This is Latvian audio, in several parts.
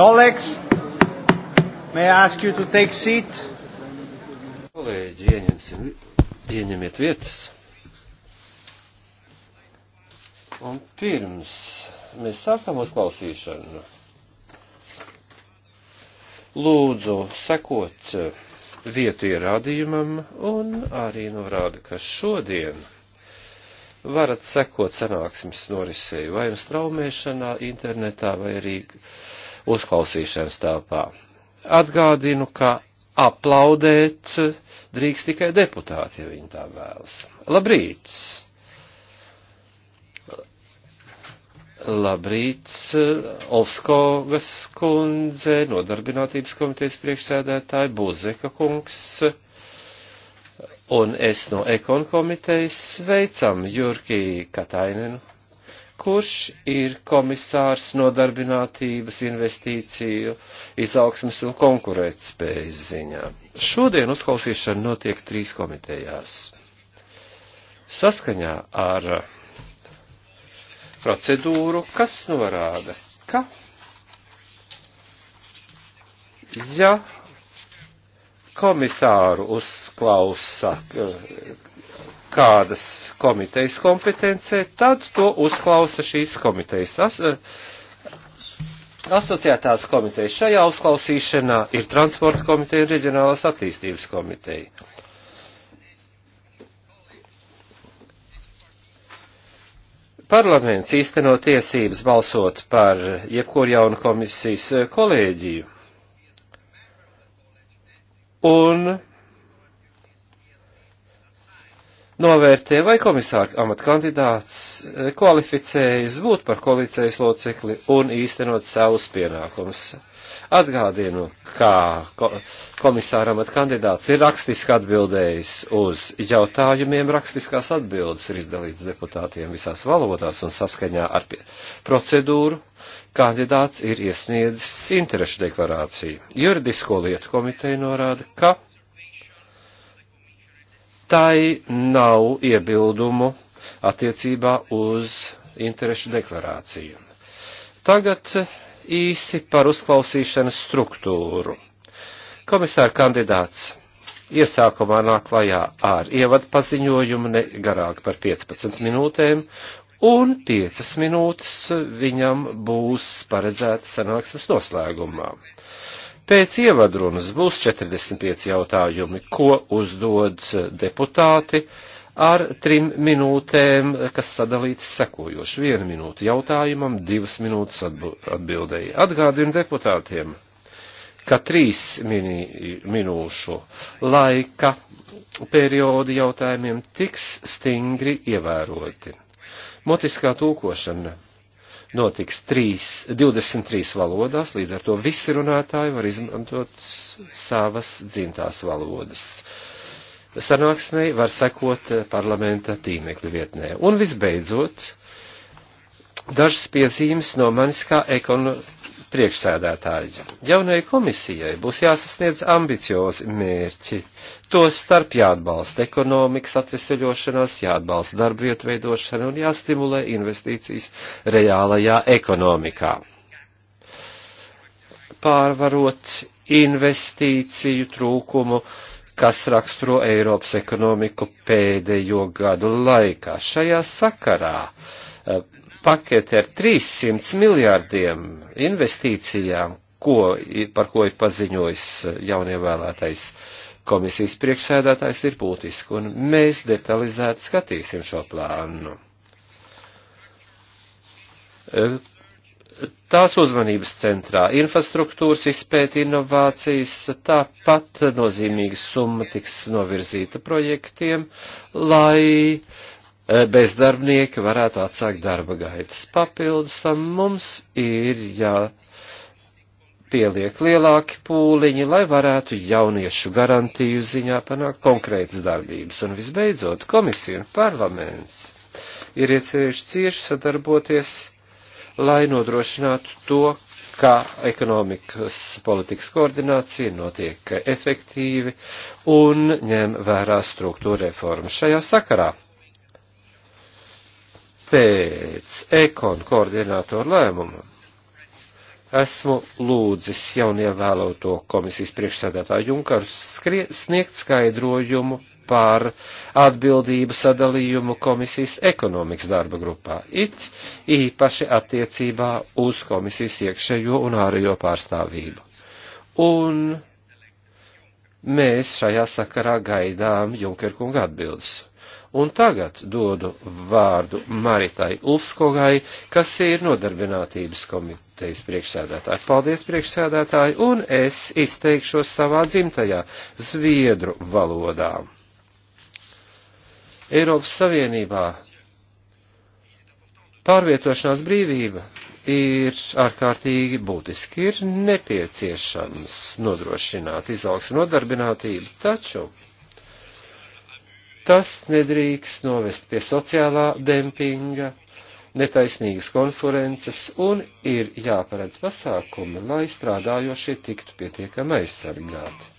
Colleagues, may I ask you to take seat? Kolēģi, ieņemsim, ieņemiet vietas. Un pirms mēs sākam uzklausīšanu, lūdzu sekot vietu ierādījumam un arī norāda, ka šodien varat sekot sanāksmes norisei vai un straumēšanā internetā vai arī uzklausīšanas telpā. Atgādinu, ka aplaudēt drīkst tikai deputāti, ja viņi tā vēlas. Labrīt! Labrīt, Olskogas kundze, nodarbinātības komitejas priekšsēdētāji, Buzeka kungs un es no Ekon komitejas sveicam Jurki Katainenu kurš ir komisārs nodarbinātības investīciju izaugsmas un konkurētspējas ziņā. Šodien uzklausīšana notiek trīs komitejās. Saskaņā ar procedūru, kas norāda, ka ja komisāru uzklausa kādas komitejas kompetencē, tad to uzklausa šīs komitejas. As, eh, asociētās komitejas šajā uzklausīšanā ir transporta komiteja un reģionālās attīstības komiteja. Parlaments īsteno tiesības balsot par jebkuru jaunu komisijas eh, kolēģiju. Un novērtē, vai komisāra amatkandidāts eh, kvalificējas būt par koalīcijas locekli un īstenot savus pienākumus. Atgādinu, kā komisāram atkandidāts ir rakstiski atbildējis uz jautājumiem, rakstiskās atbildes ir izdalīts deputātiem visās valodās un saskaņā ar procedūru kandidāts ir iesniedzis interešu deklarāciju. Juridisko lietu komiteja norāda, ka tai nav iebildumu attiecībā uz interešu deklarāciju. Tagad īsi par uzklausīšanas struktūru. Komisāra kandidāts iesākumā nāk klajā ar ievadpaziņojumu ne garāk par 15 minūtēm, un 5 minūtes viņam būs paredzēta sanāksmes noslēgumā. Pēc ievadrunas būs 45 jautājumi, ko uzdod deputāti ar trim minūtēm, kas sadalītas sekojoši. Viena minūte jautājumam, divas minūtes atbildēji. Atgādinu deputātiem, ka trīs mini, minūšu laika periodi jautājumiem tiks stingri ievēroti. Motiskā tūkošana notiks 3, 23 valodās, līdz ar to visi runātāji var izmantot savas dzimtās valodas. Sanāksmei var sekot parlamenta tīmekļu vietnē. Un visbeidzot, dažas piezīmes no manis kā ekonomikas priekšsēdētāji. Jaunajai komisijai būs jāsasniedz ambiciozi mērķi. To starp jāatbalsta ekonomikas atveseļošanās, jāatbalsta darba vietu veidošana un jāstimulē investīcijas reālajā ekonomikā. Pārvarot investīciju trūkumu, kas raksturo Eiropas ekonomiku pēdējo gadu laikā. Šajā sakarā eh, paketi ar 300 miljārdiem investīcijām, ko, par ko ir paziņojis e, jaunievēlētais komisijas priekšsēdētājs, ir būtiski, un mēs detalizēti skatīsim šo plānu. E, tās uzmanības centrā infrastruktūras izpēta inovācijas, tāpat nozīmīga summa tiks novirzīta projektiem, lai Eh, bezdarbnieki varētu atsākt darba gaitas. Papildus tam mums ir jāpieliek ja lielāki pūliņi, lai varētu jauniešu garantiju ziņā panākt konkrētas darbības. Un visbeidzot, komisija un parlaments ir iecerējuši cieši sadarboties, lai nodrošinātu to, ka ekonomikas politikas koordinācija notiek efektīvi un ņem vērā struktūra reformas šajā sakarā pēc ekonu koordinātoru lēmuma esmu lūdzis jaunievēloto komisijas priekšsēdētāju Junkaru sniegt skaidrojumu par atbildību sadalījumu komisijas ekonomikas darba grupā, it īpaši attiecībā uz komisijas iekšējo un ārējo pārstāvību. Un mēs šajā sakarā gaidām Junkerkunga atbildes. Un tagad dodu vārdu Maritai Ulfskogai, kas ir nodarbinātības komitejas priekšsēdētāja. Paldies, priekšsēdētāji, un es izteikšos savā dzimtajā zviedru valodā. Eiropas Savienībā pārvietošanās brīvība ir ārkārtīgi būtiski, ir nepieciešams nodrošināt izaugsmu nodarbinātību, taču Tas nedrīkst novest pie sociālā dempinga, netaisnīgas konferences un ir jāparedz pasākumi, lai strādājošie tiktu pietiekami aizsargāti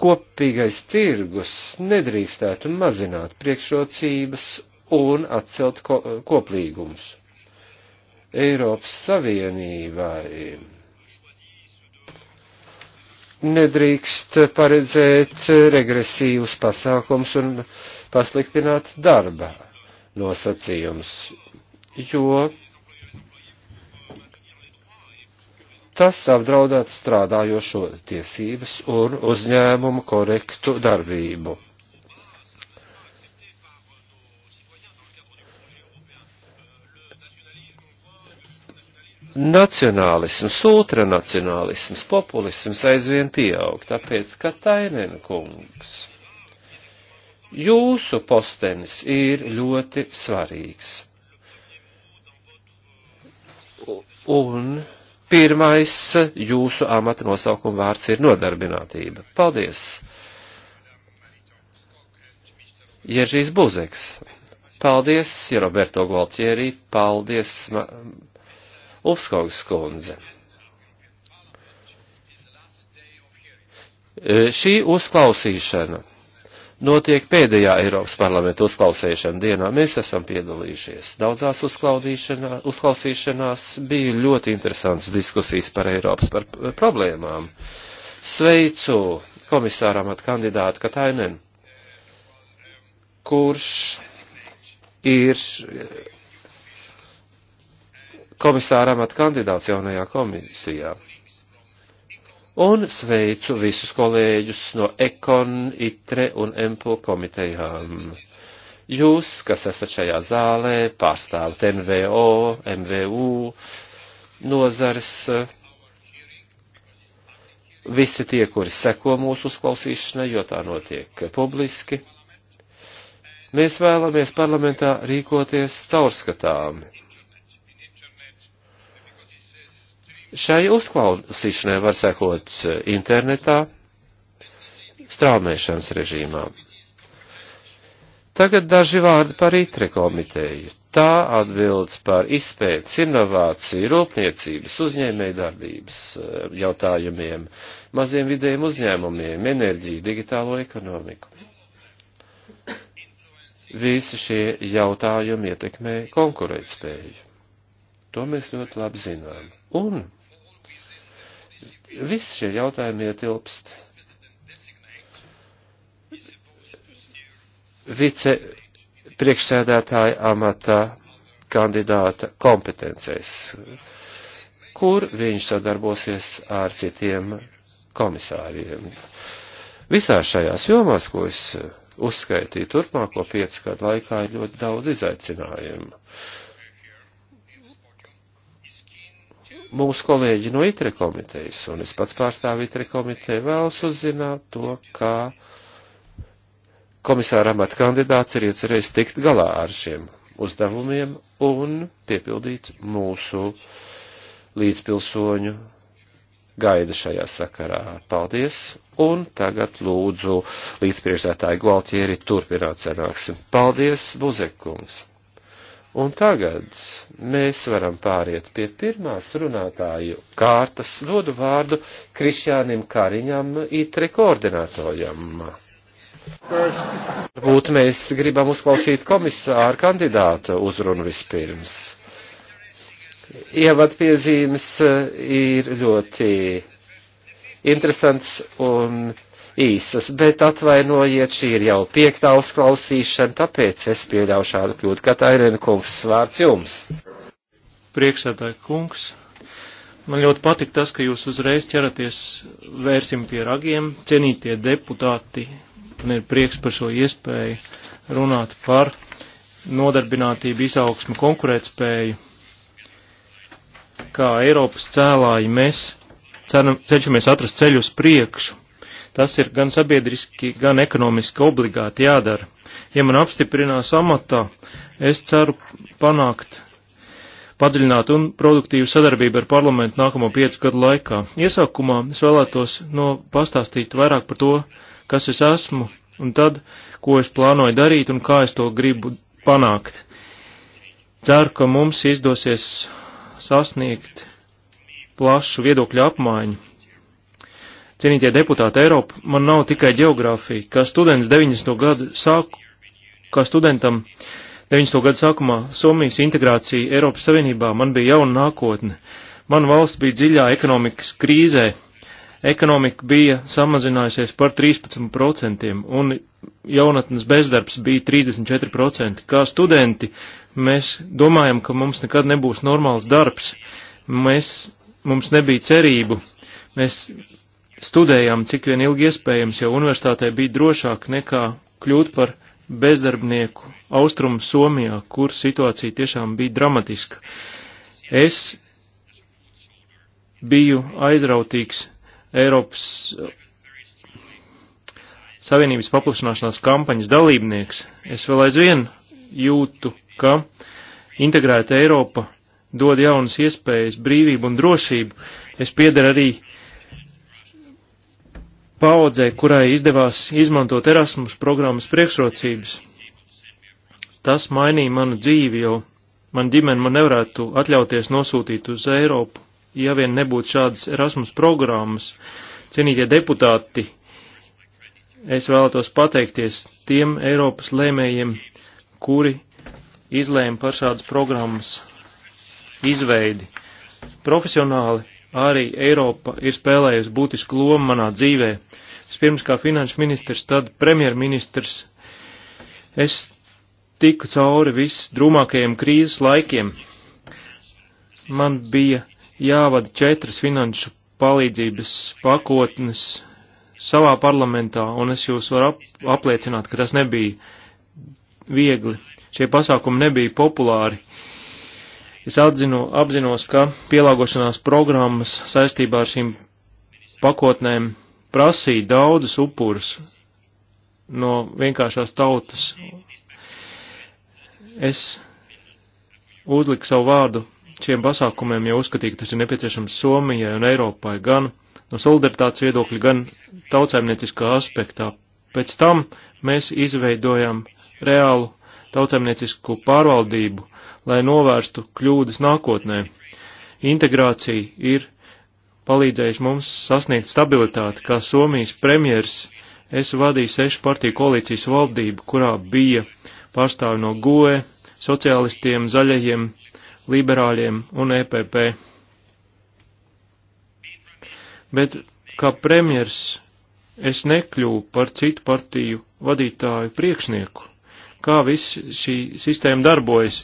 kopīgais tirgus nedrīkstētu mazināt priekšrocības un atcelt ko koplīgumus. Eiropas Savienībai nedrīkst paredzēt regresīvus pasākums un pasliktināt darba nosacījums, jo tas apdraudētu strādājošo tiesības un uzņēmumu korektu darbību. nacionālisms, ultranacionālisms, populisms aizvien pieaug, tāpēc, ka Tainen kungs, jūsu postenis ir ļoti svarīgs. Un pirmais jūsu amata nosaukuma vārds ir nodarbinātība. Paldies! Jeržīs Buzeks. Paldies, Roberto Gualtieri. Paldies. Ma Ulfskogs kundze. E, šī uzklausīšana notiek pēdējā Eiropas parlamenta uzklausīšana dienā. Mēs esam piedalījušies daudzās uzklausīšanās, bija ļoti interesants diskusijas par Eiropas par problēmām. Sveicu komisāram at kandidātu Katainen, kurš ir komisāra amata kandidāts jaunajā komisijā. Un sveicu visus kolēģus no Ekon, ITRE un EMPL komitejām. Jūs, kas esat šajā zālē, pārstāvat NVO, MVU, nozares, visi tie, kuri seko mūsu uzklausīšanai, jo tā notiek publiski. Mēs vēlamies parlamentā rīkoties caurskatāmi Šai uzklausīšanai var sekot e, internetā, straumēšanas režīmā. Tagad daži vārdi par itre komiteju. Tā atbildes par izpētes, inovāciju, rūpniecības, uzņēmēju darbības e, jautājumiem, maziem vidējiem uzņēmumiem, enerģiju, digitālo ekonomiku. Visi šie jautājumi ietekmē konkurētspēju. To mēs ļoti labi zinām. Un Visi šie jautājumi ietilpst vice priekšsēdētāja amatā kandidāta kompetencēs, kur viņš sadarbosies ar citiem komisāriem. Visās šajās jomās, ko es uzskaitīju turpmāko piecu gadu laikā, ir ļoti daudz izaicinājumu. mūsu kolēģi no ITRE komitejas, un es pats pārstāvu ITRE komiteju, vēlas uzzināt to, kā komisāra amata kandidāts ir iecerējis tikt galā ar šiem uzdevumiem un piepildīt mūsu līdzpilsoņu gaida šajā sakarā. Paldies! Un tagad lūdzu līdzpriekšētāju Gualtieri turpināt sanāksim. Paldies, Buzekungs! Un tagad mēs varam pāriet pie pirmās runātāju kārtas. Dodu vārdu Krišjānim Kariņam, IT koordinatoram. Varbūt mēs gribam uzklausīt komisāru kandidātu uzrunu vispirms. Ievadpiezīmes ir ļoti interesants un īsas, bet atvainojiet, šī ir jau piektā uzklausīšana, tāpēc es pieļauju šādu kļūdu. Katairina kungs, svārds jums. Priekšsēdāja kungs, man ļoti patīk tas, ka jūs uzreiz ķeraties vērsim pie ragiem, cienītie deputāti, man ir prieks par šo iespēju runāt par nodarbinātību, izaugsmu, konkurētspēju. Kā Eiropas cēlāji mēs cenam, cenšamies atrast ceļu uz priekšu Tas ir gan sabiedriski, gan ekonomiski obligāti jādara. Ja man apstiprinās amatā, es ceru panākt padziļinātu un produktīvu sadarbību ar parlamentu nākamo piecu gadu laikā. Iesākumā es vēlētos no pastāstīt vairāk par to, kas es esmu un tad, ko es plānoju darīt un kā es to gribu panākt. Ceru, ka mums izdosies sasniegt plašu viedokļu apmaiņu Cienītie deputāti, Eiropa man nav tikai geogrāfija. Kā students 90. gadu sāku, kā studentam 90. gadu sākumā Somijas integrācija Eiropas Savienībā man bija jauna nākotne. Man valsts bija dziļā ekonomikas krīzē. Ekonomika bija samazinājusies par 13% un jaunatnes bezdarbs bija 34%. Kā studenti mēs domājam, ka mums nekad nebūs normāls darbs. Mēs, mums nebija cerību. Mēs studējām cik vien ilgi iespējams, jo universitātē bija drošāk nekā kļūt par bezdarbnieku austrumu Somijā, kur situācija tiešām bija dramatiska. Es biju aizrautīgs Eiropas Savienības paplašanāšanās kampaņas dalībnieks. Es vēl aizvien jūtu, ka integrēta Eiropa dod jaunas iespējas, brīvību un drošību. Es piederu arī uh, paudzē, kurai izdevās izmantot Erasmus programmas priekšrocības. Tas mainīja manu dzīvi, jo man ģimene man nevarētu atļauties nosūtīt uz Eiropu, ja vien nebūtu šādas Erasmus programmas. Cienītie deputāti, es vēlētos pateikties tiem Eiropas lēmējiem, kuri izlēma par šādas programmas izveidi. Profesionāli arī Eiropa ir spēlējusi būtisku lomu manā dzīvē. Vispirms kā finanšu ministrs, tad premjerministrs. Es tiku cauri visdrūmākajiem krīzes laikiem. Man bija jāvada četras finanšu palīdzības pakotnes savā parlamentā, un es jūs varu ap, apliecināt, ka tas nebija viegli. Šie pasākumi nebija populāri. Es atzinu, apzinos, ka pielāgošanās programmas saistībā ar šīm pakotnēm prasīja daudzus upurus no vienkāršās tautas. Es uzliku savu vārdu šiem pasākumiem, jo uzskatīju, ka tas ir nepieciešams Somijai un Eiropai gan no solidaritātes viedokļa, gan tautsēmnieciskā aspektā. Pēc tam mēs izveidojam reālu tautsēmniecisku pārvaldību, lai novērstu kļūdas nākotnē. Integrācija ir palīdzējis mums sasniegt stabilitāti, kā Somijas premjers. Es vadīju sešu partiju koalīcijas valdību, kurā bija pārstāvi no GOE, sociālistiem, zaļajiem, liberāļiem un EPP. Bet kā premjers es nekļuvu par citu partiju vadītāju priekšnieku. Kā viss šī sistēma darbojas?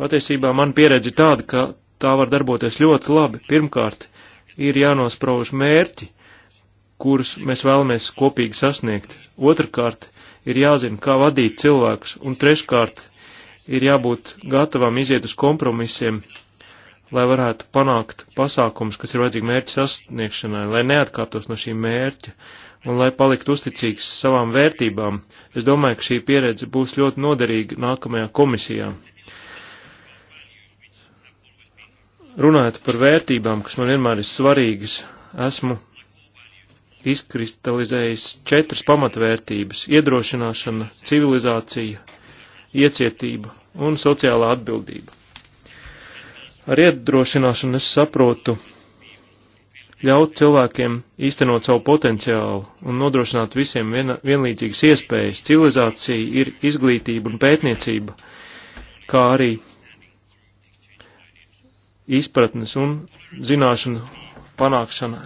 Patiesībā man pieredze tāda, ka tā var darboties ļoti labi. Pirmkārt, ir jānosprauž mērķi, kurus mēs vēlamies kopīgi sasniegt. Otrakārt, ir jāzina, kā vadīt cilvēkus. Un treškārt, ir jābūt gatavam iziet uz kompromisiem, lai varētu panākt pasākums, kas ir vajadzīgi mērķa sasniegšanai, lai neatkārtos no šī mērķa un lai paliktu uzticīgs savām vērtībām. Es domāju, ka šī pieredze būs ļoti noderīga nākamajā komisijā. runājot par vērtībām, kas man vienmēr ir svarīgas, esmu izkristalizējis četras pamatvērtības - iedrošināšana, civilizācija, iecietība un sociālā atbildība. Ar iedrošināšanu es saprotu ļaut cilvēkiem īstenot savu potenciālu un nodrošināt visiem vien, vienlīdzīgas iespējas. Civilizācija ir izglītība un pētniecība, kā arī izpratnes un zināšanu panākšana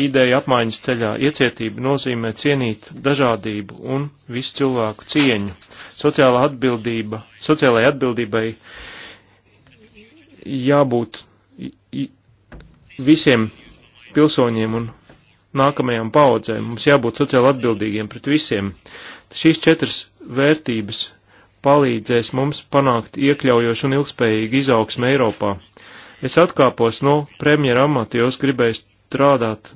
ideja apmaiņas ceļā. Iecietība nozīmē cienīt dažādību un visu cilvēku cieņu. Sociālā atbildība, sociālai atbildībai jābūt visiem pilsoņiem un nākamajām paudzēm. Mums jābūt sociāli atbildīgiem pret visiem. Šīs četras vērtības palīdzēs mums panākt iekļaujošu un ilgspējīgu izaugsmu Eiropā. Es atkāpos no premjera amata, jo es gribēju strādāt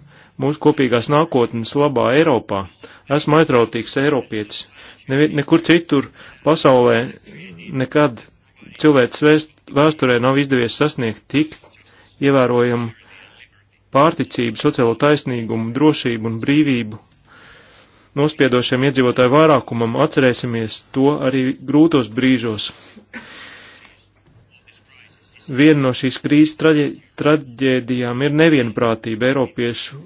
mūsu kopīgās nākotnes labā Eiropā. Esmu aizrautīgs Eiropietis. Ne, nekur citur pasaulē nekad cilvēks vēst, vēsturē nav izdevies sasniegt tik ievērojumu pārticību, sociālo taisnīgumu, drošību un brīvību. Nospiedošiem iedzīvotāju vairākumam atcerēsimies to arī grūtos brīžos. Viena no šīs krīzes traģē, traģēdijām ir nevienprātība Eiropiešu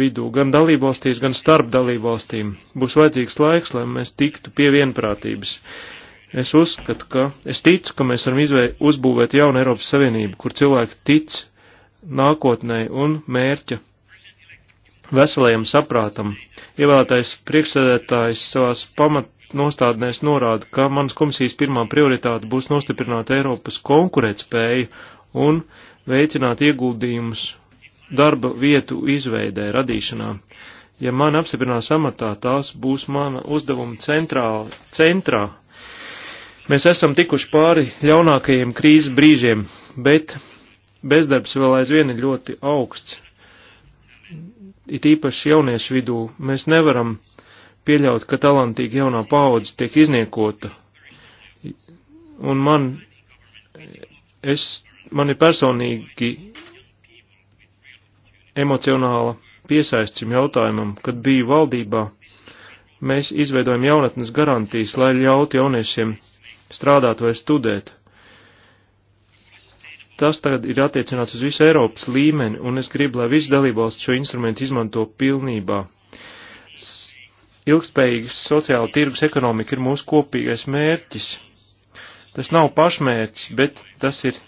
vidū, gan dalībvalstīs, gan starp dalībvalstīm. Būs vajadzīgs laiks, lai mēs tiktu pie vienprātības. Es uzskatu, ka, es ticu, ka mēs varam izvē, uzbūvēt jaunu Eiropas Savienību, kur cilvēki tic nākotnē un mērķa veselajam saprātam. Ievēlētais priekšsēdētājs savās pamat nostādnēs norāda, ka manas komisijas pirmā prioritāte būs nostiprināt Eiropas konkurētspēju un veicināt ieguldījumus darba vietu izveidē, radīšanā. Ja man apstiprinās amatā, tās būs mana uzdevuma centrā, centrā. Mēs esam tikuši pāri ļaunākajiem krīzes brīžiem, bet bezdarbs vēl aizvien ir ļoti augsts. It īpaši jauniešu vidū mēs nevaram pieļaut, ka talantīga jaunā paudze tiek izniekota. Un man, es, man ir personīgi emocionāla piesaists šim jautājumam, kad biju valdībā. Mēs izveidojam jaunatnes garantijas, lai ļautu jauniešiem strādāt vai studēt. Tas tagad ir attiecināts uz visu Eiropas līmeni, un es gribu, lai visi dalībvalsts šo instrumentu izmanto pilnībā. S Ilgspējīgas sociāla tirgus ekonomika ir mūsu kopīgais mērķis. Tas nav pašmērķis, bet tas ir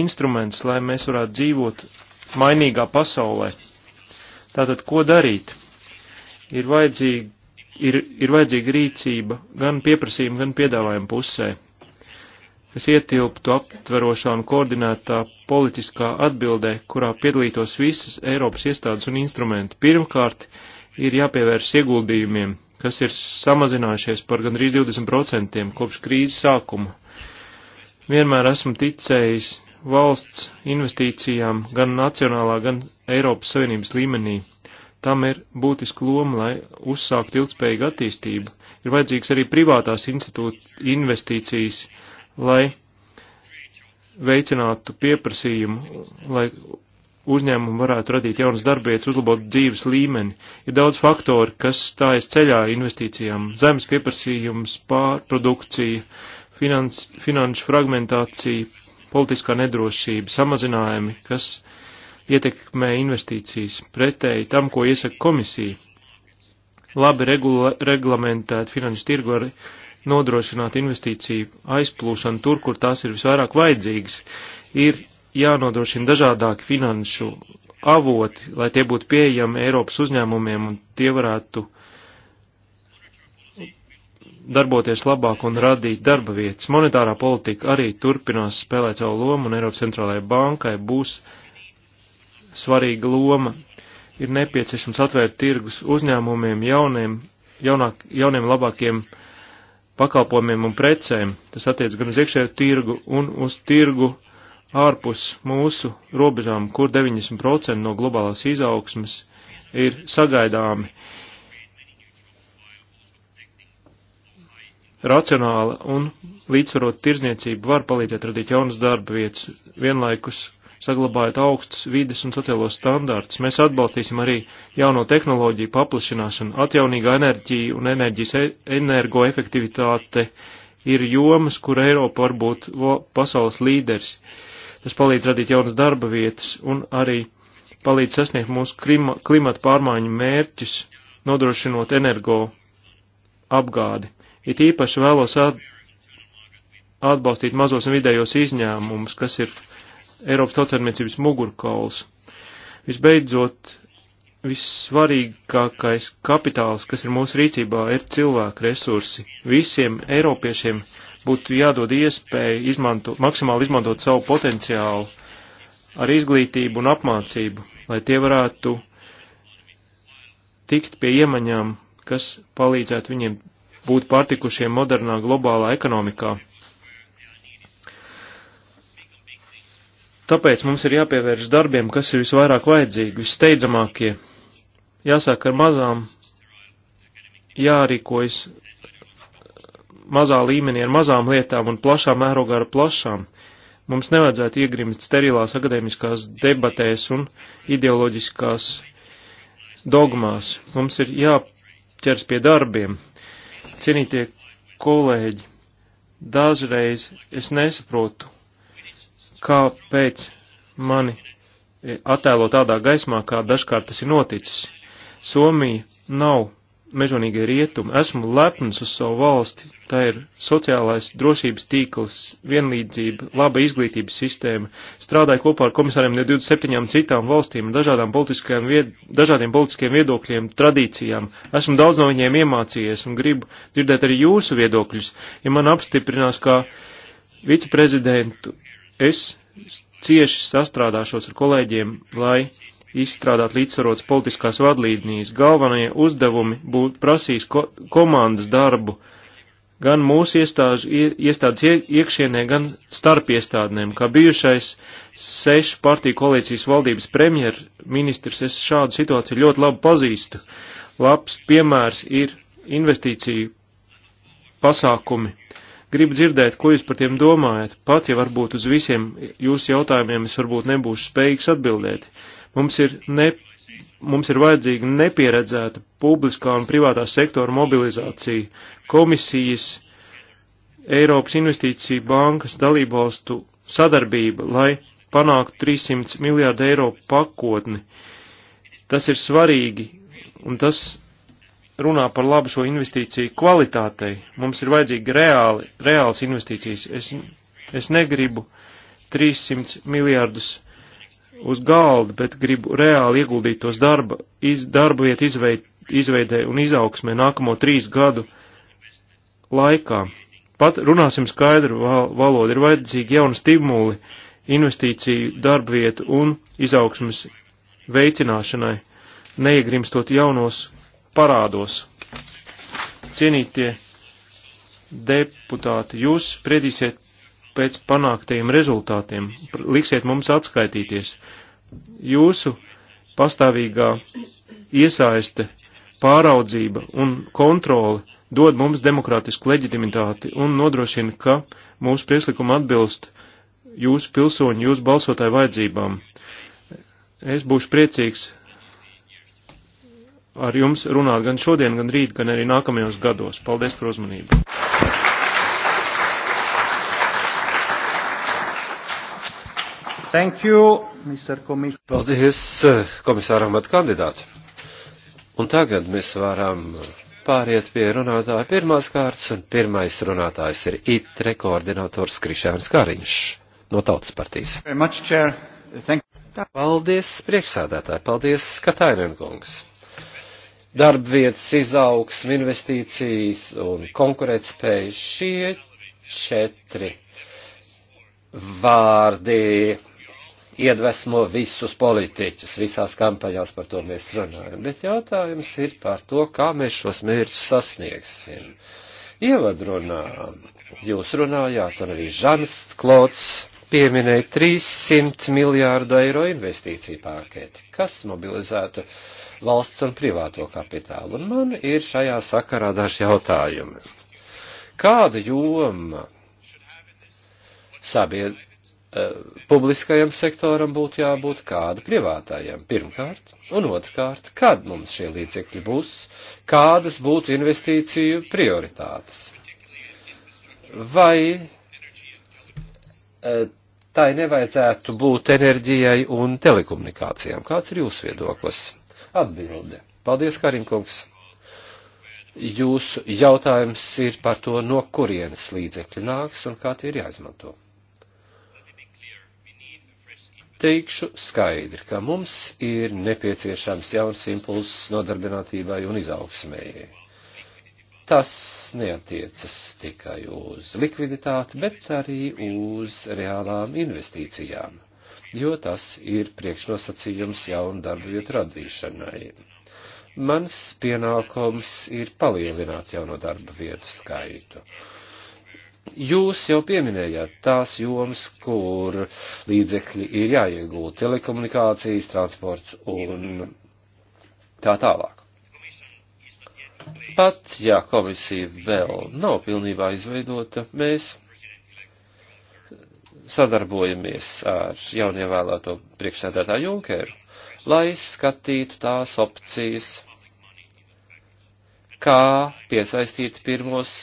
instruments, lai mēs varētu dzīvot mainīgā pasaulē. Tātad, ko darīt? Ir vajadzīga, ir, ir vajadzīga rīcība gan pieprasījuma, gan piedāvājuma pusē kas ietilptu aptverošā un koordinētā politiskā atbildē, kurā piedalītos visas Eiropas iestādes un instrumenti. Pirmkārt, ir jāpievērš ieguldījumiem, kas ir samazinājušies par gandrīz 20% kopš krīzes sākuma. Vienmēr esmu ticējis valsts investīcijām gan nacionālā, gan Eiropas Savienības līmenī. Tam ir būtiska loma, lai uzsāktu ilgspējīgu attīstību. Ir vajadzīgs arī privātās investīcijas, lai veicinātu pieprasījumu, lai uzņēmumi varētu radīt jaunas darbietas, uzlabot dzīves līmeni. Ir daudz faktori, kas stājas ceļā investīcijām - zemes pieprasījums, pārprodukcija, finans, finanšu fragmentācija, politiskā nedrošība, samazinājumi, kas ietekmē investīcijas pretēji tam, ko iesaka komisija. Labi regula, reglamentēt finanšu tirgu ar nodrošināt investīciju aizplūšanu tur, kur tās ir visvairāk vajadzīgas, ir jānodrošina dažādāki finanšu avoti, lai tie būtu pieejami Eiropas uzņēmumiem un tie varētu darboties labāk un radīt darba vietas. Monetārā politika arī turpinās spēlēt savu lomu un Eiropas centrālajai bankai būs svarīga loma. Ir nepieciešams atvērt tirgus uzņēmumiem jauniem, jaunāk, jauniem labākiem pakalpojumiem un precēm. Tas attiec gan uz iekšējo tirgu un uz tirgu ārpus mūsu robežām, kur 90% no globālās izaugsmas ir sagaidāmi. Racionāla un līdzsvarot tirzniecība var palīdzēt radīt jaunas darba vietas, vienlaikus saglabājot augstus vides un sociālos standārtus. Mēs atbalstīsim arī jauno tehnoloģiju paplašināšanu, atjaunīgā enerģija un enerģijas e energoefektivitāte ir jomas, kur Eiropa var būt pasaules līderis. Uh, Tas palīdz radīt jaunas darba vietas un arī palīdz sasniegt mūsu klima, klimata pārmaiņu mērķus, nodrošinot energo apgādi. It īpaši vēlos atbalstīt mazos un vidējos izņēmumus, kas ir Eiropas tautsarniecības mugurkauls. Visbeidzot, vissvarīgākais kapitāls, kas ir mūsu rīcībā, ir cilvēku resursi. Visiem eiropiešiem būtu jādod iespēja izmanto, maksimāli izmantot savu potenciālu ar izglītību un apmācību, lai tie varētu tikt pie iemaņām, kas palīdzētu viņiem būt pārtikušiem modernā globālā ekonomikā. Tāpēc mums ir jāpievērš darbiem, kas ir visvairāk vajadzīgi, vissteidzamākie. Jāsāk ar mazām, jārīkojas mazā līmenī ar mazām lietām un plašā mērogā ar plašām. Mums nevajadzētu iegrimt sterilās akadēmiskās debatēs un ideoloģiskās dogmās. Mums ir jāķers pie darbiem. Cienītie kolēģi, dažreiz es nesaprotu, kāpēc mani e, attēlo tādā gaismā, kā dažkārt tas ir noticis. Somija nav mežonīgie rietumi. Esmu lepns uz savu valsti. Tā ir sociālais drošības tīkls, vienlīdzība, laba izglītības sistēma. Strādāju kopā ar komisāriem no 27 citām valstīm, dažādām politiskajām vied, dažādiem politiskiem viedokļiem, tradīcijām. Esmu daudz no viņiem iemācījies un gribu dzirdēt arī jūsu viedokļus. Ja man apstiprinās kā viceprezidentu, es cieši sastrādāšos ar kolēģiem, lai izstrādāt līdzsvarots politiskās vadlīdnijas. Galvenie uzdevumi būtu prasīs ko komandas darbu gan mūsu iestāžu, iestādes iekšienē, gan starp iestādnēm. Kā bijušais sešu partiju koalīcijas valdības premjerministrs, es šādu situāciju ļoti labi pazīstu. Labs piemērs ir investīciju pasākumi. Gribu dzirdēt, ko jūs par tiem domājat, pat ja varbūt uz visiem jūsu jautājumiem es varbūt nebūšu spējīgs atbildēt. Uh, Mums ir, ne, mums ir vajadzīga nepieredzēta publiskā un privātā sektora mobilizācija. Komisijas, Eiropas investīcija bankas dalībvalstu sadarbība, lai panāktu 300 miljārdu eiro pakotni. Tas ir svarīgi, un tas runā par labu šo investīciju kvalitātei. Mums ir vajadzīgi reāli, reāls investīcijas. Es, es negribu 300 miljārdus eiro uz galda, bet gribu reāli ieguldīt tos darba, iz, darba vietu izveid, izveidē un izaugsmē nākamo trīs gadu laikā. Pat runāsim skaidru valodu, ir vajadzīgi jauni stimuli investīciju darba vietu un izaugsmas veicināšanai, neiegrimstot jaunos parādos. Cienītie deputāti, jūs spriedīsiet pēc panāktajiem rezultātiem, liksiet mums atskaitīties. Jūsu pastāvīgā iesaiste, pāraudzība un kontrole dod mums demokrātisku leģitimitāti un nodrošina, ka mūsu priekšlikuma atbilst jūsu pilsoņu, jūsu balsotāju vajadzībām. Es būšu priecīgs ar jums runāt gan šodien, gan rīt, gan arī nākamajos gados. Paldies par uzmanību! Thank you, Mr. Komis Paldies, eh, komisāram at kandidāti. Un tagad mēs varam eh, pāriet pie runātāja pirmās kārtas, un pirmais runātājs ir IT rekoordinators Krišāns Kariņš no Tautas partijas. Much, paldies, priekšsādātāji, paldies, Katainenkungs. Darbvietas izaugsme, investīcijas un konkurētspēja šie četri vārdi iedvesmo visus politiķus, visās kampaņās par to mēs runājam, bet jautājums ir par to, kā mēs šos mērķus sasniegsim. Ievadrunā jūs runājāt, un arī Žans Klots pieminēja 300 miljārdu eiro investīciju pārkēti, kas mobilizētu valsts un privāto kapitālu. Un man ir šajā sakarā daži jautājumi. Kāda joma sabiedrība? Eh, publiskajam sektoram būtu jābūt, kāda privātājiem pirmkārt, un otrkārt, kad mums šie līdzekļi būs, kādas būtu investīciju prioritātes. Vai eh, tai nevajadzētu būt enerģijai un telekomunikācijām? Kāds ir jūsu viedoklis? Atbilde. Paldies, Karinkungs. Jūsu jautājums ir par to, no kurienes līdzekļi nāks un kā tie ir jāizmanto teikšu skaidri, ka mums ir nepieciešams jauns impulss nodarbinātībai un izaugsmēji. Tas neatiecas tikai uz likviditāti, bet arī uz reālām investīcijām, jo tas ir priekšnosacījums jaunu darba vietu radīšanai. Mans pienākums ir palielināt jauno darba vietu skaitu Jūs jau pieminējāt tās jomas, kur līdzekļi ir jāiegūt - telekomunikācijas, transports un tā tālāk. Pat, ja komisija vēl nav pilnībā izveidota, mēs sadarbojamies ar jaunievēlēto priekšsēdētāju Junkeru, lai skatītu tās opcijas, kā piesaistīt pirmos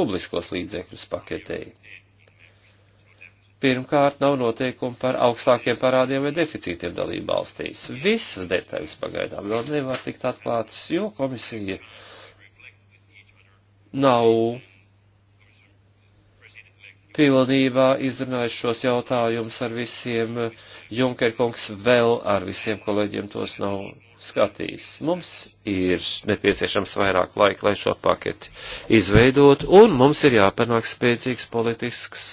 publiskos līdzekļus paketēji. Pirmkārt, nav noteikumu par augstākiem parādiem vai deficītiem dalību valstīs. Visas detaļas pagaidām vēl nevar tikt atklātas, jo komisija nav pilnībā izrunājuši šos jautājumus ar visiem, Junker kungs vēl ar visiem kolēģiem tos nav skatīs. Mums ir nepieciešams vairāk laika, lai šo paketi izveidot, un mums ir jāpanāk spēcīgs politisks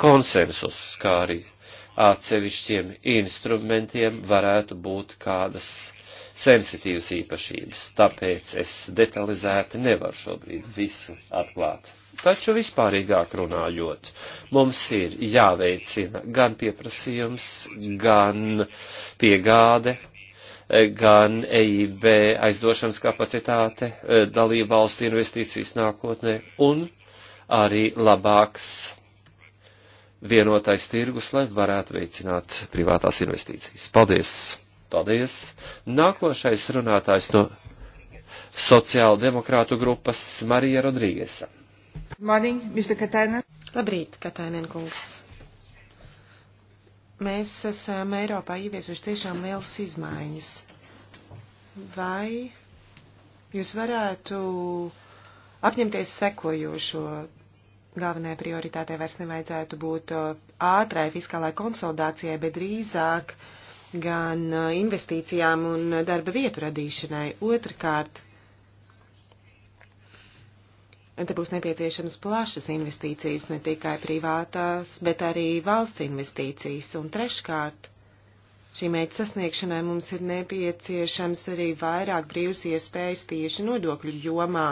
konsensus, kā arī atsevišķiem instrumentiem varētu būt kādas sensitīvas īpašības, tāpēc es detalizēti nevaru šobrīd visu atklāt. Taču vispārīgāk runājot, mums ir jāveicina gan pieprasījums, gan piegāde gan EIB aizdošanas kapacitāte, e, dalība valstu investīcijas nākotnē un arī labāks vienotais tirgus, lai varētu veicināt privātās investīcijas. Paldies! Paldies! Nākošais runātājs no sociāla demokrātu grupas Marija Rodrīgesa. Morning, Mr. Katainen. Labrīt, Katainen kungs mēs esam Eiropā ieviesuši tiešām lielas izmaiņas. Vai jūs varētu apņemties sekojošo galvenajai prioritātei vairs nevajadzētu būt uh, ātrai fiskālai konsolidācijai, bet drīzāk gan uh, investīcijām un uh, darba vietu radīšanai. Otrkārt, te būs nepieciešams plašas investīcijas, ne tikai privātās, bet arī valsts investīcijas. Un treškārt, šī mērķa sasniegšanai mums ir nepieciešams arī vairāk brīvs iespējas tieši nodokļu jomā.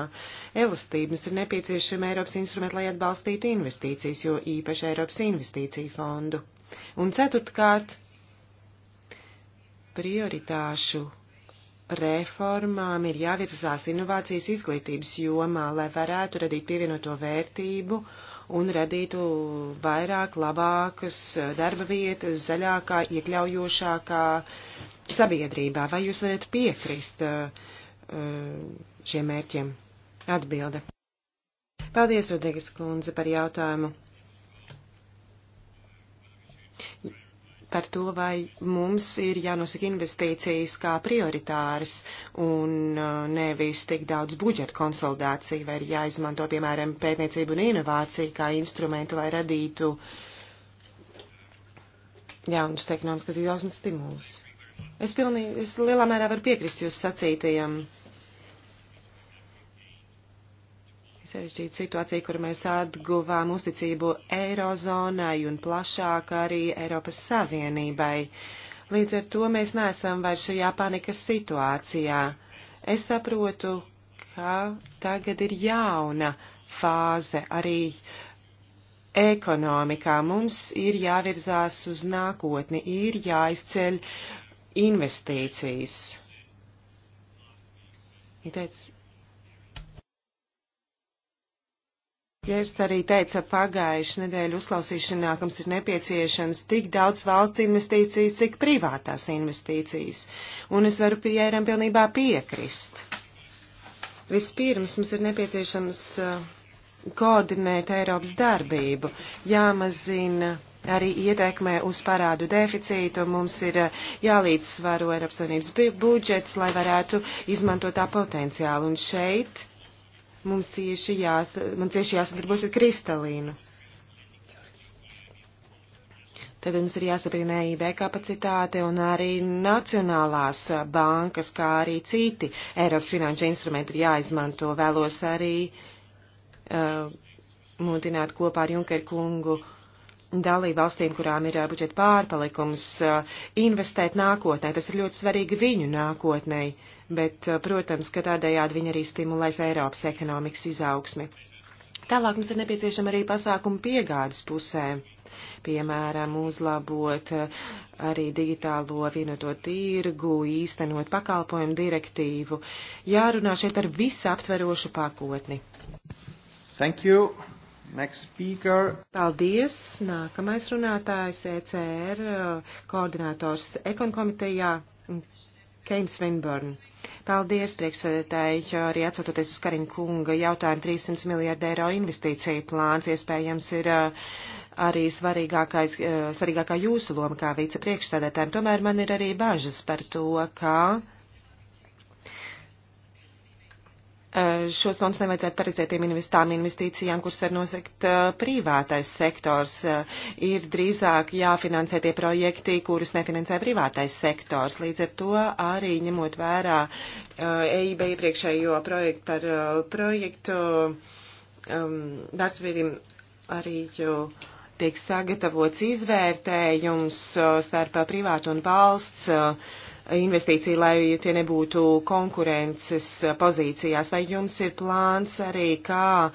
Elastības ir nepieciešama Eiropas instrumenta, lai atbalstītu investīcijas, jo īpaši Eiropas investīciju fondu. Un ceturtkārt, prioritāšu reformām ir jāvirzās inovācijas izglītības jomā, lai varētu radīt pievienoto vērtību un radītu vairāk labākas eh, darba vietas, zaļākā, iekļaujošākā sabiedrībā. Vai jūs varat piekrist eh, eh, šiem mērķiem? Atbilde. Paldies, Odegas kundze, par jautājumu par to, vai mums ir jānosaka investīcijas kā prioritāras un uh, nevis tik daudz budžeta konsolidācija, vai ir jāizmanto, piemēram, pētniecību un inovāciju kā instrumentu, lai radītu jaunus ekonomiskas izaugsmas stimulus. Es, pilnī, es lielā mērā varu piekrist jūsu sacītajam. Ja sarežģīta situācija, kur mēs atguvām uzticību Eirozonai un plašāk arī Eiropas Savienībai. Līdz ar to mēs neesam vairs šajā panikas situācijā. Es saprotu, ka tagad ir jauna fāze arī ekonomikā. Mums ir jāvirzās uz nākotni, ir jāizceļ investīcijas. Viņa teica, Jēzus arī teica pagājuši nedēļu uzklausīšanā, ka mums ir nepieciešams tik daudz valsts investīcijas, cik privātās investīcijas. Un es varu Pjēram pilnībā piekrist. Vispirms mums ir nepieciešams uh, koordinēt Eiropas darbību, jāmazina arī ietekmē uz parādu deficītu. Mums ir uh, jālīdzsvaro Eiropas Savienības budžets, lai varētu izmantot tā potenciālu. Un šeit Mums cieši jās, man cieši jāsadarbojas ar Kristalīnu. Tad mums ir jāsaprina EIB kapacitāte un arī nacionālās bankas, kā arī citi Eiropas finanšu instrumenti ir jāizmanto. Vēlos arī uh, mudināt kopā ar Junkeru kungu dalību valstīm, kurām ir uh, budžeta pārpalikums, uh, investēt nākotnē. Tas ir ļoti svarīgi viņu nākotnē. Uh, bet, eh, protams, ka tādējādi viņi arī stimulēs Eiropas ekonomikas izaugsmi. Tālāk mums ir nepieciešama arī pasākuma piegādes pusē. Piemēram, uzlabot eh, arī digitālo vienoto tirgu, īstenot pakalpojumu direktīvu. Jārunā šeit par visaptverošu pakotni. Thank you. Next speaker. Paldies. Nākamais runātājs ECR eh, koordinators ekonkomitejā Keins Winburn. Paldies, priekšsēdētāji, arī atsatoties uz Kariņa kunga jautājumu 300 miljārdu eiro investīciju plāns iespējams ir eh, arī svarīgākais, eh, svarīgākā jūsu loma kā vicepriekšsēdētājiem. Tomēr man ir arī bažas par to, ka. Kā Eh, šos fondus nevajadzētu paredzēt tiem investām investīcijām, kuras var nosekt eh, privātais sektors. Eh, ir drīzāk jāfinansē tie projekti, kurus nefinansē privātais sektors. Līdz ar to arī ņemot vērā EIB e iepriekšējo projektu par projektu ehm, darbsvīrim arī jau tiek sagatavots izvērtējums starp privātu un valsts uh, investīciju, lai tie nebūtu konkurences pozīcijās. Vai jums ir plāns arī, kā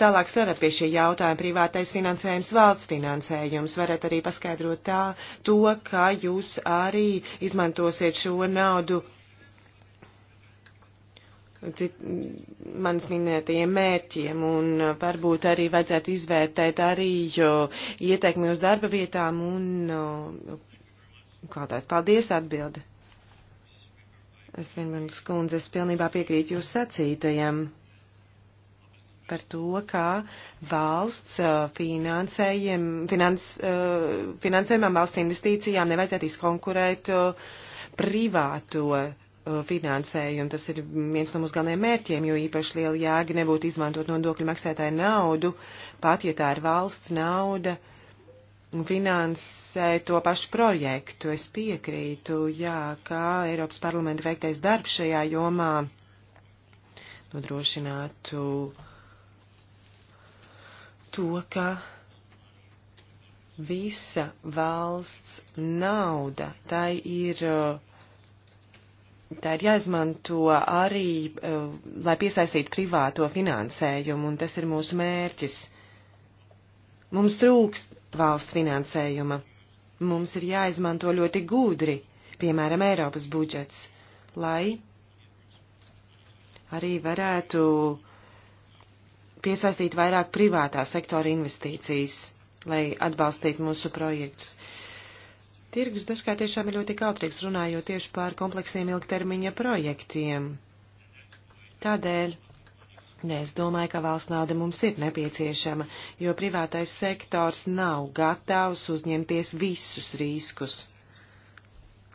tālāk strādāt pie šī jautājuma privātais finansējums, valsts finansējums? Varat arī paskaidrot tā, to, ka jūs arī izmantosiet šo naudu manis minētajiem mērķiem un varbūt arī vajadzētu izvērtēt arī ietekmi uz darba vietām un klātāt. Paldies atbildi. Es vienmēr skundze, es pilnībā piekrītu jūs sacītajam par to, kā valsts uh, finans, uh, finansējumam valsts investīcijām nevajadzētu izkonkurēt uh, privāto finansējumu. Tas ir viens no mūsu galvenajiem mērķiem, jo īpaši liela jēga nebūtu izmantot nodokļu maksātāju naudu, pat ja tā ir valsts nauda. Uh, finansē to pašu projektu. Es piekrītu, jā, kā Eiropas parlamenta veiktais darbs šajā jomā nodrošinātu to, ka visa valsts nauda, tai ir, tā ir jāizmanto arī, eh, lai piesaistītu privāto finansējumu, un tas ir mūsu mērķis Mums trūks valsts finansējuma. Mums ir jāizmanto ļoti gudri, piemēram, Eiropas budžets, lai arī varētu piesaistīt vairāk privātā sektora investīcijas, lai atbalstītu mūsu projektus. Tirgus dažkārt tiešām ir ļoti kautrīgs runājot tieši par kompleksiem ilgtermiņa projektiem. Tādēļ Nē, es domāju, ka valsts nauda mums ir nepieciešama, jo privātais sektors nav gatavs uzņemties visus riskus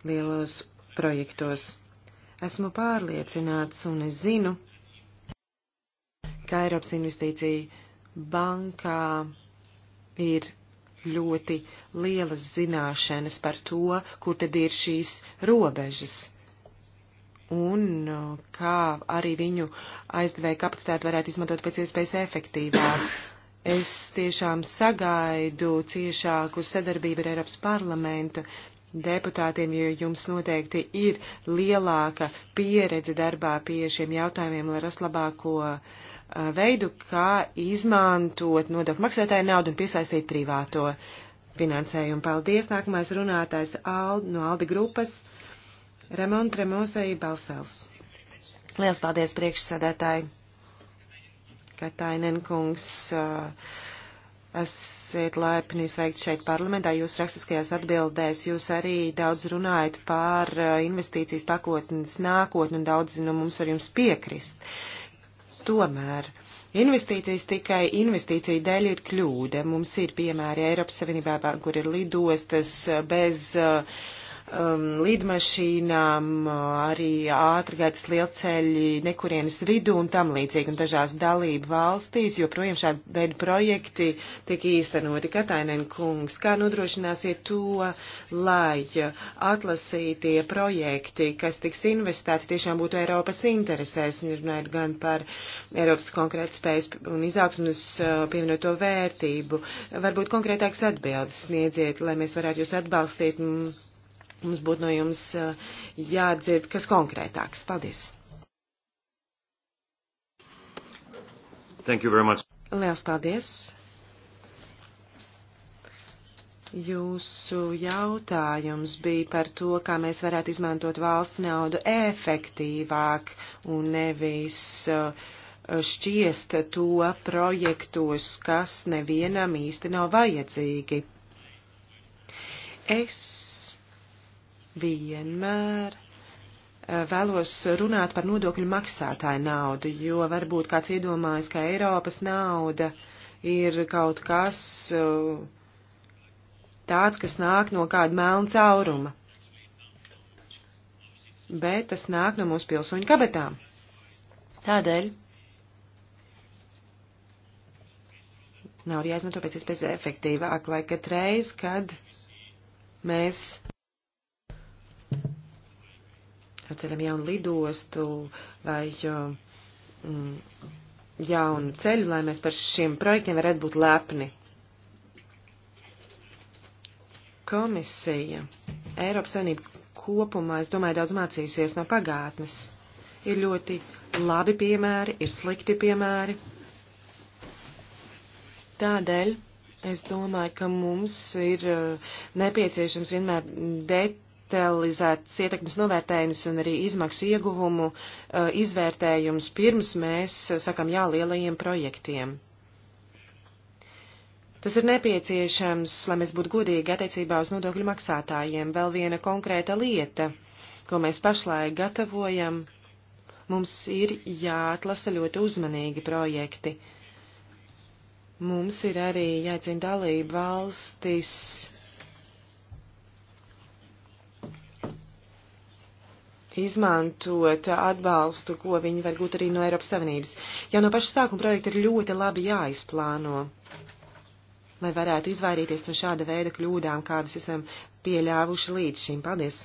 lielos projektos. Esmu pārliecināts un es zinu, ka Eiropas investīcija bankā ir ļoti lielas zināšanas par to, kur tad ir šīs robežas un uh, kā arī viņu aizdevēja kapacitāti varētu izmantot pēc iespējas efektīvāk. Es tiešām sagaidu ciešāku sadarbību ar Eiropas parlamentu deputātiem, jo jums noteikti ir lielāka pieredze darbā pie šiem jautājumiem, lai rast labāko uh, veidu, kā izmantot nodokļu maksātāju naudu un piesaistīt privāto finansējumu. Paldies! Nākamais runātājs Ald, no Aldi grupas. Ramon Tremosei Balsels. Liels paldies priekšsēdētāji. Katainen kungs. Uh, Esiet laipni sveikt šeit parlamentā. Jūs rakstiskajās atbildēs jūs arī daudz runājat pār investīcijas pakotnes nākotni un daudz no nu, mums var jums piekrist. Tomēr investīcijas tikai investīciju dēļ ir kļūda. Mums ir piemēri Eiropas Savienībā, kur ir lidostas bez. Uh, um, lidmašīnām, arī ātrgaitas lielceļi nekurienes vidū un tam līdzīgi. Un dažās dalību valstīs joprojām šādi veidi projekti tiek īstenoti. Katainen kungs, kā nodrošināsiet to, lai atlasītie projekti, kas tiks investēti, tiešām būtu Eiropas interesēs, un runājot gan par Eiropas konkrētu spējas un izaugsmas uh, pievienoto vērtību. Varbūt konkrētāks atbildes sniedziet, lai mēs varētu jūs atbalstīt. Un, Mums būtu no jums eh, jādzird kas konkrētāks. Paldies! Thank you very much. Liels paldies! Jūsu jautājums bija par to, kā mēs varētu izmantot valsts naudu efektīvāk un nevis eh, šķiest to projektos, kas nevienam īsti nav vajadzīgi. Es vienmēr vēlos runāt par nodokļu maksātāju naudu, jo varbūt kāds iedomājas, ka Eiropas nauda ir kaut kas tāds, kas nāk no kāda melna cauruma. Bet tas nāk no mūsu pilsoņu kabetām. Tādēļ nav jāizmanto pēc iespējas efektīvāk, lai katreiz, kad mēs ceļam jaunu lidostu vai uh, mm, jaunu ceļu, lai mēs par šiem projektiem varētu būt lepni. Komisija, Eiropas Savienība kopumā, es domāju, daudz mācījusies no pagātnes. Ir ļoti labi piemēri, ir slikti piemēri. Tādēļ es domāju, ka mums ir uh, nepieciešams vienmēr detaļas detalizētas ietekmes novērtējums un arī izmaksu ieguvumu eh, izvērtējums pirms mēs sakam jā lielajiem projektiem. Tas ir nepieciešams, lai mēs būtu godīgi attiecībā uz nodokļu maksātājiem. Vēl viena konkrēta lieta, ko mēs pašlaik gatavojam, mums ir jāatlasa ļoti uzmanīgi projekti. Mums ir arī jāicina dalība valstis izmantot atbalstu, ko viņi var gūt arī no Eiropas Savienības. Jau no paša sākuma projekta ir ļoti labi jāizplāno, lai varētu izvairīties no šāda veida kļūdām, kādas esam pieļāvuši līdz šim. Paldies!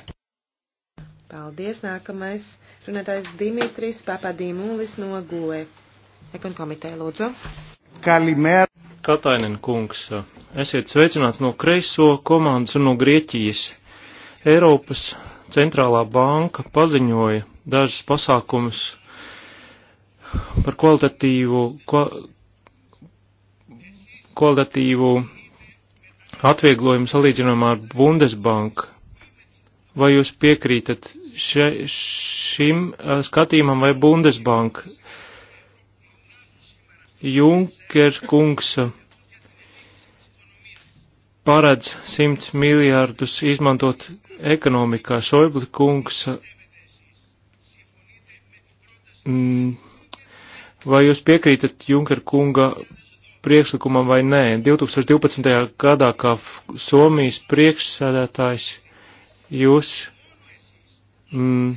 Paldies! Nākamais runātājs Dimitris Papadīmulis no Goe. Ekon komiteja, lūdzu. Kalimēr. Katainen kungs, esiet sveicināts no kreiso komandas un no Grieķijas. Eiropas centrālā banka paziņoja dažus pasākumus par kvalitatīvu, ko, kvalitatīvu atvieglojumu salīdzinājumā ar Bundesbanku. Vai jūs piekrītat še, šim skatījumam vai Bundesbanka? Junker kungs paredz 100 miljārdus izmantot ekonomikā. Šoibli kungs, mm, vai jūs piekrītat Junker kunga priekšlikumam vai nē? 2012. gadā kā Somijas priekšsēdētājs jūs mm,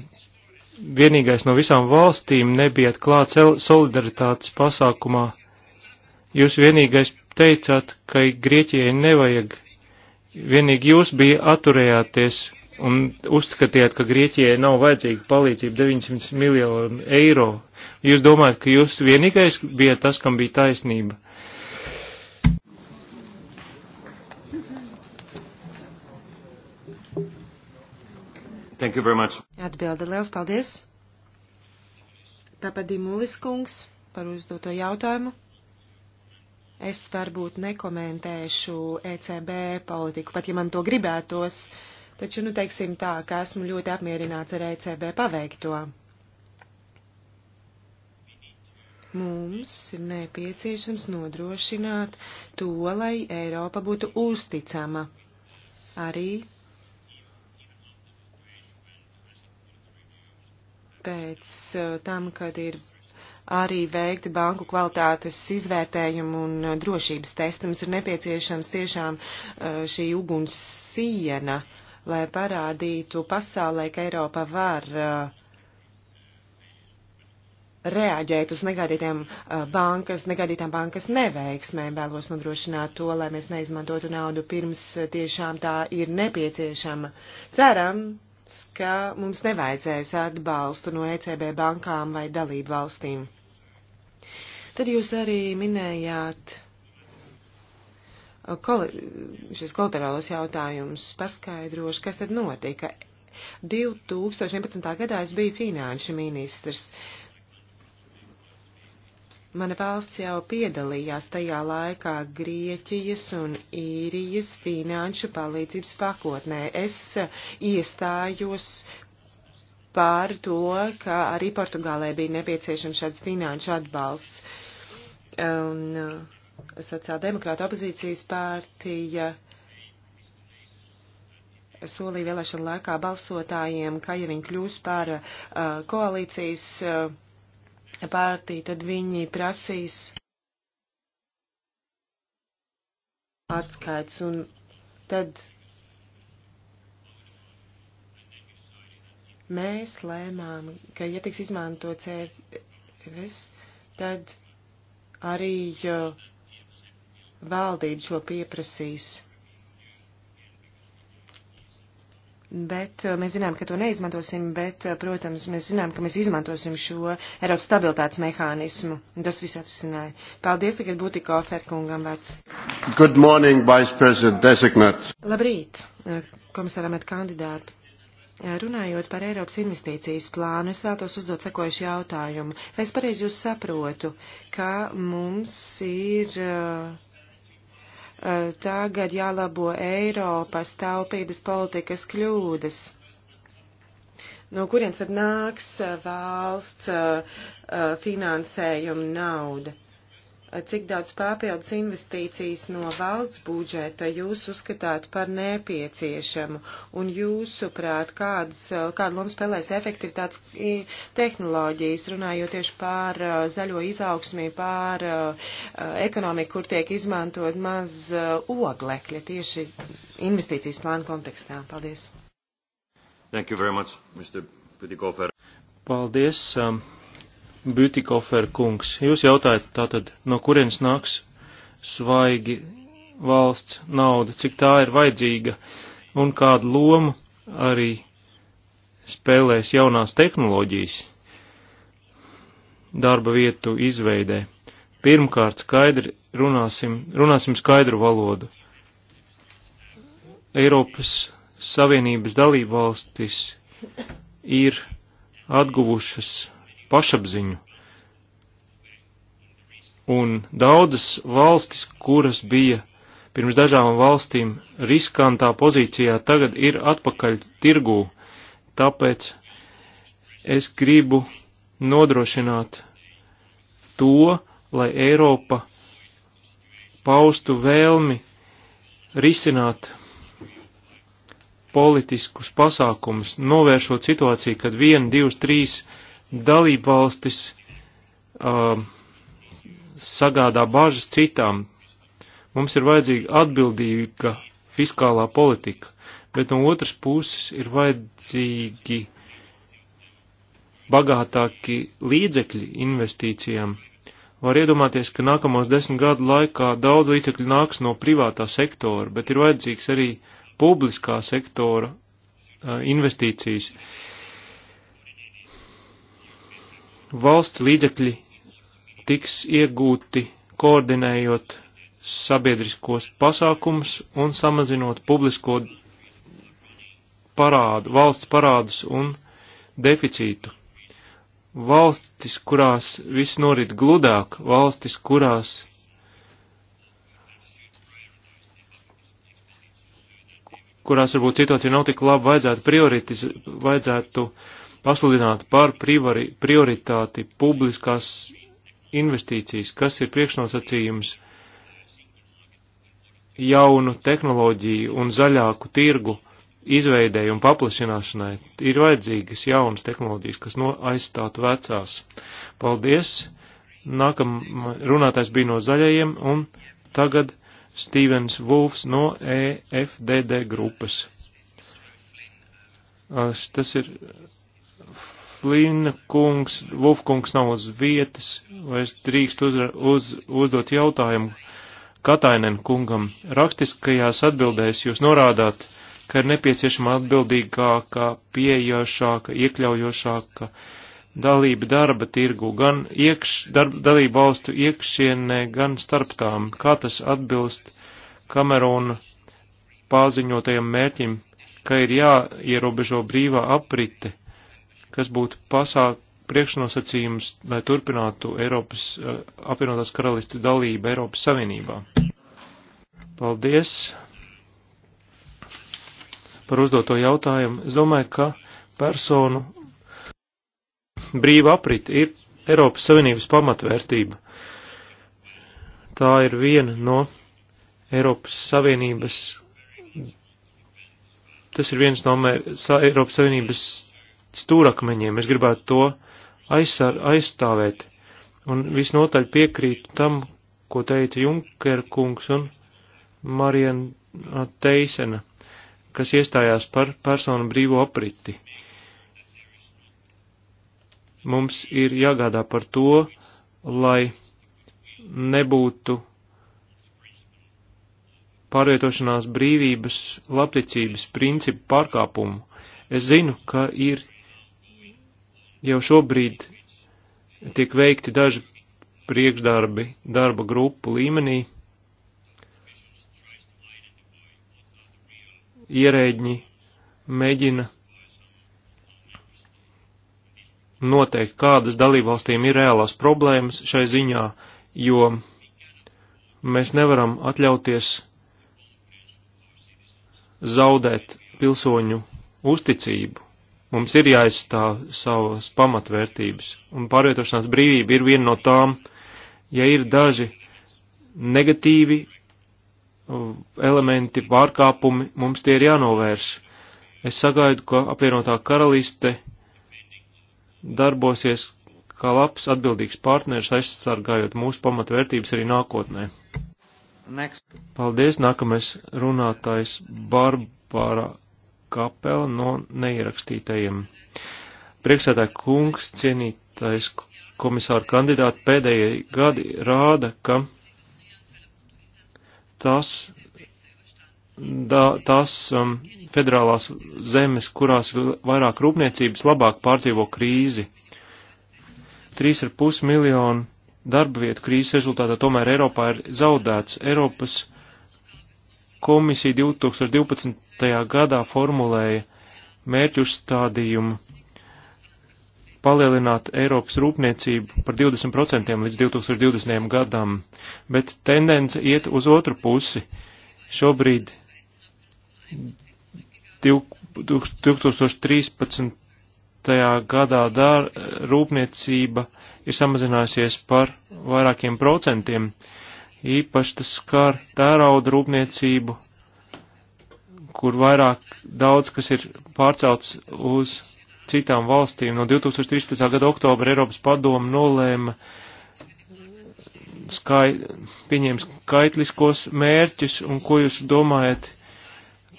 vienīgais no visām valstīm nebijat klāt solidaritātes pasākumā Jūs vienīgais teicāt, ka Grieķijai nevajag. Vienīgi jūs bija atturējāties un uzskatījāt, ka Grieķijai nav vajadzīga palīdzība 900 miljonu eiro. Jūs domājat, ka jūs vienīgais bija tas, kam bija taisnība. Thank you very much. Atbilde liels paldies. Papadimulis kungs par uzdoto jautājumu. Es varbūt nekomentēšu ECB politiku, pat ja man to gribētos, taču, nu, teiksim tā, ka esmu ļoti apmierināts ar ECB paveikto. Mums ir nepieciešams nodrošināt to, lai Eiropa būtu uzticama arī pēc eh, tam, kad ir arī veikt banku kvalitātes izvērtējumu un uh, drošības testu. Mums ir nepieciešams tiešām uh, šī uguns siena, lai parādītu pasaulē, ka Eiropa var uh, reaģēt uz negaidītām bankas, negaidītām bankas neveiksmēm, vēlos nodrošināt to, lai mēs neizmantotu naudu pirms tiešām tā ir nepieciešama. Cerams, ka mums nevajadzēs atbalstu no ECB bankām vai dalību valstīm. Tad jūs arī minējāt uh, koli, šis kulturālos jautājumus, paskaidrošu, kas tad notika. 2011. gadā es biju finanšu ministrs. Mana valsts jau piedalījās tajā laikā Grieķijas un īrijas finanšu palīdzības pakotnē. Es uh, iestājos par to, ka arī Portugālē bija nepieciešams šāds finanšu atbalsts. Uh, un uh, sociāldemokrāta opozīcijas pārtīja solīja vēlēšana laikā balsotājiem, ka ja viņi kļūs par uh, koalīcijas uh, pārtīju, tad viņi prasīs atskaits un tad mēs lēmām, ka ja tiks izmantots CRS, tad arī valdība šo pieprasīs. Bet eh, mēs zinām, ka to neizmantosim, bet, eh, protams, mēs zinām, ka mēs izmantosim šo Eiropas stabilitātes mehānismu. Tas viss atrisināja. Paldies, tagad būtu ko Ferkungam vārds. Good morning, Vice President Designate. Labrīt, eh, komisāram et kandidātu. Runājot par Eiropas investīcijas plānu, es vēlos uzdot sekojuši jautājumu. Vai es pareizi jūs saprotu, ka mums ir eh, tagad jālabo Eiropas taupības politikas kļūdas? No kurienes tad nāks eh, valsts eh, finansējuma nauda? cik daudz papildus investīcijas no valsts budžeta jūs uzskatāt par nepieciešamu un jūsuprāt, kādas, kādu lomu spēlēs efektivitātes tehnoloģijas, runājot tieši par zaļo izaugsmī, par ekonomiku, kur tiek izmantot maz oglekļa tieši investīcijas plānu kontekstā. Paldies. Thank you very much, Mr. Putikofer. Paldies. Um... Bütikofer kungs, jūs jautājat tātad, no kurienes nāks svaigi valsts nauda, cik tā ir vajadzīga un kādu lomu arī spēlēs jaunās tehnoloģijas darba vietu izveidē. Pirmkārt, skaidri runāsim, runāsim skaidru valodu. Eiropas Savienības dalībvalstis ir atguvušas pašapziņu. Un daudzas valstis, kuras bija pirms dažām valstīm riskantā pozīcijā, tagad ir atpakaļ tirgū. Tāpēc es gribu nodrošināt to, lai Eiropa paustu vēlmi risināt politiskus pasākumus, novēršot situāciju, kad viena, divas, trīs dalībvalstis um, sagādā bažas citām. Mums ir vajadzīga atbildīga fiskālā politika, bet no otras puses ir vajadzīgi bagātāki līdzekļi investīcijām. Var iedomāties, ka nākamos desmit gadu laikā daudz līdzekļu nāks no privātā sektora, bet ir vajadzīgs arī publiskā sektora uh, investīcijas. Uh, Valsts līdzekļi tiks iegūti koordinējot sabiedriskos pasākumus un samazinot publisko parādu, valsts parādus un deficītu. Valstis, kurās viss norit gludāk, valstis, kurās kurās varbūt situācija nav tik laba, vajadzētu prioritiz, vajadzētu uh, pasludināt par privari, prioritāti publiskās investīcijas, kas ir priekšnosacījums jaunu tehnoloģiju un zaļāku tirgu izveidēju un paplašināšanai. Ir vajadzīgas jaunas tehnoloģijas, kas no aizstātu vecās. Paldies! Nākam runātājs bija no zaļajiem un tagad Stīvens Vulfs no EFDD grupas. Tas ir Flīna kungs, Vufkungs nav uz vietas, vai es drīkstu uz, uz, uzdot jautājumu Katainen kungam. Rakstiskajās atbildēs jūs norādāt, ka ir nepieciešama atbildīgāka, pieejošāka, iekļaujošāka dalība darba tirgu, gan iekš, darb, dalība valstu iekšienē, gan starp tām. Kā tas atbilst Kamerona pāziņotajam mērķim, ka ir jāierobežo brīvā aprite kas būtu pasāk priekšnosacījums, lai turpinātu Eiropas eh, apvienotās karalistas dalību Eiropas Savienībā. Paldies par uzdoto jautājumu. Es domāju, ka personu brīva aprita ir Eiropas Savienības pamatvērtība. Tā ir viena no Eiropas Savienības, tas ir viens no Eiropas Savienības stūrakmeņiem. Es gribētu to aizsar, aizstāvēt. Un visnotaļ piekrītu tam, ko teica Junker kungs un Mariana Teisena, kas iestājās par personu brīvo apriti. Mums ir jāgādā par to, lai nebūtu pārvietošanās brīvības, labticības principu pārkāpumu. Es zinu, ka ir Jau šobrīd tiek veikti daži priekšdarbi darba grupu līmenī. Ierēģi mēģina noteikt, kādas dalībvalstīm ir reālās problēmas šai ziņā, jo mēs nevaram atļauties zaudēt pilsoņu uzticību. Mums ir jāizstāv savas pamatvērtības, un pārvietošanās brīvība ir viena no tām. Ja ir daži negatīvi uh, elementi, pārkāpumi, mums tie ir jānovērš. Es sagaidu, ka apvienotā karaliste darbosies kā labs atbildīgs partneris, aizsargājot mūsu pamatvērtības arī nākotnē. Next. Paldies, nākamais runātājs Barbara kapela no neierakstītajiem. Priekšsēdā kungs, cienītais komisāra kandidāti pēdējie gadi rāda, ka tas, da, tās um, federālās zemes, kurās vairāk rūpniecības labāk pārdzīvo krīzi. 3,5 miljonu darba vietu krīzes rezultātā tomēr Eiropā ir zaudēts. Eiropas komisija 2012. gadā formulēja mērķu uzstādījumu palielināt Eiropas rūpniecību par 20% līdz 2020. gadam, bet tendence iet uz otru pusi. Šobrīd 2013. gadā dar, rūpniecība ir samazinājusies par vairākiem procentiem. Uh, īpaši tas skar tērauda rūpniecību, kur vairāk daudz, kas ir pārcelts uz citām valstīm. No 2013. gada oktobra Eiropas padomu nolēma skai, pieņēma skaitliskos mērķus, un ko jūs domājat,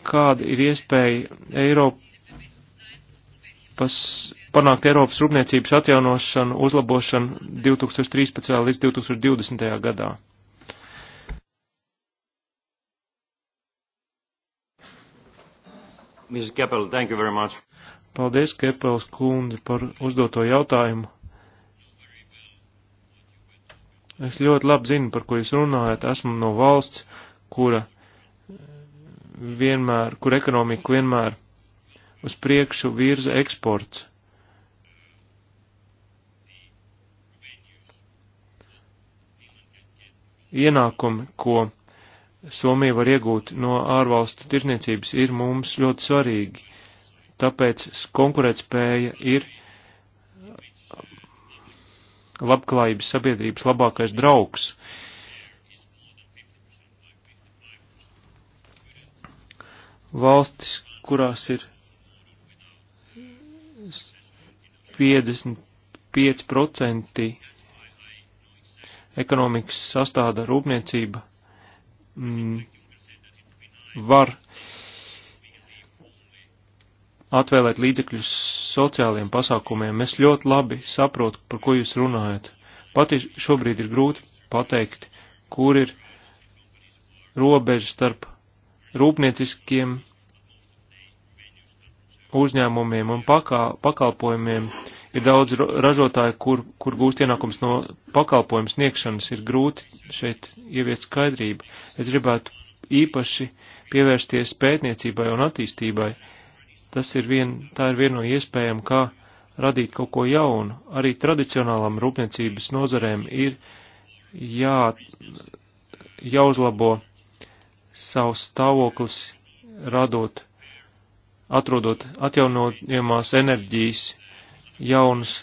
kāda ir iespēja Eiropas, panākt Eiropas rūpniecības atjaunošanu, uzlabošanu 2013. līdz 2020. gadā? Mrs. Keppel, thank you very much. Paldies, Kepels kundze, par uzdoto jautājumu. Es ļoti labi zinu, par ko jūs runājat. Esmu no valsts, kura vienmēr, kur ekonomika vienmēr uz priekšu virza eksports. Ienākumi, ko Somija var iegūt no ārvalstu tirniecības, ir mums ļoti svarīgi. Tāpēc konkurētspēja ir labklājības sabiedrības labākais draugs. Valstis, kurās ir 55% ekonomikas sastāda rūpniecība, m, mm, var atvēlēt līdzekļus sociāliem pasākumiem. Es ļoti labi saprotu, par ko jūs runājat. Pati šobrīd ir grūti pateikt, kur ir robeža starp rūpnieciskiem uzņēmumiem un pakā, pakalpojumiem Ir daudz ražotāju, kur, kur gūst ienākums no pakalpojumu sniegšanas, ir grūti šeit ieviet skaidrību. Es gribētu īpaši pievērsties pētniecībai un attīstībai. Tas ir vien, tā ir viena no iespējām, kā radīt kaut ko jaunu. Arī tradicionālām rūpniecības nozarēm ir jā, jāuzlabo savs stāvoklis, radot, atrodot atjaunojamās enerģijas jaunus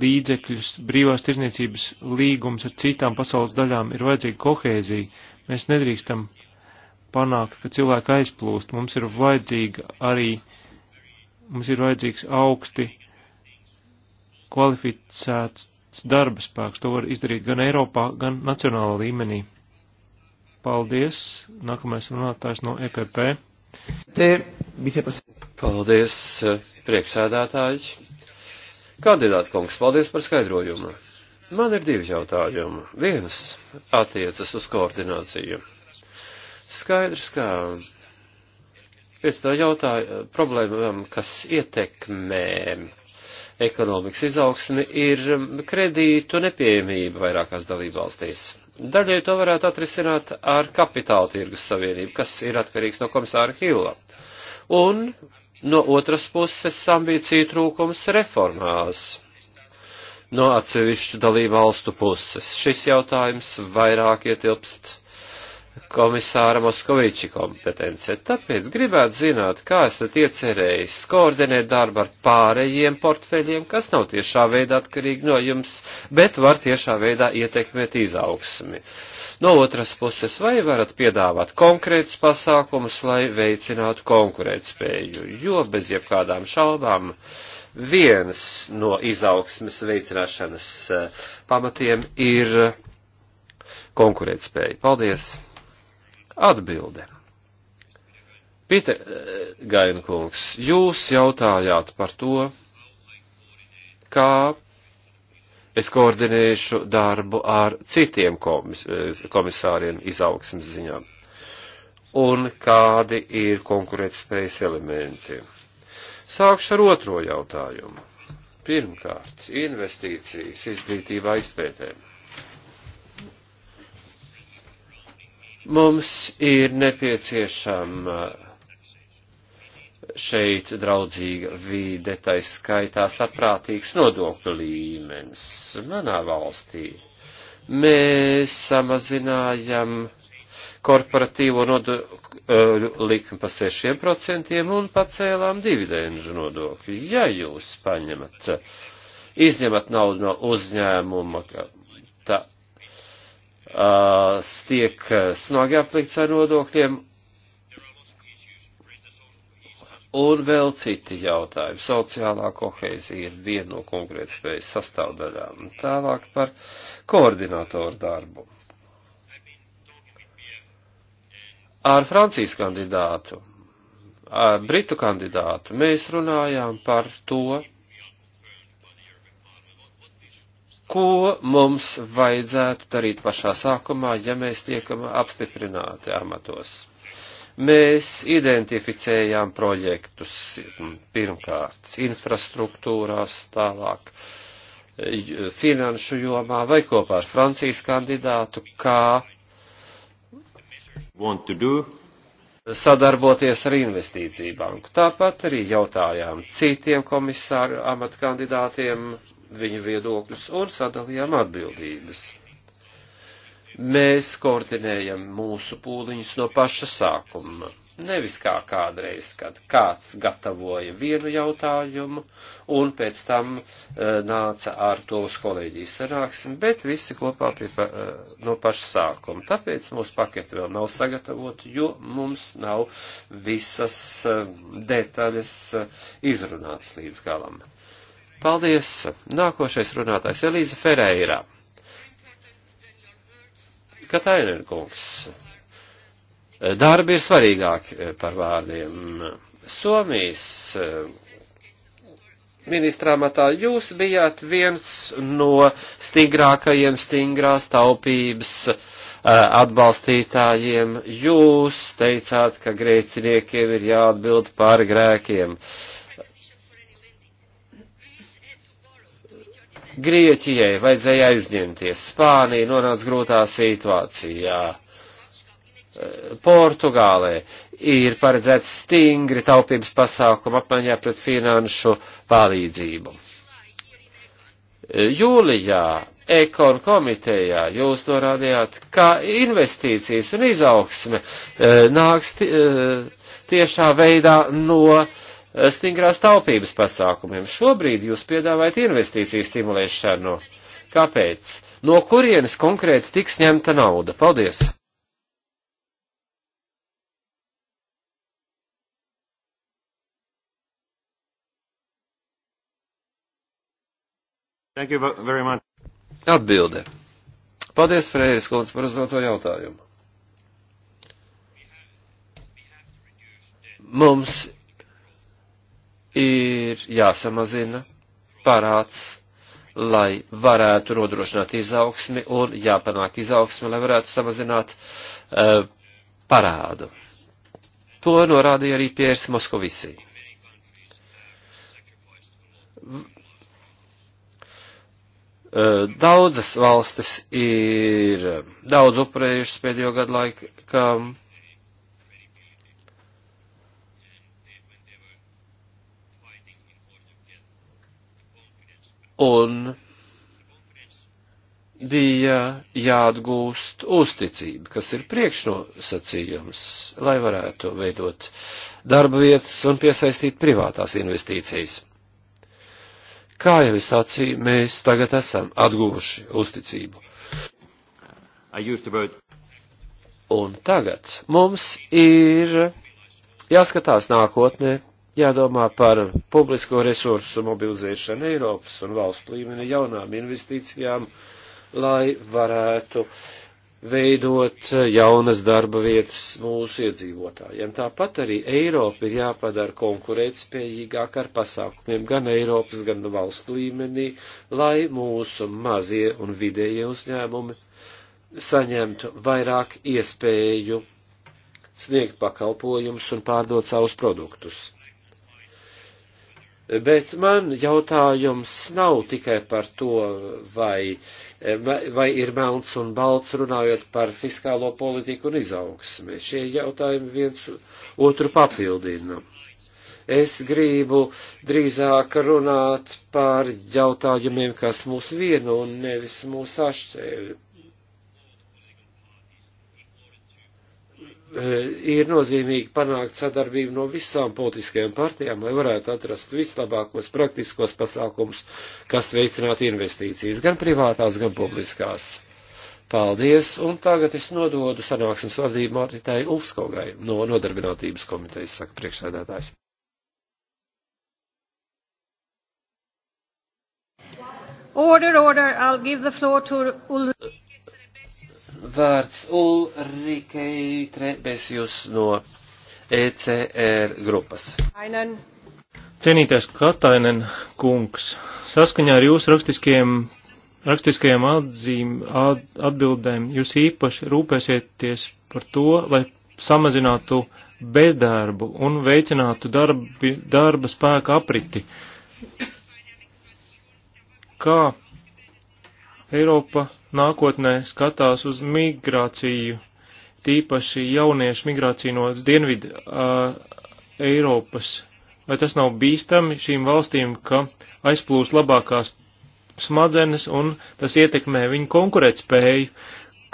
līdzekļus, brīvās tirzniecības līgums ar citām pasaules daļām, ir vajadzīga kohēzija. Mēs nedrīkstam panākt, ka cilvēki aizplūst. Mums ir vajadzīga arī, mums ir vajadzīgs augsti kvalificēts darba spēks. To var izdarīt gan Eiropā, gan nacionālā līmenī. Paldies. Nākamais runātājs no EPP. Te, Paldies, eh, priekšsēdētāji. Kandidāta kungs, paldies par skaidrojumu. Man ir divi jautājumi. Viens attiecas uz koordināciju. Skaidrs, ka pēc tā jautāja eh, problēmām, kas ietekmē ekonomikas izaugsmi, ir kredītu nepieejamība vairākās dalībvalstīs. Daļai to varētu atrisināt ar kapitāla tirgus savienību, kas ir atkarīgs no komisāra Hilla. Uh, un no otras puses ambīciju trūkums reformās no atsevišķu dalību valstu puses. Šis jautājums vairāk ietilpst komisāra Moskoviči kompetence. Tāpēc gribētu zināt, kā esat iecerējis koordinēt darbu ar pārējiem portfeļiem, kas nav tiešā veidā atkarīgi no jums, bet var tiešā veidā ietekmēt izaugsmi. No otras puses, vai varat piedāvāt konkrētus pasākumus, lai veicinātu konkurētspēju, jo bez jebkādām šaubām viens no izaugsmes veicināšanas eh, pamatiem ir konkurētspēja. Paldies! Atbilde. Pīter Gainkungs, jūs jautājāt par to, kā es koordinēšu darbu ar citiem komis komisāriem izaugsmas ziņām un kādi ir konkurētspējas elementi. Sākšu ar otro jautājumu. Pirmkārt, investīcijas izglītībā izpētēm. Mums ir nepieciešama šeit draudzīga vīde, tai skaitā saprātīgs nodokļu līmenis manā valstī. Mēs samazinājam korporatīvo nodokļu likmi pa 6% un pacēlām dividendžu nodokļu. Ja jūs paņemat, izņemat naudu no uzņēmuma, tā tiek smagi aplikts ar nodokļiem. Un vēl citi jautājumi. Sociālā kohēzija ir viena no konkrētspējas sastāvdaļām. Tālāk par koordinatoru darbu. Ar Francijas kandidātu, ar Britu kandidātu mēs runājām par to, ko mums vajadzētu darīt pašā sākumā, ja mēs tiekam apstiprināti amatos. Mēs identificējām projektus pirmkārt infrastruktūrās, tālāk finanšu jomā vai kopā ar Francijas kandidātu, kā sadarboties ar investīciju banku. Tāpat arī jautājām citiem komisāru amatkandidātiem viņu viedokļus un sadalījām atbildības. Mēs koordinējam mūsu pūliņus no paša sākuma. Nevis kā kādreiz, kad kāds gatavoja vienu jautājumu un pēc tam e, nāca ar to uz kolēģijas sanāksmi, bet visi kopā pie, pa, e, no paša sākuma. Tāpēc mūsu paketi vēl nav sagatavoti, jo mums nav visas e, detaļas e, izrunātas līdz galam. Paldies! Nākošais runātājs Elīza Ferreira. Katainen kungs. Darbi ir svarīgāki par vārdiem. Somijas eh, ministrā matā jūs bijāt viens no stingrākajiem stingrās taupības eh, atbalstītājiem. Jūs teicāt, ka grēciniekiem ir jāatbild par grēkiem. Uh, Grieķijai vajadzēja aizņemties, Spānija nonāca grūtā situācijā. Portugālē ir paredzēts stingri taupības pasākumu apmaiņā pret finanšu palīdzību. Jūlijā Ekon komitejā jūs norādījāt, ka investīcijas un izaugsme eh, nāks eh, tiešā veidā no uh, stingrās taupības pasākumiem. Šobrīd jūs piedāvājat investīciju stimulēšanu. Kāpēc? No kurienes konkrēti tiks ņemta nauda? Paldies! Atbilde. Paldies, Freiris Kundze, par uzdoto jautājumu. Mums ir jāsamazina parāds, lai varētu nodrošināt izaugsmi un jāpanāk izaugsmi, lai varētu samazināt uh, parādu. To norādīja arī Piers Moskovisī. E, daudzas valstis ir daudz upurējušas pēdējo gadu laikam un bija jāatgūst uzticība, kas ir priekšnosacījums, lai varētu veidot darba vietas un piesaistīt privātās investīcijas. Kā jau es sacīju, mēs tagad esam atguvuši uzticību. Un tagad mums ir jāskatās nākotnē jādomā par publisko resursu mobilizēšanu Eiropas un valstu līmeni jaunām investīcijām, lai varētu veidot jaunas darba vietas mūsu iedzīvotājiem. Tāpat arī Eiropa ir jāpadara konkurētspējīgāk ar pasākumiem gan Eiropas, gan valstu līmenī, lai mūsu mazie un vidējie uzņēmumi saņemtu vairāk iespēju sniegt pakalpojumus un pārdot savus produktus. Bet man jautājums nav tikai par to, vai, vai ir melns un balts runājot par fiskālo politiku un izaugsmi. Šie jautājumi viens otru papildina. Es gribu drīzāk runāt par jautājumiem, kas mūs vieno un nevis mūs atšķēļ E, ir nozīmīgi panākt sadarbību no visām politiskajām partijām, lai varētu atrast vislabākos praktiskos pasākumus, kas veicinātu investīcijas, gan privātās, gan publiskās. Paldies, un tagad es nododu sanāksmes vadību Martitai Ulfskogai no Nodarbinātības komitejas, saka priekšsēdētājs. Order, order, I'll give the floor to Ulf vārds Ulrikei Trebesjus no ECR grupas. Ainen. Cienītais Katainen kungs, saskaņā ar jūsu rakstiskajiem, rakstiskajiem atzīm, at, atbildēm jūs īpaši rūpēsieties par to, lai samazinātu bezdarbu un veicinātu darbi, darba spēka apriti. Kā Eiropa nākotnē skatās uz migrāciju, tīpaši jauniešu migrāciju no Dienvidu uh, Eiropas. Vai tas nav bīstami šīm valstīm, ka aizplūst labākās smadzenes un tas ietekmē viņu konkurētspēju?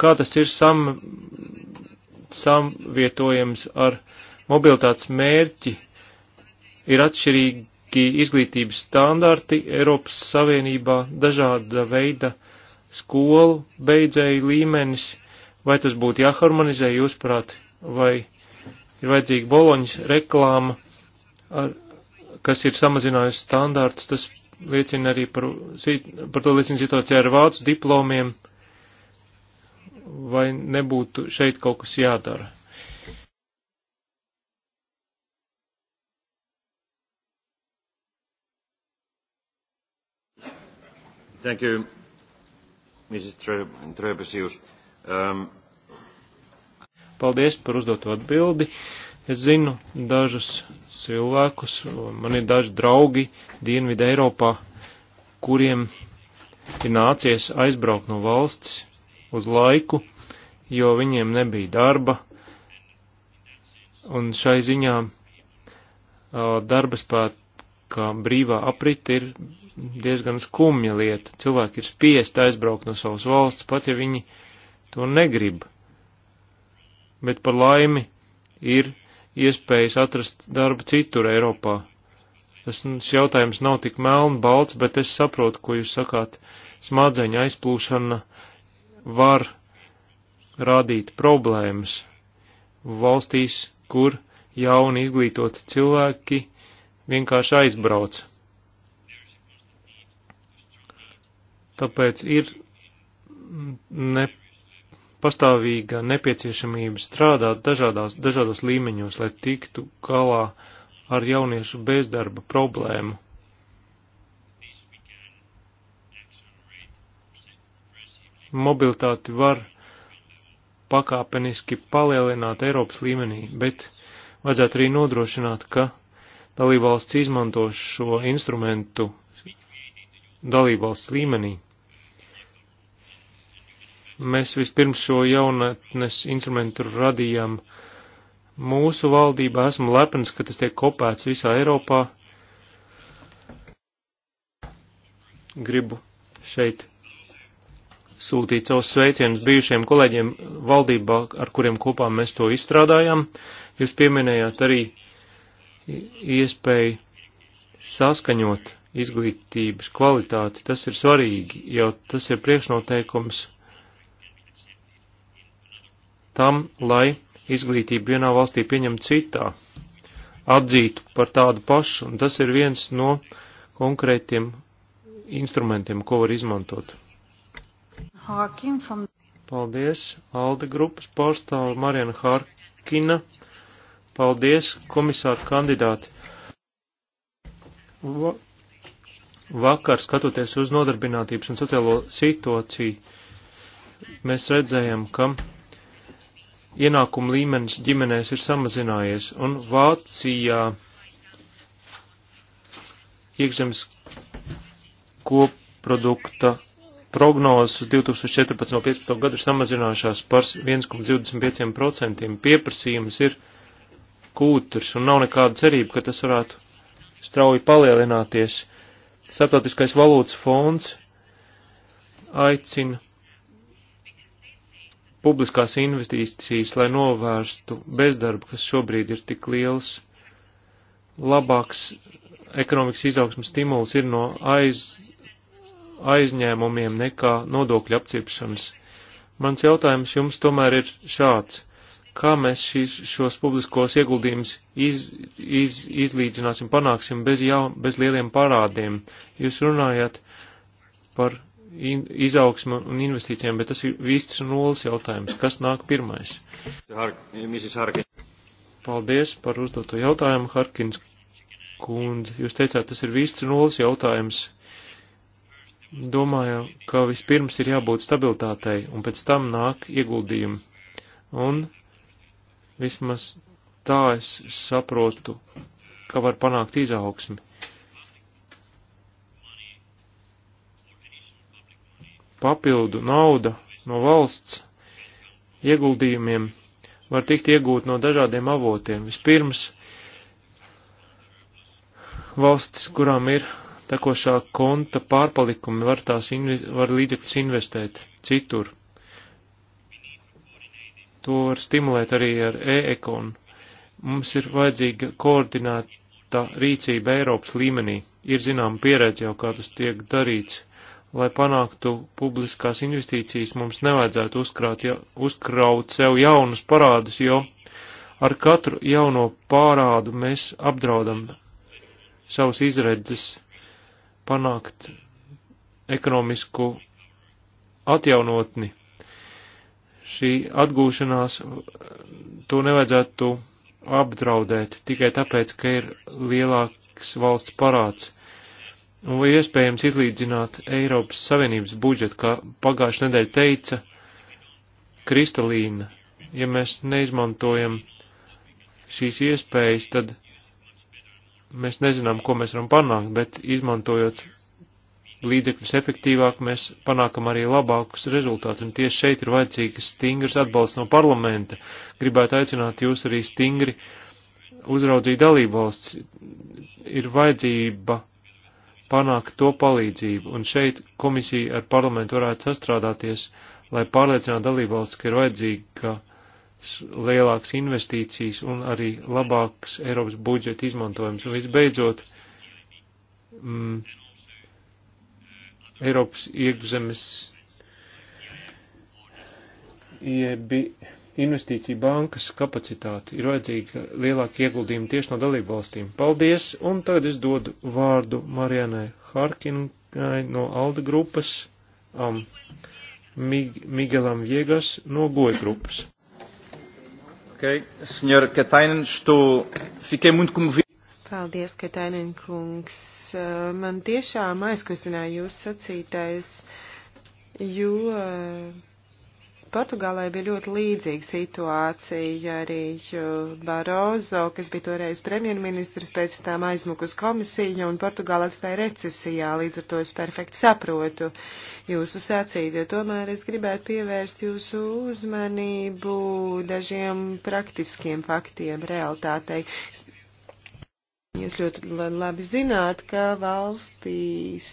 Kā tas ir sam, samvietojams ar mobilitātes mērķi? Ir atšķirīgi izglītības standarti Eiropas Savienībā dažāda veida uh, skolu beidzēju līmenis, vai tas būtu jāharmonizē jūsuprāt, vai ir vajadzīga boloņas reklāma, ar, kas ir samazinājusi standārtus, tas liecina arī par, par to liecina situācija ar vācu diplomiem, vai nebūtu šeit kaut kas jādara. Thank you. Mrs. Trebesius. Um... Paldies par uzdoto atbildi. Es zinu dažus cilvēkus, man ir daži draugi Dienvidu Eiropā, kuriem ir nācies aizbraukt no valsts uz laiku, jo viņiem nebija darba, un šai ziņā uh, darba spēt ka brīvā aprit ir diezgan skumja lieta. Cilvēki ir spiest aizbraukt no savas valsts, pat ja viņi to negrib. Bet par laimi ir iespējas atrast darbu citur Eiropā. Tas šis jautājums nav tik melni balts, bet es saprotu, ko jūs sakāt. Smadzeņa aizplūšana var radīt problēmas valstīs, kur jauni izglītoti cilvēki vienkārši aizbrauc. Tāpēc ir ne, pastāvīga nepieciešamība strādāt dažādās, dažādos līmeņos, lai tiktu galā ar jauniešu bezdarba problēmu. Mobilitāti var pakāpeniski palielināt Eiropas līmenī, bet vajadzētu arī nodrošināt, ka dalībvalsts izmanto šo instrumentu dalībvalsts līmenī. Mēs vispirms šo jaunatnes instrumentu radījām mūsu valdībā. Esmu lepns, ka tas tiek kopēts visā Eiropā. Gribu šeit sūtīt savus sveicienus bijušiem kolēģiem valdībā, ar kuriem kopā mēs to izstrādājām. Jūs pieminējāt arī iespēja saskaņot izglītības kvalitāti, tas ir svarīgi, jo tas ir priekšnoteikums tam, lai izglītību vienā valstī pieņemtu citā, atzītu par tādu pašu, un tas ir viens no konkrētiem instrumentiem, ko var izmantot. From... Paldies, Alde grupas pārstāva Mariana Harkina Paldies, komisāra kandidāti. Va vakar, skatoties uz nodarbinātības un sociālo situāciju, mēs redzējām, ka ienākuma līmenis ģimenēs ir samazinājies, un Vācijā iekšzemes koprodukta prognozes 2014. un 2015. gadu ir samazinājušās par 1,25%. Pieprasījums ir kūturs, un nav nekāda cerība, ka tas varētu strauji palielināties. Startautiskais valūtas fonds aicina publiskās investīcijas, lai novērstu bezdarbu, kas šobrīd ir tik liels. Labāks ekonomikas izaugsmas stimuls ir no aiz, aizņēmumiem nekā nodokļu apcirpšanas. Mans jautājums jums tomēr ir šāds kā mēs šis, šos publiskos ieguldījumus iz, iz, izlīdzināsim, panāksim bez, jau, bez lieliem parādiem. Jūs runājat par in, izaugsmu un investīcijām, bet tas ir vists un nulles jautājums. Kas nāk pirmais? Paldies par uzdoto jautājumu, Harkins kundze. Jūs teicāt, tas ir vists un nulles jautājums. Domāju, ka vispirms ir jābūt stabilitātei, un pēc tam nāk ieguldījumi. Un Vismaz tā es saprotu, ka var panākt izaugsmi. Papildu nauda no valsts ieguldījumiem var tikt iegūt no dažādiem avotiem. Vispirms valstis, kurām ir tekošā konta pārpalikumi, var tās invi var līdzekļus investēt citur to var stimulēt arī ar e-ekonu. Mums ir vajadzīga koordinēta rīcība Eiropas līmenī. Ir zinām pieredze jau, kā tas tiek darīts. Lai panāktu publiskās investīcijas, mums nevajadzētu uzkrāt, ja, uzkraut sev jaunus parādus, jo ar katru jauno pārādu mēs apdraudam savus izredzes panākt ekonomisku atjaunotni šī atgūšanās, to nevajadzētu apdraudēt tikai tāpēc, ka ir lielāks valsts parāds. Un vai iespējams izlīdzināt Eiropas Savienības budžetu, kā pagājušajā nedēļā teica Kristalīna, ja mēs neizmantojam šīs iespējas, tad mēs nezinām, ko mēs varam panākt, bet izmantojot līdzekļus efektīvāk, mēs panākam arī labākus rezultātus, un tieši šeit ir vajadzīgs stingrs atbalsts no parlamenta. Gribētu aicināt jūs arī stingri uzraudzīt dalībvalsts. Ir vajadzība panākt to palīdzību, un šeit komisija ar parlamentu varētu sastrādāties, lai pārliecinātu dalībvalsts, ka ir vajadzīga lielākas investīcijas un arī labāks Eiropas budžeta izmantojums. Un visbeidzot, mm, Eiropas iekšzemes iebi investīcija bankas kapacitāti. Ir vajadzīga lielāka ieguldījuma tieši no dalību valstīm. Paldies, un tagad es dodu vārdu Marianai Harkinai no Alda grupas, um, Mig Miguelam Viegas no Goja grupas. Ok, senhor Katainen, estou... fiquei muito comovido. Paldies, Katainenkungs. Uh, man tiešām aizkustināja jūs sacītais, jo Portugālē bija ļoti līdzīga situācija arī Barozo, kas bija toreiz premjerministrs, pēc tam aizmukus komisiju un Portugāla atstāja recesijā, līdz ar to es perfekti saprotu jūsu sacīti. Tomēr es gribētu pievērst jūsu uzmanību dažiem praktiskiem faktiem realitātei. Jūs ļoti labi zināt, ka valstīs,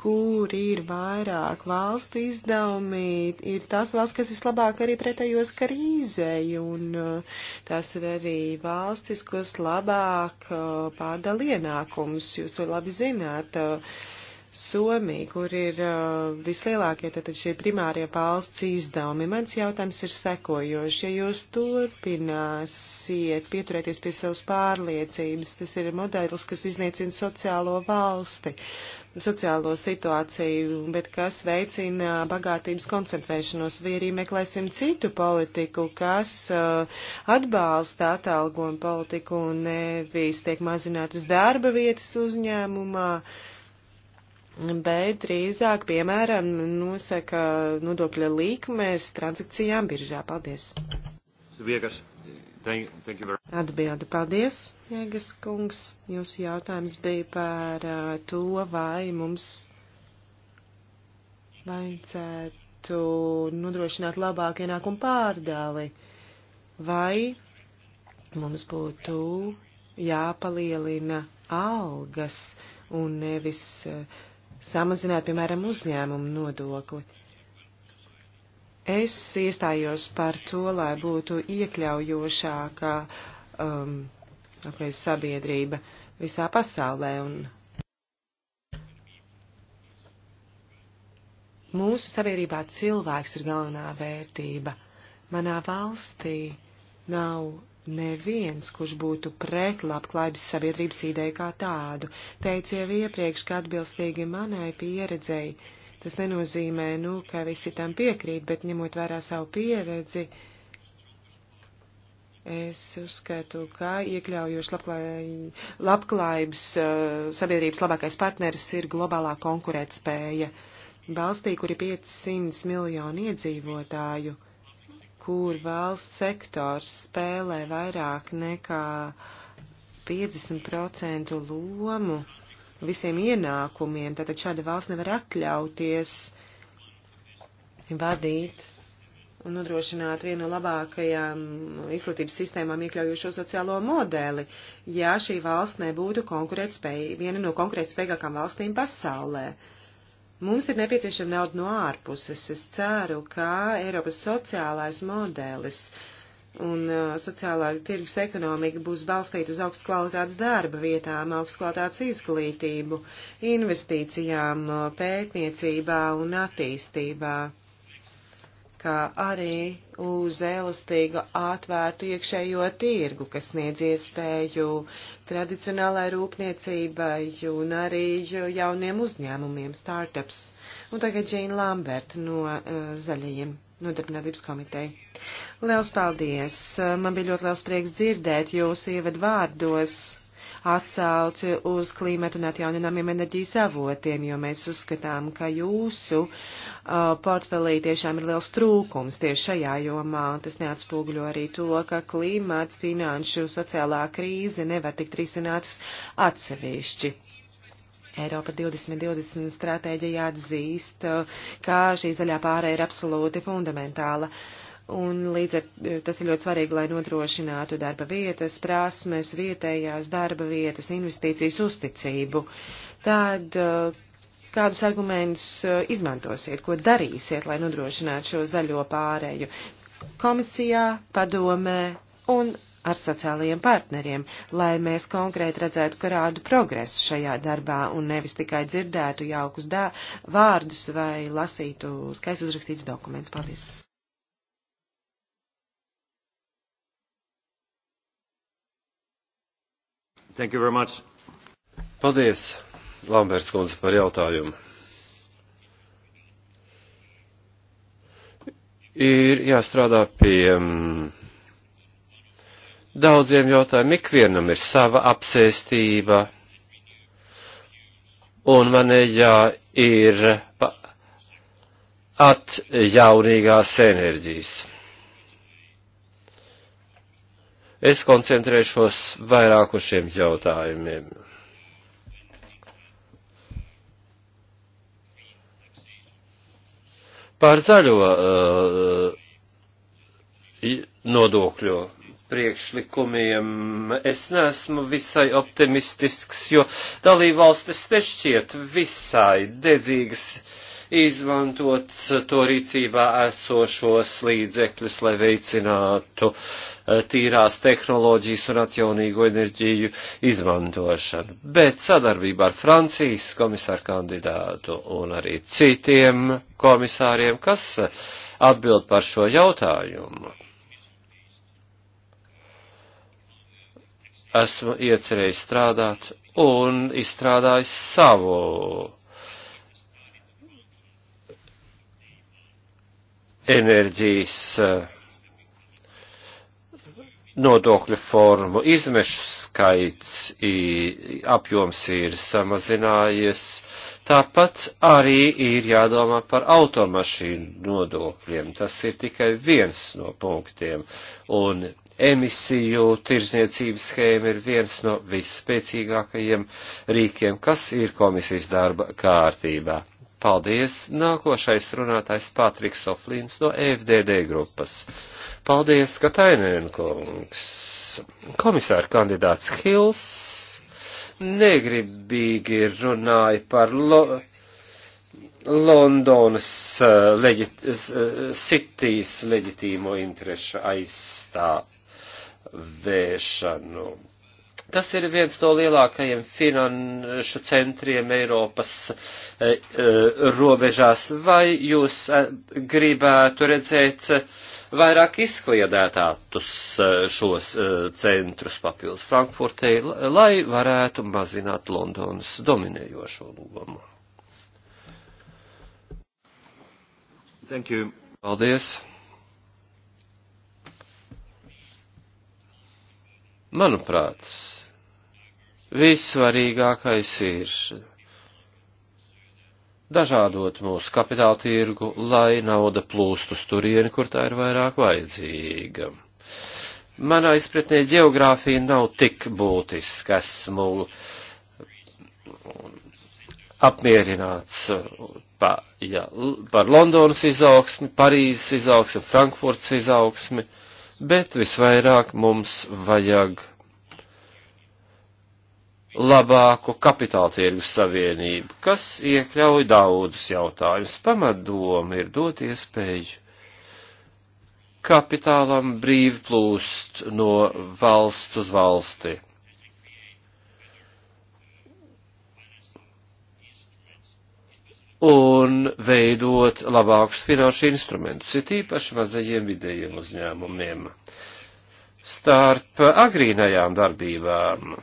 kur ir vairāk valstu izdevumi, ir tās valsts, kas vislabāk arī pretējos krīzei, un uh, tās ir arī valstis, kas labāk uh, pārdala ienākums. Jūs to labi zināt. Uh, Somija, kur ir uh, vislielākie tātad šie primārie valsts izdevumi. Mans jautājums ir sekojoši. Ja jūs turpināsiet pieturēties pie savas pārliecības, tas ir modelis, kas izniecina sociālo valsti, sociālo situāciju, bet kas veicina bagātības koncentrēšanos, vai arī meklēsim citu politiku, kas uh, atbalsta atalgojumu politiku un nevis tiek mazinātas darba vietas uzņēmumā. Uh, bet drīzāk, piemēram, nosaka nodokļa likmēs transakcijām biržā. Paldies! Atbildi, paldies, Jēgas kungs. Jūsu jautājums bija par uh, to, vai mums vajadzētu nodrošināt labāku ienākumu pārdāli, vai mums būtu jāpalielina algas un nevis uh, samazināt, piemēram, uzņēmumu nodokli. Es iestājos par to, lai būtu iekļaujošākā um, sabiedrība visā pasaulē un Mūsu sabiedrībā cilvēks ir galvenā vērtība. Manā valstī nav neviens, kurš būtu pret labklājības sabiedrības ideju kā tādu. Teicu jau iepriekš, ka atbilstīgi manai pieredzei, tas nenozīmē, nu, ka visi tam piekrīt, bet ņemot vērā savu pieredzi, es uzskatu, ka iekļaujoši labklājības eh, sabiedrības labākais partneris ir globālā konkurētspēja. Valstī, kur ir 500 miljoni iedzīvotāju, kur valsts sektors spēlē vairāk nekā 50% lomu visiem ienākumiem, tātad šāda valsts nevar atļauties vadīt un nodrošināt vienu no labākajām izglītības sistēmām iekļaujošo sociālo modeli, ja šī valsts nebūtu viena no konkurētspējīgākām valstīm pasaulē. Uh, Mums ir nepieciešama nauda no ārpuses. Es ceru, ka Eiropas sociālais modelis un uh, sociālā tirgus ekonomika būs balstīta uz augstu kvalitātes darba vietām, augstu kvalitātes izglītību, investīcijām, uh, pētniecībā un attīstībā kā arī uz elastīgu atvērtu iekšējo tirgu, kas sniedz iespēju tradicionālai rūpniecībai un arī jauniem uzņēmumiem, startups. Un tagad Džīna Lamberta no uh, Zaļajiem nodarbinātības komiteja. Liels paldies! Eh, man bija ļoti liels prieks dzirdēt jūs ievadvārdos. vārdos atsauci uz klimatu un atjauninājumiem enerģijas avotiem, jo mēs uzskatām, ka jūsu uh, portfelī tiešām ir liels trūkums tieši šajā jomā, un tas neatspūgļo arī to, ka klimats, finanšu, sociālā krīze nevar tikt risināts atsevišķi. Eiropa 2020 stratēģija atzīst, uh, ka šī zaļā pārē ir absolūti fundamentāla. Uh, un līdz ar e, tas ir ļoti svarīgi, lai nodrošinātu darba vietas, prasmes, vietējās darba vietas, investīcijas uzticību. Tad e, kādus argumentus e, izmantosiet, ko darīsiet, lai nodrošinātu šo zaļo pārēju komisijā, padomē un ar sociālajiem partneriem, lai mēs konkrēti redzētu, ka rādu progresu šajā darbā un nevis tikai dzirdētu jaukus dā, vārdus vai lasītu skaisti uzrakstīts dokuments. Paldies! Thank you very much. Paldies, Lamberts kundze, par jautājumu. Ir jāstrādā pie mm, daudziem jautājumiem. Ikvienam ir sava apsēstība, un manējā ir atjaunīgās enerģijas. Es koncentrēšos vairāk uz šiem jautājumiem. Par zaļo uh, nodokļu priekšlikumiem es neesmu visai optimistisks, jo dalībvalstis nešķiet visai dedzīgas uh, izmantot to rīcībā esošos līdzekļus, lai veicinātu eh, tīrās tehnoloģijas un atjaunīgo enerģiju izmantošanu. Bet sadarbībā ar Francijas komisāru kandidātu un arī citiem komisāriem, kas atbild par šo jautājumu. Esmu iecerējis strādāt un izstrādājis savu enerģijas eh, nodokļu formu izmešu skaits i, apjoms ir samazinājies. Tāpat arī ir jādomā par automašīnu nodokļiem. Tas ir tikai viens no punktiem. Un emisiju tirzniecības schēma ir viens no visspēcīgākajiem rīkiem, kas ir komisijas darba kārtībā. Paldies! Nākošais runātājs Pātriks Soflīns no FDD grupas. Paldies, Katainēnkungs! Komisāra kandidāts Hils negribīgi runāja par lo Londonas uh, eh, leģit eh, citīs leģitīmo interešu aizstāvēšanu Tas ir viens no lielākajiem finanšu centriem Eiropas e, e, robežās. Vai jūs e, gribētu redzēt e, vairāk izkliedētātus e, šos e, centrus papildus Frankfurtē, lai varētu mazināt Londonas dominējošo lomu? Thank you. Paldies. Manuprāt, vissvarīgākais ir dažādot mūsu kapitāla tirgu, lai nauda plūstu turieni, kur tā ir vairāk vajadzīga. Manā izpratnē geogrāfija nav tik būtiska, esmu apmierināts pa, ja, par Londonas izaugsmi, Parīzes izaugsmi, Frankfurts izaugsmi bet visvairāk mums vajag labāku kapitāla tirgus savienību, kas iekļauj daudzus jautājumus. Pamatdoma ir dot iespēju kapitālam brīvi plūst no valsts uz valsti. un veidot labākus finanšu instrumentus, it īpaši mazajiem vidējiem uzņēmumiem. Starp agrīnajām darbībām,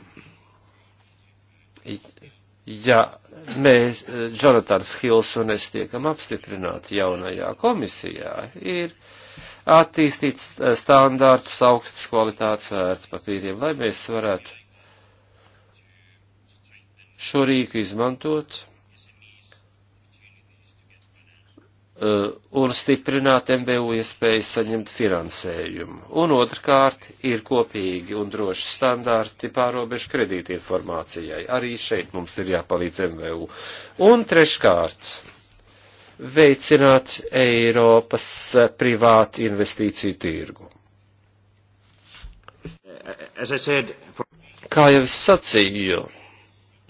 ja mēs, Jonatans Hils un es tiekam apstiprināti jaunajā komisijā, ir attīstīt standārtus augstas kvalitātes vērts papīriem, lai mēs varētu šo rīku izmantot Uh, un stiprināt MBU iespējas saņemt finansējumu. Un otrkārt ir kopīgi un droši standarti pārobežu kredīti informācijai. Arī šeit mums ir jāpalīdz MBU. Un treškārt veicināt Eiropas privātu investīciju tirgu. Kā jau es sacīju,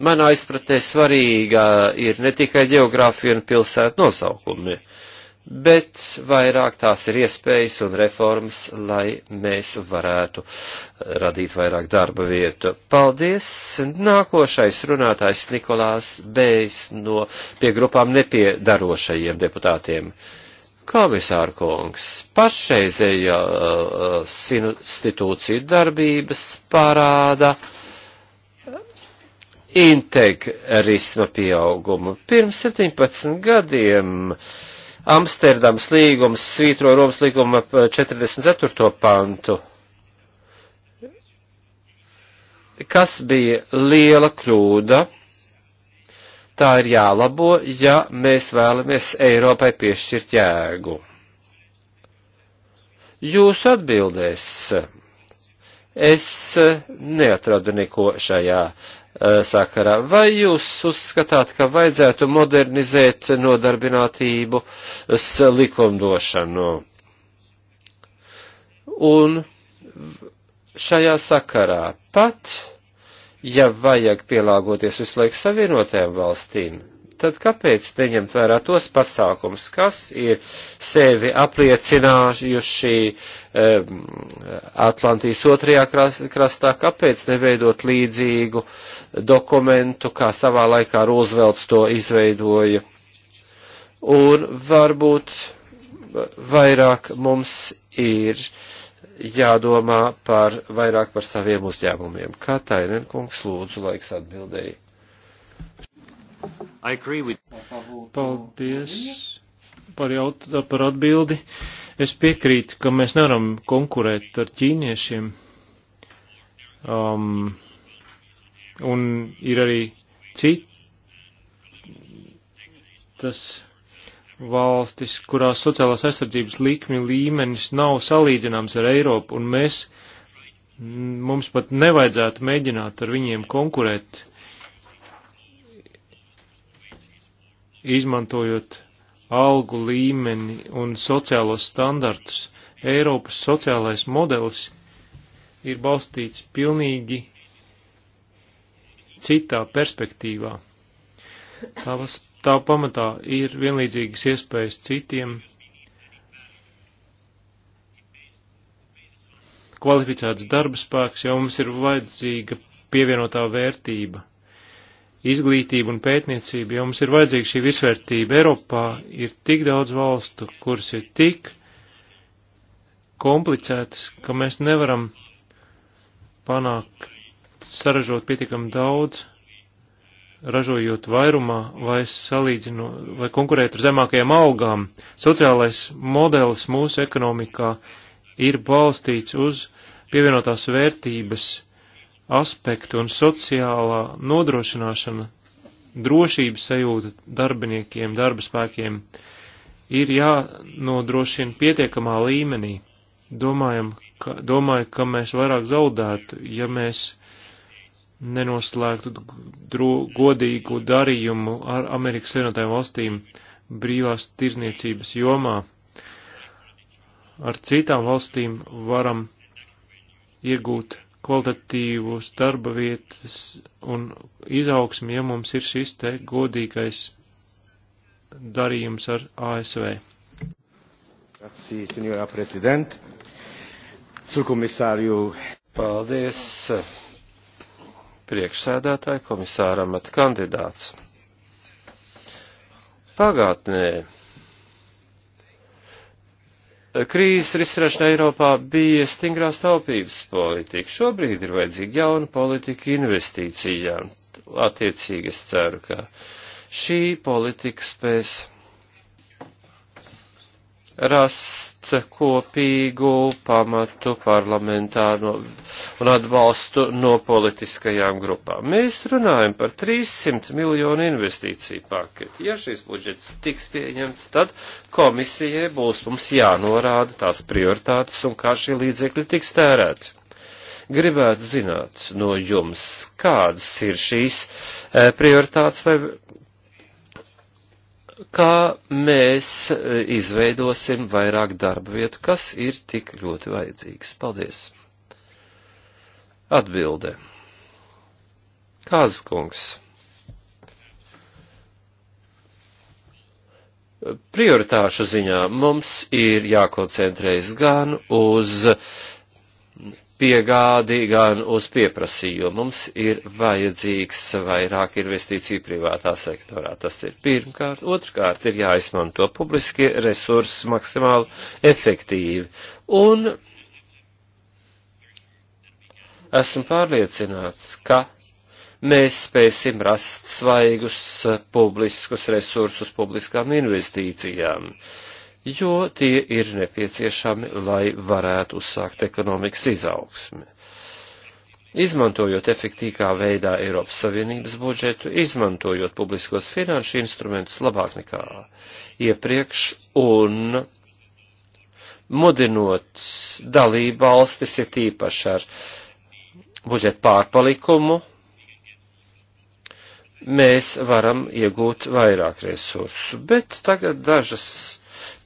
manā izpratnē svarīga ir ne tikai geogrāfija un pilsētu nosaukumi. Uh, bet vairāk tās ir iespējas un reformas, lai mēs varētu radīt vairāk darba vietu. Paldies! Nākošais runātājs Nikolās Bējs no pie grupām nepiedarošajiem deputātiem. Komisāra kungs, pašreizējās uh, institūciju darbības parāda integrisma pieaugumu. Pirms 17 gadiem uh, Amsterdams līgums svītro Romas līguma 44. Eh, pantu, kas bija liela kļūda. Tā ir jālabo, ja mēs vēlamies Eiropai piešķirt jēgu. Jūsu atbildēs es neatradu neko šajā uh, Uh, sakarā. Vai jūs uzskatāt, ka vajadzētu modernizēt nodarbinātību likumdošanu? Un šajā sakarā pat, ja vajag pielāgoties visu laiku savienotajām valstīm, tad kāpēc neņemt vērā tos pasākums, kas ir sevi apliecinājuši um, Atlantijas otrajā krastā, kāpēc neveidot līdzīgu dokumentu, kā savā laikā Roosevelts to izveidoja. Un varbūt vairāk mums ir jādomā par vairāk par saviem uzņēmumiem. Kā Tainenkungs lūdzu laiks atbildēja. Paldies par, jaut, par atbildi. Es piekrītu, ka mēs nevaram konkurēt ar ķīniešiem. Um, un ir arī citas valstis, kurās sociālās aizsardzības likmi līmenis nav salīdzināms ar Eiropu, un mēs, mums pat nevajadzētu mēģināt ar viņiem konkurēt izmantojot algu līmeni un sociālos standartus. Eiropas sociālais modelis ir balstīts pilnīgi citā perspektīvā. Tavas, tā pamatā ir vienlīdzīgas iespējas citiem kvalificēts darba spēks, jo mums ir vajadzīga pievienotā vērtība izglītību un pētniecību, jo mums ir vajadzīga šī visvērtība. Eiropā ir tik daudz valstu, kuras ir tik komplicētas, ka mēs nevaram panākt, saražot pietiekami daudz, ražojot vairumā vai salīdzinu, vai konkurēt ar zemākajām algām. Sociālais modelis mūsu ekonomikā ir balstīts uz pievienotās vērtības aspektu un sociālā nodrošināšana, drošības sajūta darbiniekiem, darba spēkiem ir jānodrošina pietiekamā līmenī. Domājam, ka, domāju, ka mēs vairāk zaudētu, ja mēs nenoslēgtu dro, godīgu darījumu ar Amerikas Savienotajām valstīm brīvās tirzniecības jomā. Ar citām valstīm varam iegūt kvalitatīvus darba vietas un izaugsmi, ja mums ir šis te godīgais darījums ar ASV. Paldies, priekšsēdētāji, komisāram at kandidāts. Pagātnē krīzes risināšana Eiropā bija stingrā staupības politika. Šobrīd ir vajadzīga jauna politika investīcijām. Attiecīgi es ceru, ka šī politika spēs rast kopīgu pamatu parlamentā no, un atbalstu no politiskajām grupām. Mēs runājam par 300 miljonu investīciju paketi. Ja šis budžets tiks pieņemts, tad komisijai būs mums jānorāda tās prioritātes un kā šie līdzekļi tiks tērēti gribētu zināt no jums, kādas ir šīs eh, prioritātes, lai kā mēs e, izveidosim vairāk darba vietu, kas ir tik ļoti vajadzīgs. Paldies! Atbilde. Kāzkungs. Prioritāšu ziņā mums ir jākoncentrējas gan uz piegādi, gan uz pieprasījumu. Mums ir vajadzīgs vairāk investīciju privātā sektorā. Tas ir pirmkārt. Otrkārt ir jāizmanto publiskie resursi maksimāli efektīvi. Un esmu pārliecināts, ka mēs spēsim rast svaigus publiskus resursus publiskām investīcijām. Uh, jo tie ir nepieciešami, lai varētu uzsākt ekonomikas izaugsmi. Izmantojot efektīvā veidā Eiropas Savienības budžetu, izmantojot publiskos finanšu instrumentus labāk nekā iepriekš un mudinot dalību valstis, ir tīpaši ar budžeta pārpalikumu, mēs varam iegūt vairāk resursu. Bet tagad dažas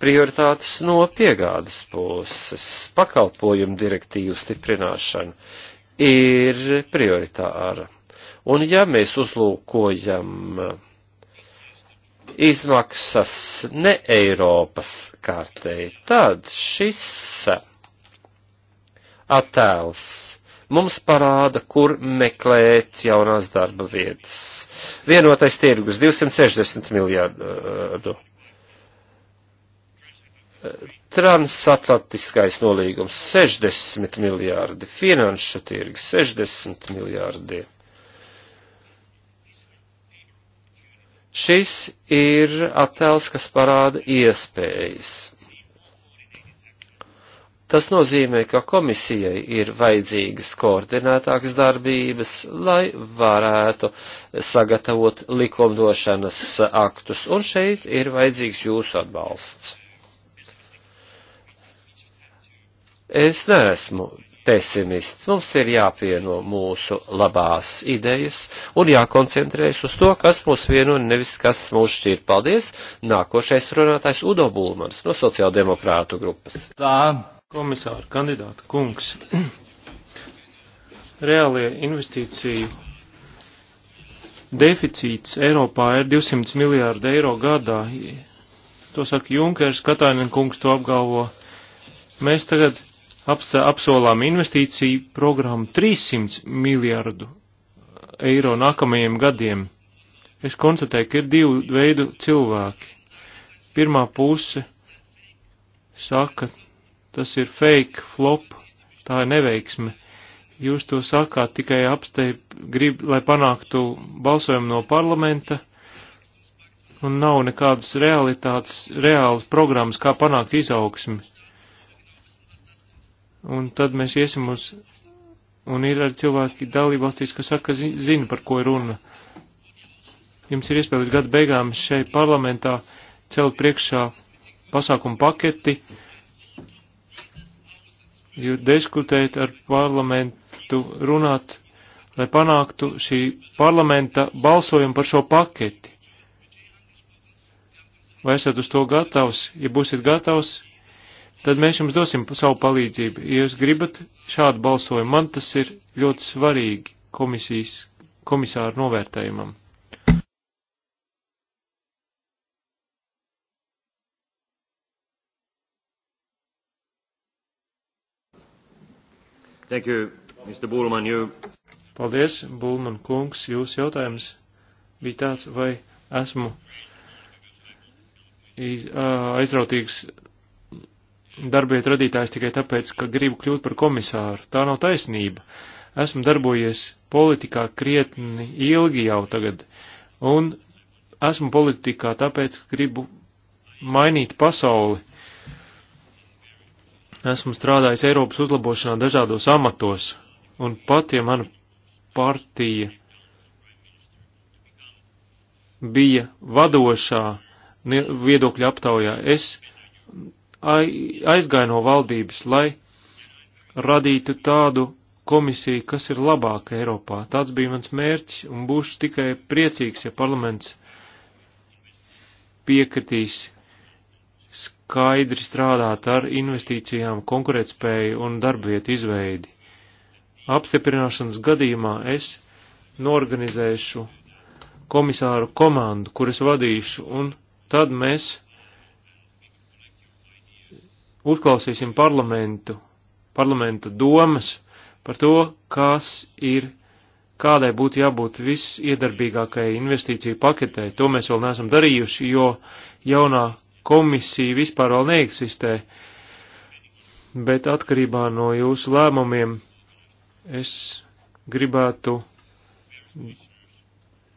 prioritātes no piegādes puses. Pakalpojumu direktīvu stiprināšana ir prioritāra. Un ja mēs uzlūkojam izmaksas ne Eiropas kārtei, tad šis attēls mums parāda, kur meklēt jaunās darba vietas. Vienotais tirgus 260 miljārdu uh, transatlantiskais nolīgums 60 miljārdi, finanšu tirgi 60 miljārdi. Šis ir attēls, kas parāda iespējas. Tas nozīmē, ka komisijai ir vajadzīgas koordinētākas darbības, lai varētu sagatavot likumdošanas aktus, un šeit ir vajadzīgs jūsu atbalsts. Es neesmu pesimists. Mums ir jāpieno mūsu labās idejas un jākoncentrējas uz to, kas mūs vieno un nevis kas mūs šķir. Paldies! Nākošais runātājs Udo Bulmans no sociāldemokrātu grupas. Tā, komisāra kandidāta kungs. Reālie investīciju deficīts Eiropā ir 200 miljārdi eiro gadā. To saka Junkers, Katainen kungs to apgalvo. Mēs tagad aps, apsolām investīciju programmu 300 miljardu eiro nākamajiem gadiem. Es konstatēju, ka ir divu veidu cilvēki. Pirmā puse saka, tas ir fake, flop, tā ir neveiksme. Jūs to sakāt tikai apsteip, grib, lai panāktu balsojumu no parlamenta, un nav nekādas realitātes, reālas programmas, kā panākt izaugsmi un tad mēs iesim uz, un ir arī cilvēki dalībvalstīs, kas saka, ka zina, par ko ir runa. Jums ir iespēja līdz gada beigām šeit parlamentā celt priekšā pasākumu paketi, jo diskutēt ar parlamentu, runāt, lai panāktu šī parlamenta balsojumu par šo paketi. Vai esat uz to gatavs? Ja būsiet gatavs, tad mēs jums dosim savu palīdzību. Ja jūs gribat šādu balsojumu, man tas ir ļoti svarīgi komisijas, komisāru novērtējumam. Thank you, Mr. Bulman, you... Paldies, Bulman kungs, jūsu jautājums bija tāds, vai esmu iz, uh, aizrautīgs darbietu radītājs tikai tāpēc, ka gribu kļūt par komisāru. Tā nav taisnība. Esmu darbojies politikā krietni ilgi jau tagad, un esmu politikā tāpēc, ka gribu mainīt pasauli. Esmu strādājis Eiropas uzlabošanā dažādos amatos, un pat, ja mana partija bija vadošā viedokļa aptaujā, es aizgaino valdības, lai radītu tādu komisiju, kas ir labāka Eiropā. Tāds bija mans mērķis, un būšu tikai priecīgs, ja parlaments piekritīs skaidri strādāt ar investīcijām, konkurētspēju un darbvietu izveidi. Apstiprināšanas gadījumā es norganizēšu komisāru komandu, kuras vadīšu, un tad mēs uzklausīsim parlamentu, parlamenta domas par to, kas ir, kādai būtu jābūt visiedarbīgākajai investīciju paketei. To mēs vēl neesam darījuši, jo jaunā komisija vispār vēl neeksistē, bet atkarībā no jūsu lēmumiem es gribētu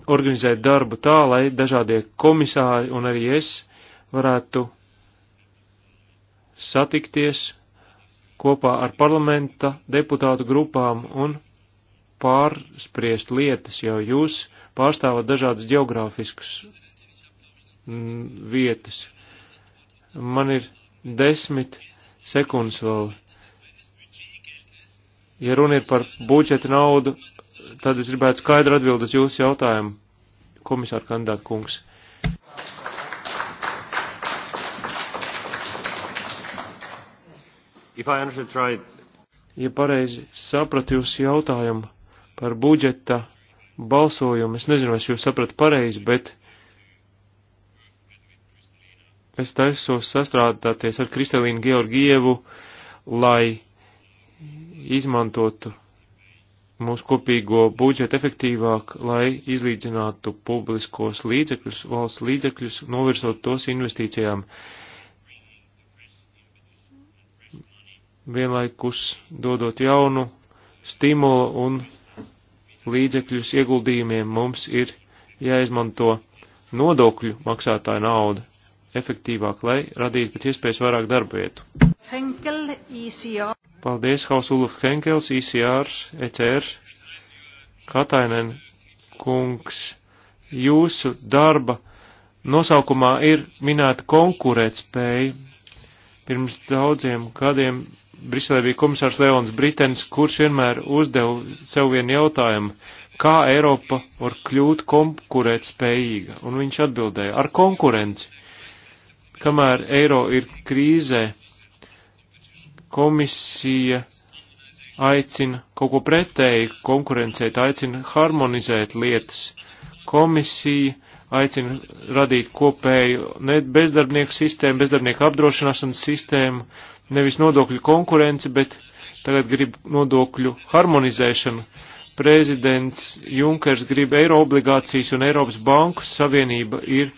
organizēt darbu tā, lai dažādie komisāri un arī es varētu satikties kopā ar parlamenta deputātu grupām un pārspriest lietas, jo jūs pārstāvat dažādas geogrāfiskas mm, vietas. Man ir desmit sekundes vēl. Ja runa ir par budžeta naudu, tad es gribētu skaidru atbildu uz jūsu jautājumu, komisāra kandidāta kungs. Ja pareizi sapratu jūsu jautājumu par budžeta balsojumu, es nezinu, vai es jūs sapratu pareizi, bet es taisos sastrādāties ar Kristelīnu Georgievu, lai izmantotu mūsu kopīgo budžetu efektīvāk, lai izlīdzinātu publiskos līdzekļus, valsts līdzekļus, novirsot tos investīcijām. Uh, vienlaikus dodot jaunu stimulu un līdzekļus ieguldījumiem mums ir jāizmanto nodokļu maksātāja nauda efektīvāk, lai radītu pēc iespējas vairāk darba vietu. Henkel, ECR. Paldies, Hausuluf Henkels, ICR, e ECR, Katainen kungs. Jūsu darba nosaukumā ir minēta konkurētspēja. Pirms daudziem gadiem Briselē bija komisārs Leons Britens, kurš vienmēr uzdeva sev vienu jautājumu, kā Eiropa var kļūt konkurēt spējīga, un viņš atbildēja ar konkurenci. Kamēr eiro ir krīzē, komisija aicina kaut ko pretēji konkurencēt, aicina harmonizēt lietas. Komisija aicina radīt kopēju bezdarbnieku sistēmu, bezdarbnieku apdrošināšanas sistēmu, nevis nodokļu konkurenci, bet tagad grib nodokļu harmonizēšanu. Prezidents Junkers grib eiro obligācijas un Eiropas banku savienība ir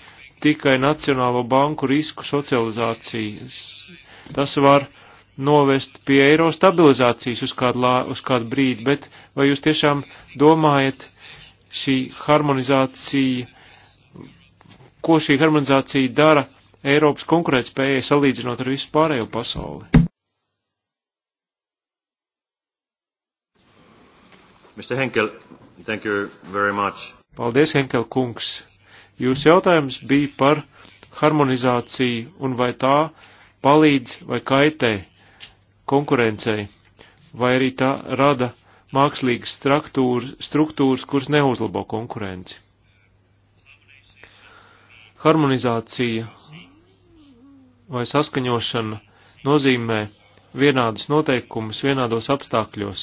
tikai nacionālo banku risku socializācijas. Tas var novest pie eiro stabilizācijas uz kādu, lā, uz kādu brīdi, bet vai jūs tiešām domājat šī harmonizācija ko šī harmonizācija dara Eiropas konkurētspējai salīdzinot ar visu pārējo pasauli. Mr. Henkel, thank you very much. Paldies, Henkel kungs. Jūsu jautājums bija par harmonizāciju un vai tā palīdz vai kaitē konkurencei, vai arī tā rada mākslīgas struktūras, struktūras kuras neuzlabo konkurenci. Harmonizācija vai saskaņošana nozīmē vienādus noteikumus vienādos apstākļos.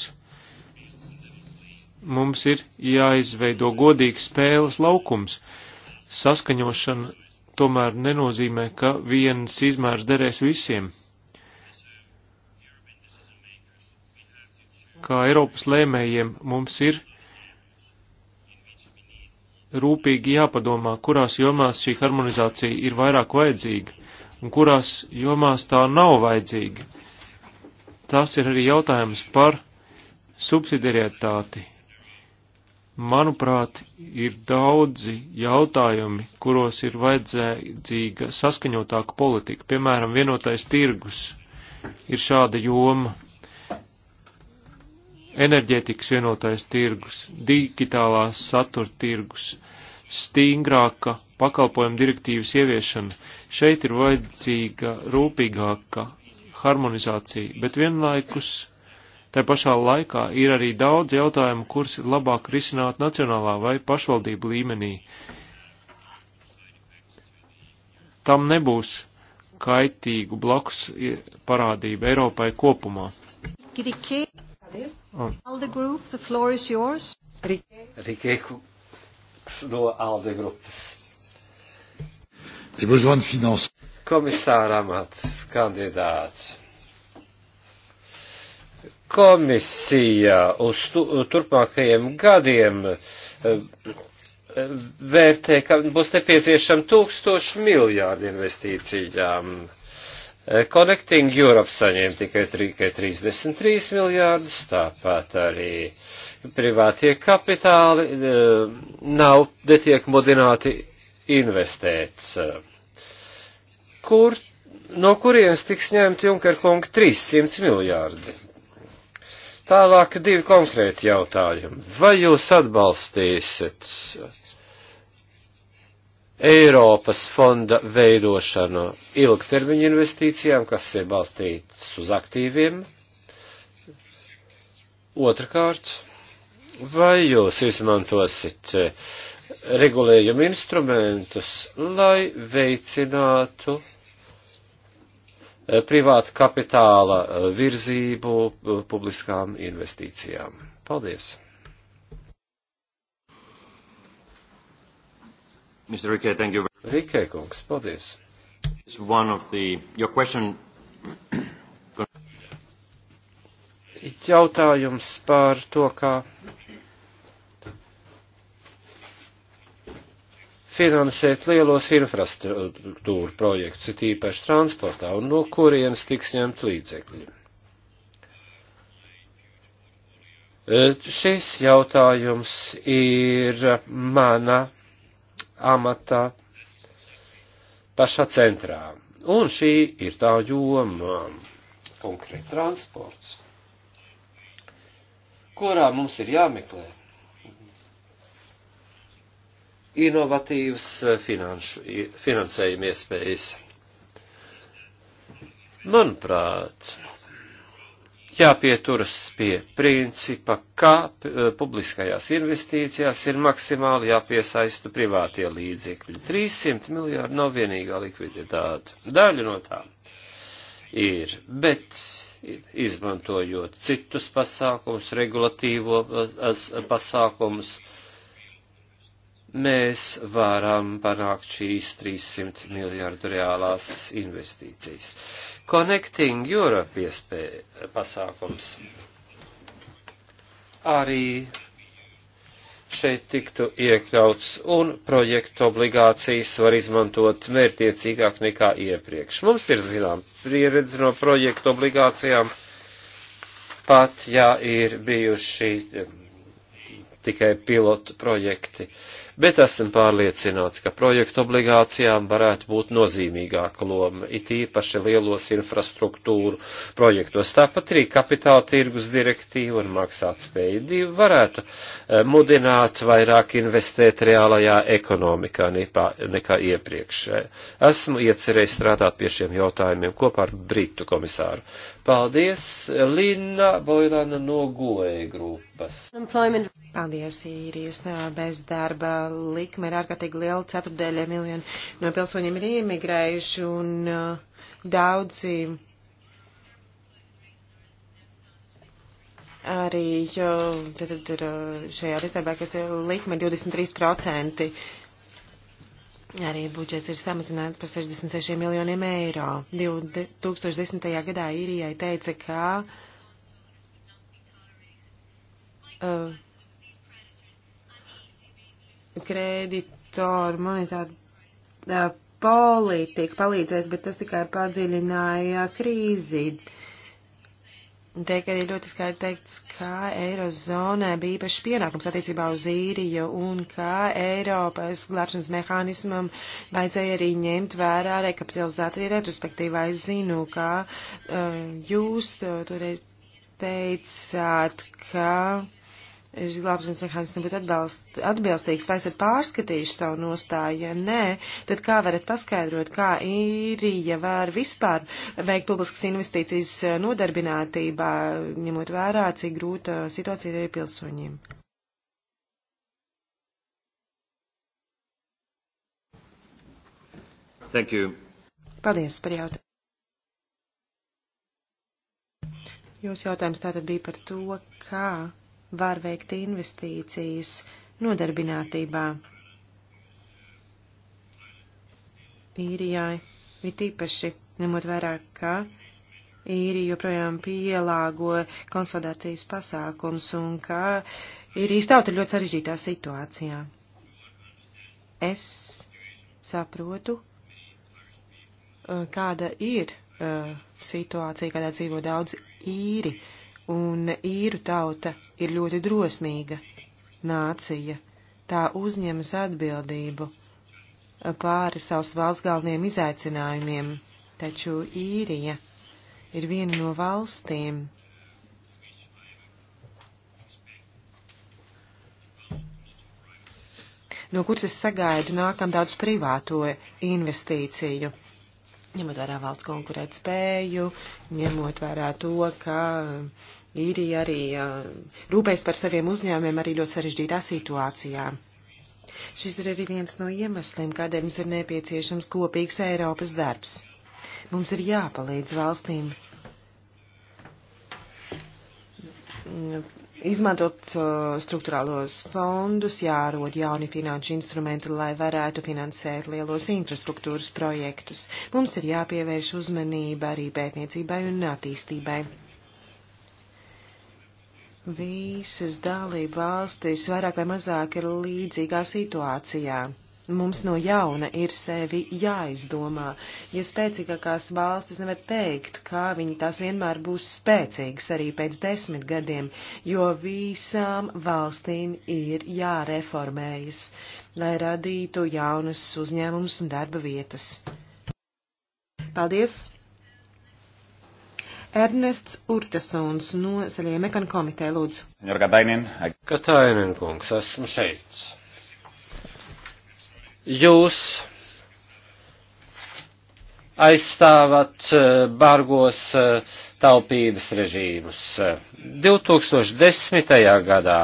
Mums ir jāizveido godīgs spēles laukums. Saskaņošana tomēr nenozīmē, ka viens izmērs derēs visiem. Kā Eiropas lēmējiem mums ir rūpīgi jāpadomā, kurās jomās šī harmonizācija ir vairāk vajadzīga un kurās jomās tā nav vajadzīga. Tas ir arī jautājums par subsidiarietāti. Manuprāt, ir daudzi jautājumi, kuros ir vajadzīga saskaņotāka politika. Piemēram, vienotais tirgus ir šāda joma enerģētikas vienotais tirgus, digitālās satura tirgus, stingrāka pakalpojuma direktīvas ieviešana. Šeit ir vajadzīga rūpīgāka harmonizācija, bet vienlaikus tai pašā laikā ir arī daudz jautājumu, kurus ir labāk risināt nacionālā vai pašvaldību līmenī. Tam nebūs kaitīgu blakus parādību Eiropai kopumā. Paldies. Un. Alde Group, the floor is yours. Rikē Kuks no Alde grupas. Les besoins de finance. Komisāra amats, kandidāts. Komisija uz tu, turpmākajiem gadiem eh, vērtē, ka būs nepieciešama tūkstoši miljārdi investīcijām Eh, Connecting Europe saņēma tikai, tikai 33 miljārdus, tāpat arī privātie kapitāli eh, nav, netiek modināti investēts. Kur, no kurienes tiks ņemti Junkerkunga 300 miljārdi? Tālāk divi konkrēti jautājumi. Vai jūs atbalstīsiet Eiropas fonda veidošanu ilgtermiņa investīcijām, kas ir balstītas uz aktīviem. Otrakārt, vai jūs izmantosit eh, regulējumu instrumentus, lai veicinātu eh, privāta kapitāla eh, virzību publiskām investīcijām? Paldies! Mr. Rikē, thank you. Rikē, kungs, paldies. One of the, your question. Jautājums par to, kā finansēt lielos infrastruktūru projektus, it īpaši transportā, un no kurienes tiks ņemt līdzekļi. Šis jautājums ir mana amatā pašā centrā. Un šī ir tā joma, konkrēti transports, kurā mums ir jāmeklē inovatīvas eh, finanšu, finansējuma iespējas. Manuprāt, jāpieturas pie principa, ka eh, publiskajās investīcijās ir maksimāli jāpiesaista privātie līdzekļi. 300 miljārdi nav vienīgā likviditāte. Daļa no tām ir, bet izmantojot citus pasākumus, regulatīvo eh, pasākumus, mēs varam panākt šīs 300 miljārdu reālās investīcijas. Connecting Europe iespēja pasākums arī šeit tiktu iekļauts un projektu obligācijas var izmantot mērtiecīgāk nekā iepriekš. Mums ir zinām pieredze no projektu obligācijām, pat ja ir bijuši eh, tikai pilotu projekti. Uh, bet esam pārliecināts, ka projektu obligācijām varētu būt nozīmīgāka loma, it īpaši lielos infrastruktūru projektos. Tāpat arī kapitāla tirgus direktīva un maksātspēja divi varētu eh, mudināt vairāk investēt reālajā ekonomikā nekā iepriekš. Esmu iecerējis strādāt pie šiem jautājumiem kopā ar Britu komisāru. Paldies, Linna Boilana no Goe grupas grupas. Paldies, īrijas bezdarba likme ir ārkārtīgi liela, ceturtdaļa miljonu no pilsoņiem ir imigrējuši un uh, daudzi arī jo, tad, tad, uh, šajā bezdarbā, kas ir likme 23%. Arī budžets ir samazināts par 66 miljoniem eiro. 2010. gadā īrijai teica, ka Uh, kreditoru monetāru uh, politika palīdzēs, bet tas tikai padziļināja krīzi. Tiek arī ļoti skaidri teikts, ka Eirozonē bija īpašs pienākums attiecībā uz īriju un ka Eiropas glābšanas mehānismam vajadzēja arī ņemt vērā rekapitalizēt arī retrospektīvā. Es zinu, ka uh, jūs uh, toreiz teicāt, ka. Uh, šis glābšanas mehānisms nebūtu atbalst, atbilstīgs, vai esat pārskatījuši savu nostāju, ja nē, tad kā varat paskaidrot, kā īrija var vispār veikt publiskas investīcijas eh, nodarbinātībā, ņemot vērā, cik grūta situācija ir arī pilsoņiem? Thank you. Paldies par jautājumu. Jūsu jautājums tātad bija par to, kā var veikt investīcijas nodarbinātībā. Īrijai ir tīpaši, ņemot vērā, ka īrija joprojām pielāgo konsolidācijas pasākums un ka īrijas tauta ir ļoti sarežģītā situācijā. Es saprotu, uh, kāda ir uh, situācija, kādā dzīvo daudz īri. Uh, un īru tauta ir ļoti drosmīga nācija. Tā uzņemas atbildību pāri savus valsts galveniem izaicinājumiem, taču īrija ir viena no valstīm, no kuras es sagaidu nākam daudz privāto investīciju ņemot vērā valsts konkurēt spēju, ņemot vērā to, ka īrija arī rūpējas par saviem uzņēmumiem arī ļoti sarežģītā situācijā. Šis ir arī viens no iemesliem, kādēļ mums ir nepieciešams kopīgs Eiropas darbs. Mums ir jāpalīdz valstīm Izmantot uh, struktūrālos fondus, jārod jauni finanšu instrumenti, lai varētu finansēt lielos infrastruktūras projektus. Mums ir jāpievērš uzmanība arī pētniecībai un attīstībai. Visas dalība valstis vairāk vai mazāk ir līdzīgā situācijā mums no jauna ir sevi jāizdomā. Ja spēcīgākās valstis nevar teikt, kā viņi tās vienmēr būs spēcīgas arī pēc desmit gadiem, jo visām valstīm ir jāreformējas, lai radītu jaunas uzņēmumus un darba vietas. Paldies! Ernests Urtasons no Zaļajiem ekonu komiteja lūdzu. Katainen kungs, esmu šeit jūs aizstāvat eh, bargos eh, taupības režīmus. 2010. gadā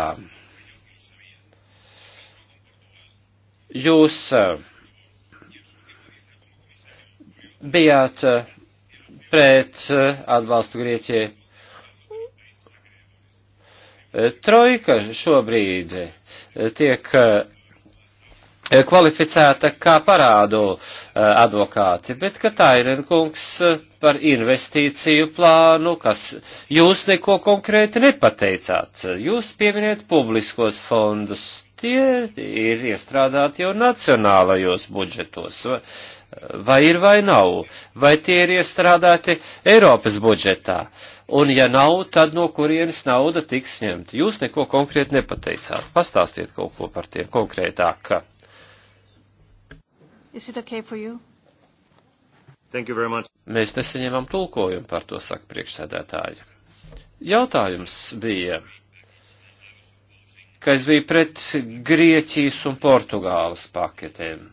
jūs eh, bijāt pret atbalstu Grieķijai. Trojka šobrīd tiek Eh, kvalificēta kā parādu eh, advokāti, bet ka tā ir kungs eh, par investīciju plānu, kas jūs neko konkrēti nepateicāt. Jūs pieminiet publiskos fondus, tie ir iestrādāti jau nacionālajos budžetos. Vai ir vai nav, vai tie ir iestrādāti Eiropas budžetā, un ja nav, tad no kurienes nauda tiks ņemta. Jūs neko konkrēti nepateicāt. Pastāstiet kaut ko par tiem konkrētāk. Is it okay for you? Thank you very much. Mēs nesaņēmām tulkojumu par to, saka priekšsēdētāji. Jautājums bija, ka es biju pret Grieķijas un Portugāles paketēm.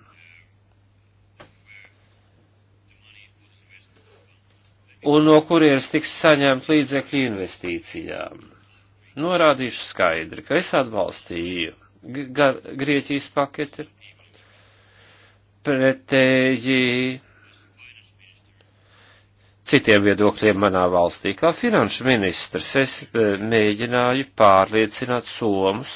Un no kurienes tiks saņemt līdzekļu investīcijām? Norādīšu skaidri, ka es atbalstīju Grieķijas paketi pretēji citiem viedokļiem manā valstī. Kā finanšu ministrs es e, mēģināju pārliecināt Somus,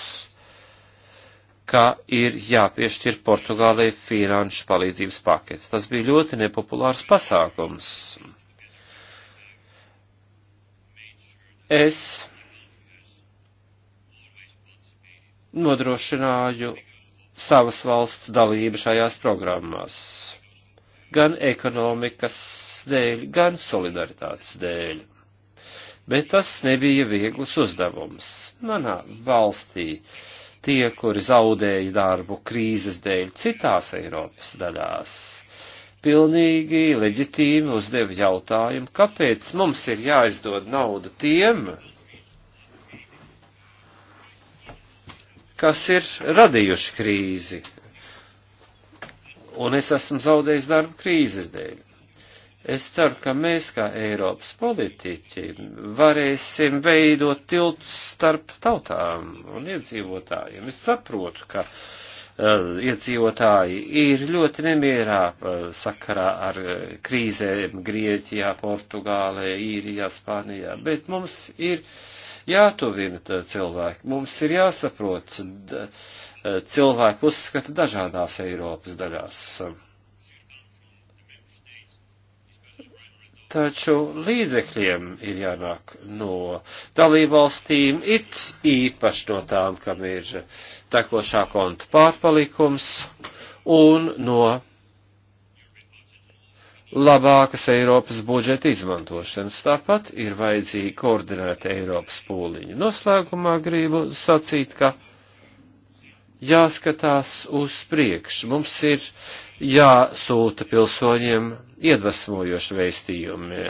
ka ir jāpiešķir Portugālei finanšu palīdzības pakets. Tas bija ļoti nepopulārs pasākums. Es nodrošināju savas valsts dalību šajās programmās. Gan ekonomikas dēļ, gan solidaritātes dēļ. Bet tas nebija viegls uzdevums. Manā valstī tie, kuri zaudēja darbu krīzes dēļ citās Eiropas daļās, pilnīgi leģitīmi uzdeva jautājumu, kāpēc mums ir jāizdod nauda tiem, kas ir radījuši krīzi. Un es esmu zaudējis darbu krīzes dēļ. Es ceru, ka mēs, kā Eiropas politiķi, varēsim veidot tiltus starp tautām un iedzīvotājiem. Es saprotu, ka uh, iedzīvotāji ir ļoti nemierā uh, sakarā ar uh, krīzēm Grieķijā, Portugālē, Īrijā, Spānijā, bet mums ir uh, jātuvina cilvēki. Mums ir jāsaprot cilvēku uzskata dažādās Eiropas daļās. Taču līdzekļiem ir jānāk no dalībvalstīm, it īpaši no tām, kam ir tekošā konta pārpalikums, un no labākas Eiropas budžeta izmantošanas. Tāpat ir vajadzīga koordinēta Eiropas pūliņa. Noslēgumā gribu sacīt, ka jāskatās uz priekšu. Mums ir jāsūta pilsoņiem iedvesmojoši vēstījumi.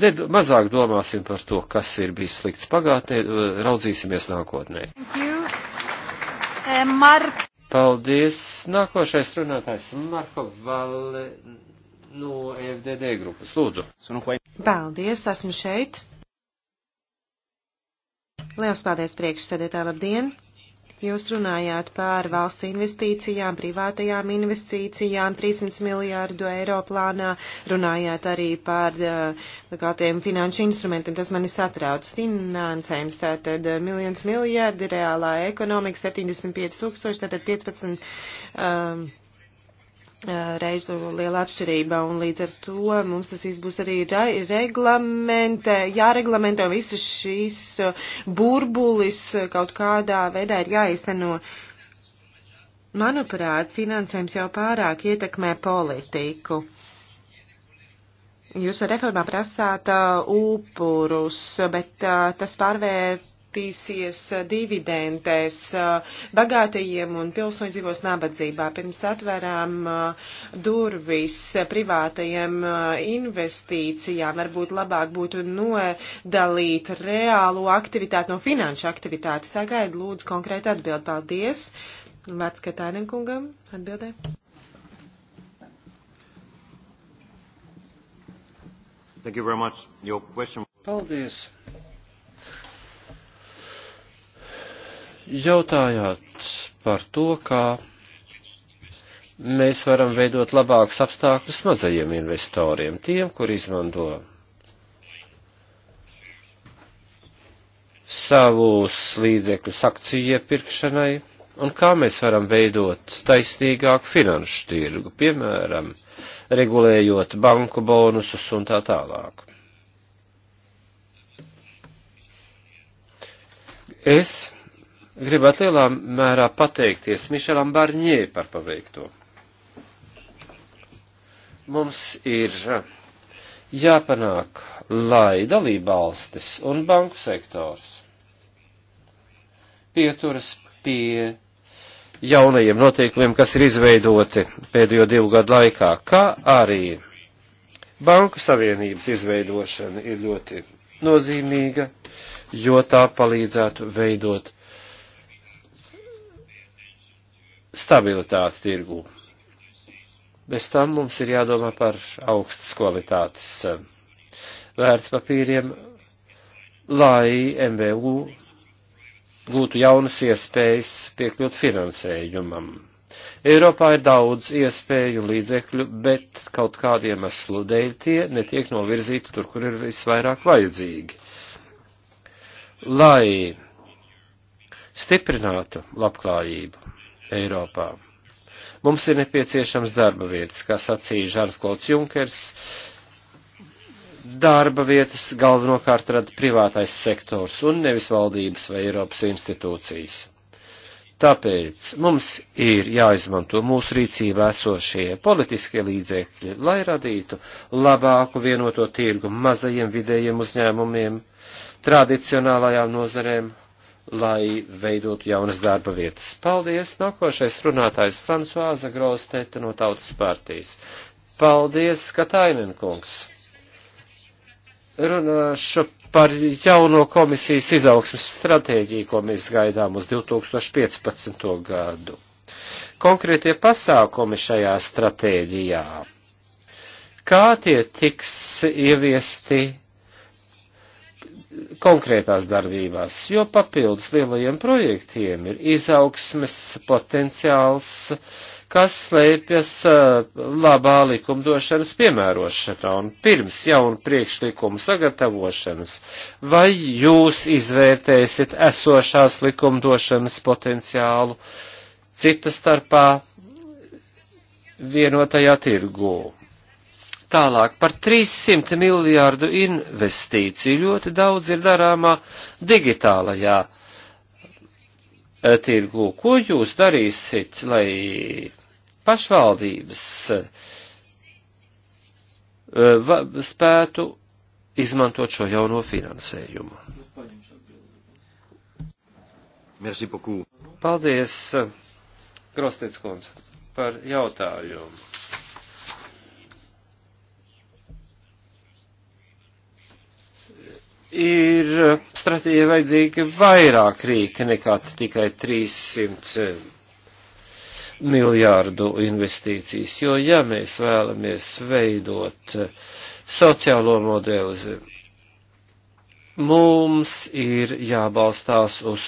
Ne, mazāk domāsim par to, kas ir bijis slikts pagātnē, raudzīsimies nākotnē. Eh, Paldies. Nākošais runātājs Marko Valentīns no FDD grupas. Lūdzu. Paldies, esmu šeit. Liels paldies priekšsēdētā, labdien! Jūs runājāt par valsts investīcijām, privātajām investīcijām, 300 miljārdu eiro plānā, runājāt arī par eh, tādiem finanšu instrumentiem, tas mani satrauc. Finansējums, tātad eh, miljons miljārdi, reālā ekonomika 75 tūkstoši, tātad 15. Um, ehm, Uh, reizu liela atšķirība, un līdz ar to mums tas viss būs arī reglamentē, jāreglamentē, un visas šīs uh, burbulis uh, kaut kādā veidā ir jāizteno. Manuprāt, finansējums jau pārāk ietekmē politiku. Jūs reformā prasāt uh, upurus, bet uh, tas pārvērt skatīsies eh, dividendēs eh, bagātajiem un pilsoņi dzīvos nabadzībā. Pirms atvērām eh, durvis privātajiem investīcijām, varbūt labāk būtu nodalīt reālo aktivitāti no finanšu aktivitātes. Sagaidu lūdzu konkrēti atbild. Paldies! Vārds Katārinkungam atbildē. Thank you very much. Your question. Paldies jautājāt par to, kā mēs varam veidot labākus apstākļus mazajiem investoriem, tiem, kur izmanto savus līdzekļus akciju iepirkšanai, un kā mēs varam veidot taisnīgāku finanšu tirgu, piemēram, regulējot banku bonusus un tā tālāk. Es gribētu lielā mērā pateikties Mišelam Barņē par paveikto. Mums ir jāpanāk, lai dalībvalstis un banku sektors pieturas pie jaunajiem noteikumiem, kas ir izveidoti pēdējo divu gadu laikā, kā arī banku savienības izveidošana ir ļoti nozīmīga, jo tā palīdzētu veidot stabilitāti tirgū. Bez tam mums ir jādomā par augstas kvalitātes eh, vērtspapīriem, lai MVU gūtu jaunas iespējas piekļūt finansējumam. Eiropā ir daudz iespēju un līdzekļu, bet kaut kādu iemeslu dēļ tie netiek novirzīti tur, kur ir visvairāk vajadzīgi. Lai stiprinātu labklājību, Eiropā. Mums ir nepieciešams darba vietas, kā sacīja Žārs Klauds Junkers. Darba vietas galvenokārt rada privātais sektors un nevis valdības vai Eiropas institūcijas. Tāpēc mums ir jāizmanto mūsu rīcībā esošie politiskie līdzekļi, lai radītu labāku vienoto tirgu mazajiem vidējiem uzņēmumiem, tradicionālajām nozarēm lai veidotu jaunas darba vietas. Paldies! Nākošais runātājs Fransuāza Grausteta no Tautas partijas. Paldies, Katainen kungs! Runāšu par jauno komisijas izaugsmes stratēģiju, ko mēs gaidām uz 2015. gadu. Konkrētie pasākumi šajā stratēģijā. Kā tie tiks ieviesti konkrētās darbībās, jo papildus lielajiem projektiem ir izaugsmes potenciāls, kas slēpjas labā likumdošanas piemērošanā un pirms jaunu priekšlikumu sagatavošanas, vai jūs izvērtēsiet esošās likumdošanas potenciālu cita starpā vienotajā tirgū. Tālāk par 300 miljārdu investīciju ļoti daudz ir darāmā digitālajā eh, tirgu. Ko jūs darīsit, lai pašvaldības eh, spētu izmantot šo jauno finansējumu? Paldies, eh, Krostits kundze, par jautājumu ir eh, stratēģija vajadzīga vairāk rīka nekā tikai 300 eh, miljārdu investīcijas, jo ja mēs vēlamies veidot eh, sociālo modeli, mums ir jābalstās uz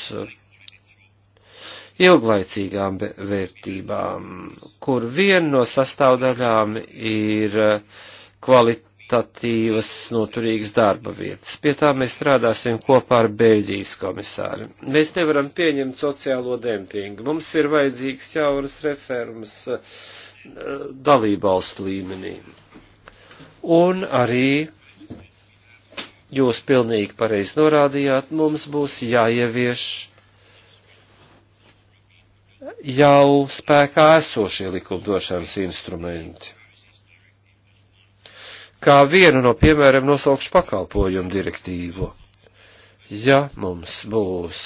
ilglaicīgām vērtībām, kur viena no sastāvdaļām ir kvalitāte kvalitatīvas noturīgas darba vietas. Pie tā mēs strādāsim kopā ar Beļģijas komisāru. Mēs nevaram pieņemt sociālo dempingu. Mums ir vajadzīgs jaunas reformas eh, dalībvalstu līmenī. Un arī jūs pilnīgi pareizi norādījāt, mums būs jāievieš jau spēkā esošie likumdošanas instrumenti kā vienu no piemēriem nosaukšu pakalpojumu direktīvu. Ja mums būs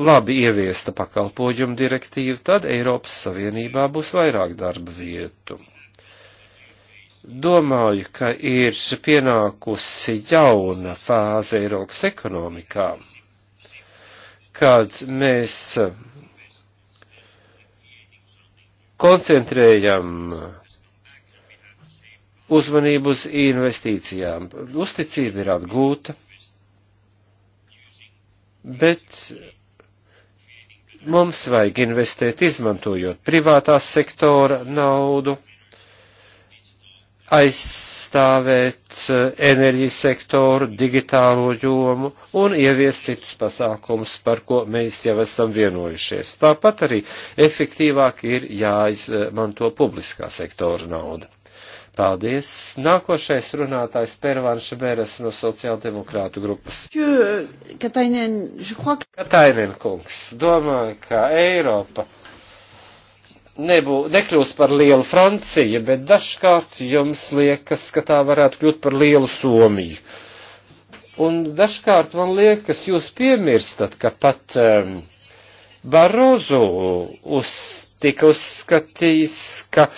labi ieviesta pakalpojumu direktīva, tad Eiropas Savienībā būs vairāk darba vietu. Domāju, ka ir pienākusi jauna fāze Eiropas ekonomikā, kad mēs koncentrējam uzmanību uz investīcijām. Uzticība ir atgūta, bet mums vajag investēt izmantojot privātās sektora naudu, aizstāvēt eh, enerģijas sektoru, digitālo jomu un ieviest citus pasākumus, par ko mēs jau esam vienojušies. Tāpat arī efektīvāk ir jāizmanto publiskā sektora nauda. Paldies. Nākošais runātājs Pervanša Beres no sociāldemokrātu grupas. Katainen kungs, domāju, ka Eiropa nebū, nekļūs par lielu Franciju, bet dažkārt jums liekas, ka tā varētu kļūt par lielu Somiju. Un dažkārt man liekas, jūs piemirstat, ka pat um, ehm, Barozu uz tika uzskatījis, ka uh,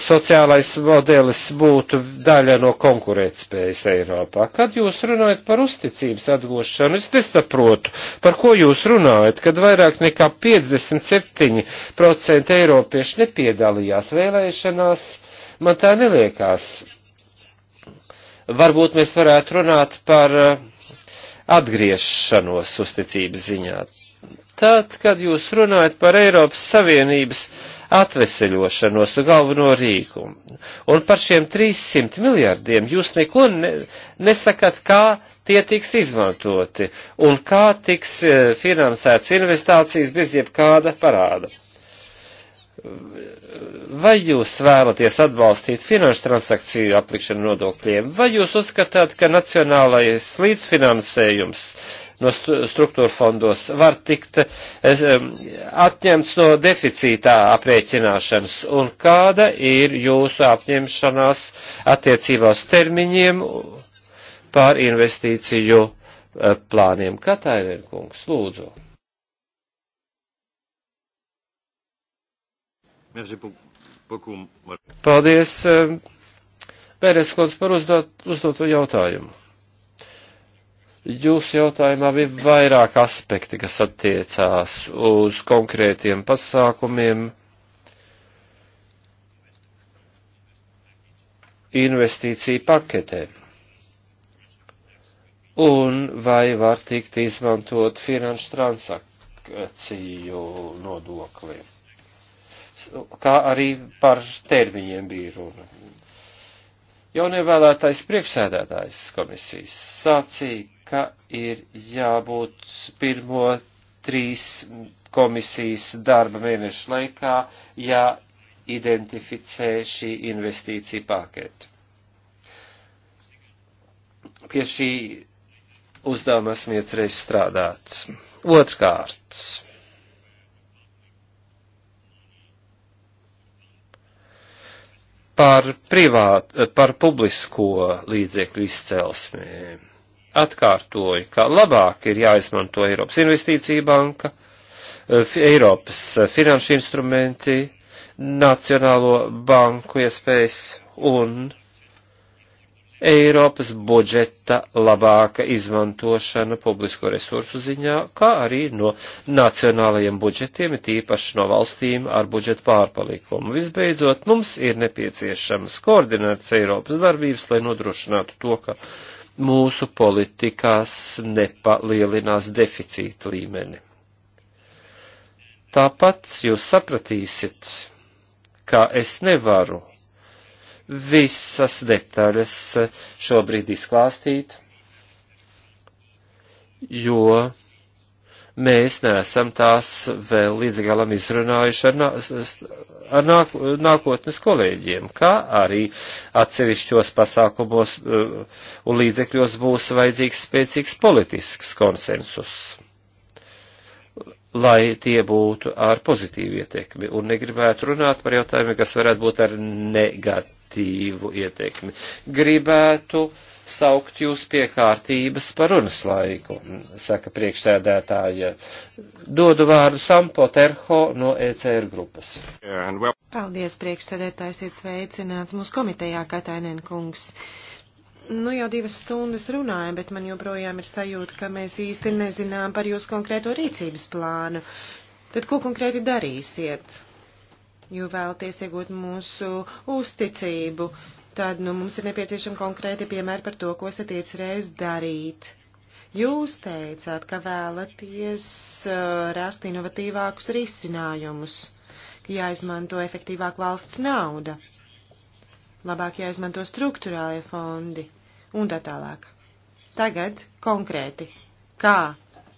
sociālais modelis būtu daļa no konkurētspējas Eiropā. Kad jūs runājat par uzticības atgūšanu, es nesaprotu, par ko jūs runājat, kad vairāk nekā 57% eiropiešu nepiedalījās vēlēšanās, man tā neliekās. Varbūt mēs varētu runāt par uh, atgriešanos uzticības ziņā tad, kad jūs runājat par Eiropas Savienības atveseļošanos un galveno rīkumu. Un par šiem 300 miljardiem jūs neko ne, nesakat, kā tie tiks izmantoti un kā tiks e, finansēts investācijas bez jebkāda parāda. Vai jūs vēlaties atbalstīt finanšu transakciju aplikšanu nodokļiem, vai jūs uzskatāt, ka nacionālais līdzfinansējums no struktūra fondos var tikt atņemts no deficītā aprēķināšanas un kāda ir jūsu apņemšanās attiecībās termiņiem pār investīciju eh, plāniem. Katainen kungs, lūdzu. Paldies, Pērēs kungs, par uzdot, uzdoto jautājumu. Jūsu jautājumā bija vairāk aspekti, kas attiecās uz konkrētiem pasākumiem, investīciju paketē. Un vai var tikt izmantot finanšu transakciju nodokli? Kā arī par termiņiem bija runa. Jaunievēlētais priekšsēdētājs komisijas sācīja, ka ir jābūt pirmo trīs komisijas darba mēnešu laikā jāidentificē šī investīcija pakete. Pie šī uzdevuma esmu iecerējis strādāt. Otrkārt, par privātu, par publisko līdzekļu izcelsmēm atkārtoju, ka labāk ir jāizmanto Eiropas investīcija banka, eh, Eiropas eh, finanšu instrumenti, Nacionālo banku iespējas un Eiropas budžeta labāka izmantošana publisko resursu ziņā, kā arī no nacionālajiem budžetiem, tīpaši no valstīm ar budžeta pārpalikumu. Visbeidzot, mums ir nepieciešams koordinēts Eiropas darbības, lai nodrošinātu to, ka mūsu politikās nepalielinās deficīta līmeni. Tāpat jūs sapratīsiet, ka es nevaru visas detaļas šobrīd izklāstīt, jo mēs neesam tās vēl līdz galam izrunājuši ar, nā, ar nāk, nākotnes kolēģiem, kā arī atsevišķos pasākumos eh, un līdzekļos būs vajadzīgs spēcīgs politisks konsensus, lai tie būtu ar pozitīvu ietekmi un negribētu runāt par jautājumiem, kas varētu būt ar negatīvu ietekmi. Gribētu uh, saukt jūs pie kārtības par runas laiku, saka priekšsēdētāja. Dodu vārdu Sampo Terho no ECR grupas. Paldies, priekšsēdētājs, iet sveicināts mūsu komitejā, Katainen kungs. Nu, jau divas stundas runājam, bet man joprojām ir sajūta, ka mēs īsti nezinām par jūsu konkrēto rīcības plānu. Tad ko konkrēti darīsiet? Jo vēlaties iegūt mūsu uzticību, tad nu, mums ir nepieciešami konkrēti piemēri par to, ko esat iecerējis darīt. Jūs teicāt, ka vēlaties uh, rast inovatīvākus risinājumus, ka jāizmanto efektīvāk valsts nauda, labāk jāizmanto struktūrālie fondi un tā tālāk. Tagad konkrēti, kā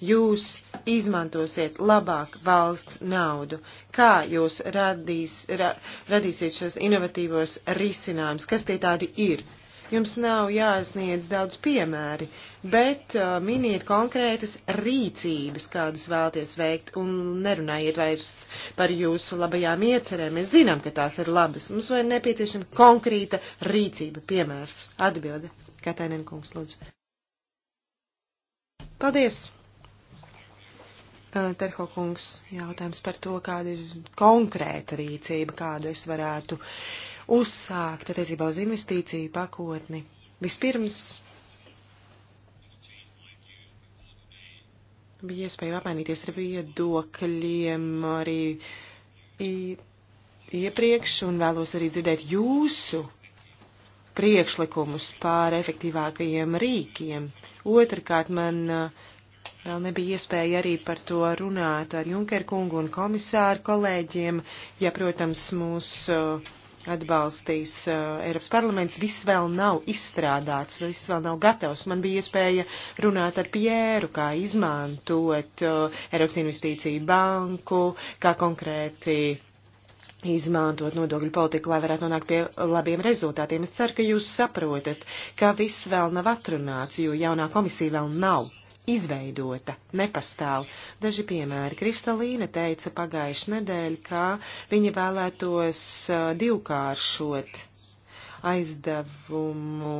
jūs izmantosiet labāk valsts naudu? Kā jūs radīs, ra, radīsiet šos inovatīvos risinājumus? Kas tie tādi ir? Jums nav jāsniedz daudz piemēri, bet uh, miniet konkrētas rīcības, kādas vēlties veikt, un nerunājiet vairs par jūsu labajām iecerēm. Mēs zinām, ka tās ir labas. Mums vajag nepieciešama konkrēta rīcība, piemērs. Atbilde. Katainen kungs, lūdzu. Paldies! Eh, Terho kungs, jautājums par to, kāda ir konkrēta rīcība, kādu es varētu uzsākt attiecībā uz investīciju pakotni. Vispirms bija iespēja apmainīties ar viedokļiem arī iepriekš un vēlos arī dzirdēt jūsu priekšlikumus pār efektīvākajiem rīkiem. Otrakārt, man uh, Vēl nebija iespēja arī par to runāt ar Junker kungu un komisāru kolēģiem. Ja, protams, mūs uh, atbalstīs uh, Eiropas parlaments, viss vēl nav izstrādāts, viss vēl nav gatavs. Man bija iespēja runāt ar Pieru, kā izmantot uh, Eiropas investīciju banku, kā konkrēti izmantot nodokļu politiku, lai varētu nonākt pie labiem rezultātiem. Es ceru, ka jūs saprotat, ka viss vēl nav atrunāts, jo jaunā komisija vēl nav izveidota, nepastāv. Daži piemēri. Kristalīna teica pagājuši nedēļ, ka viņa vēlētos divkāršot aizdevumu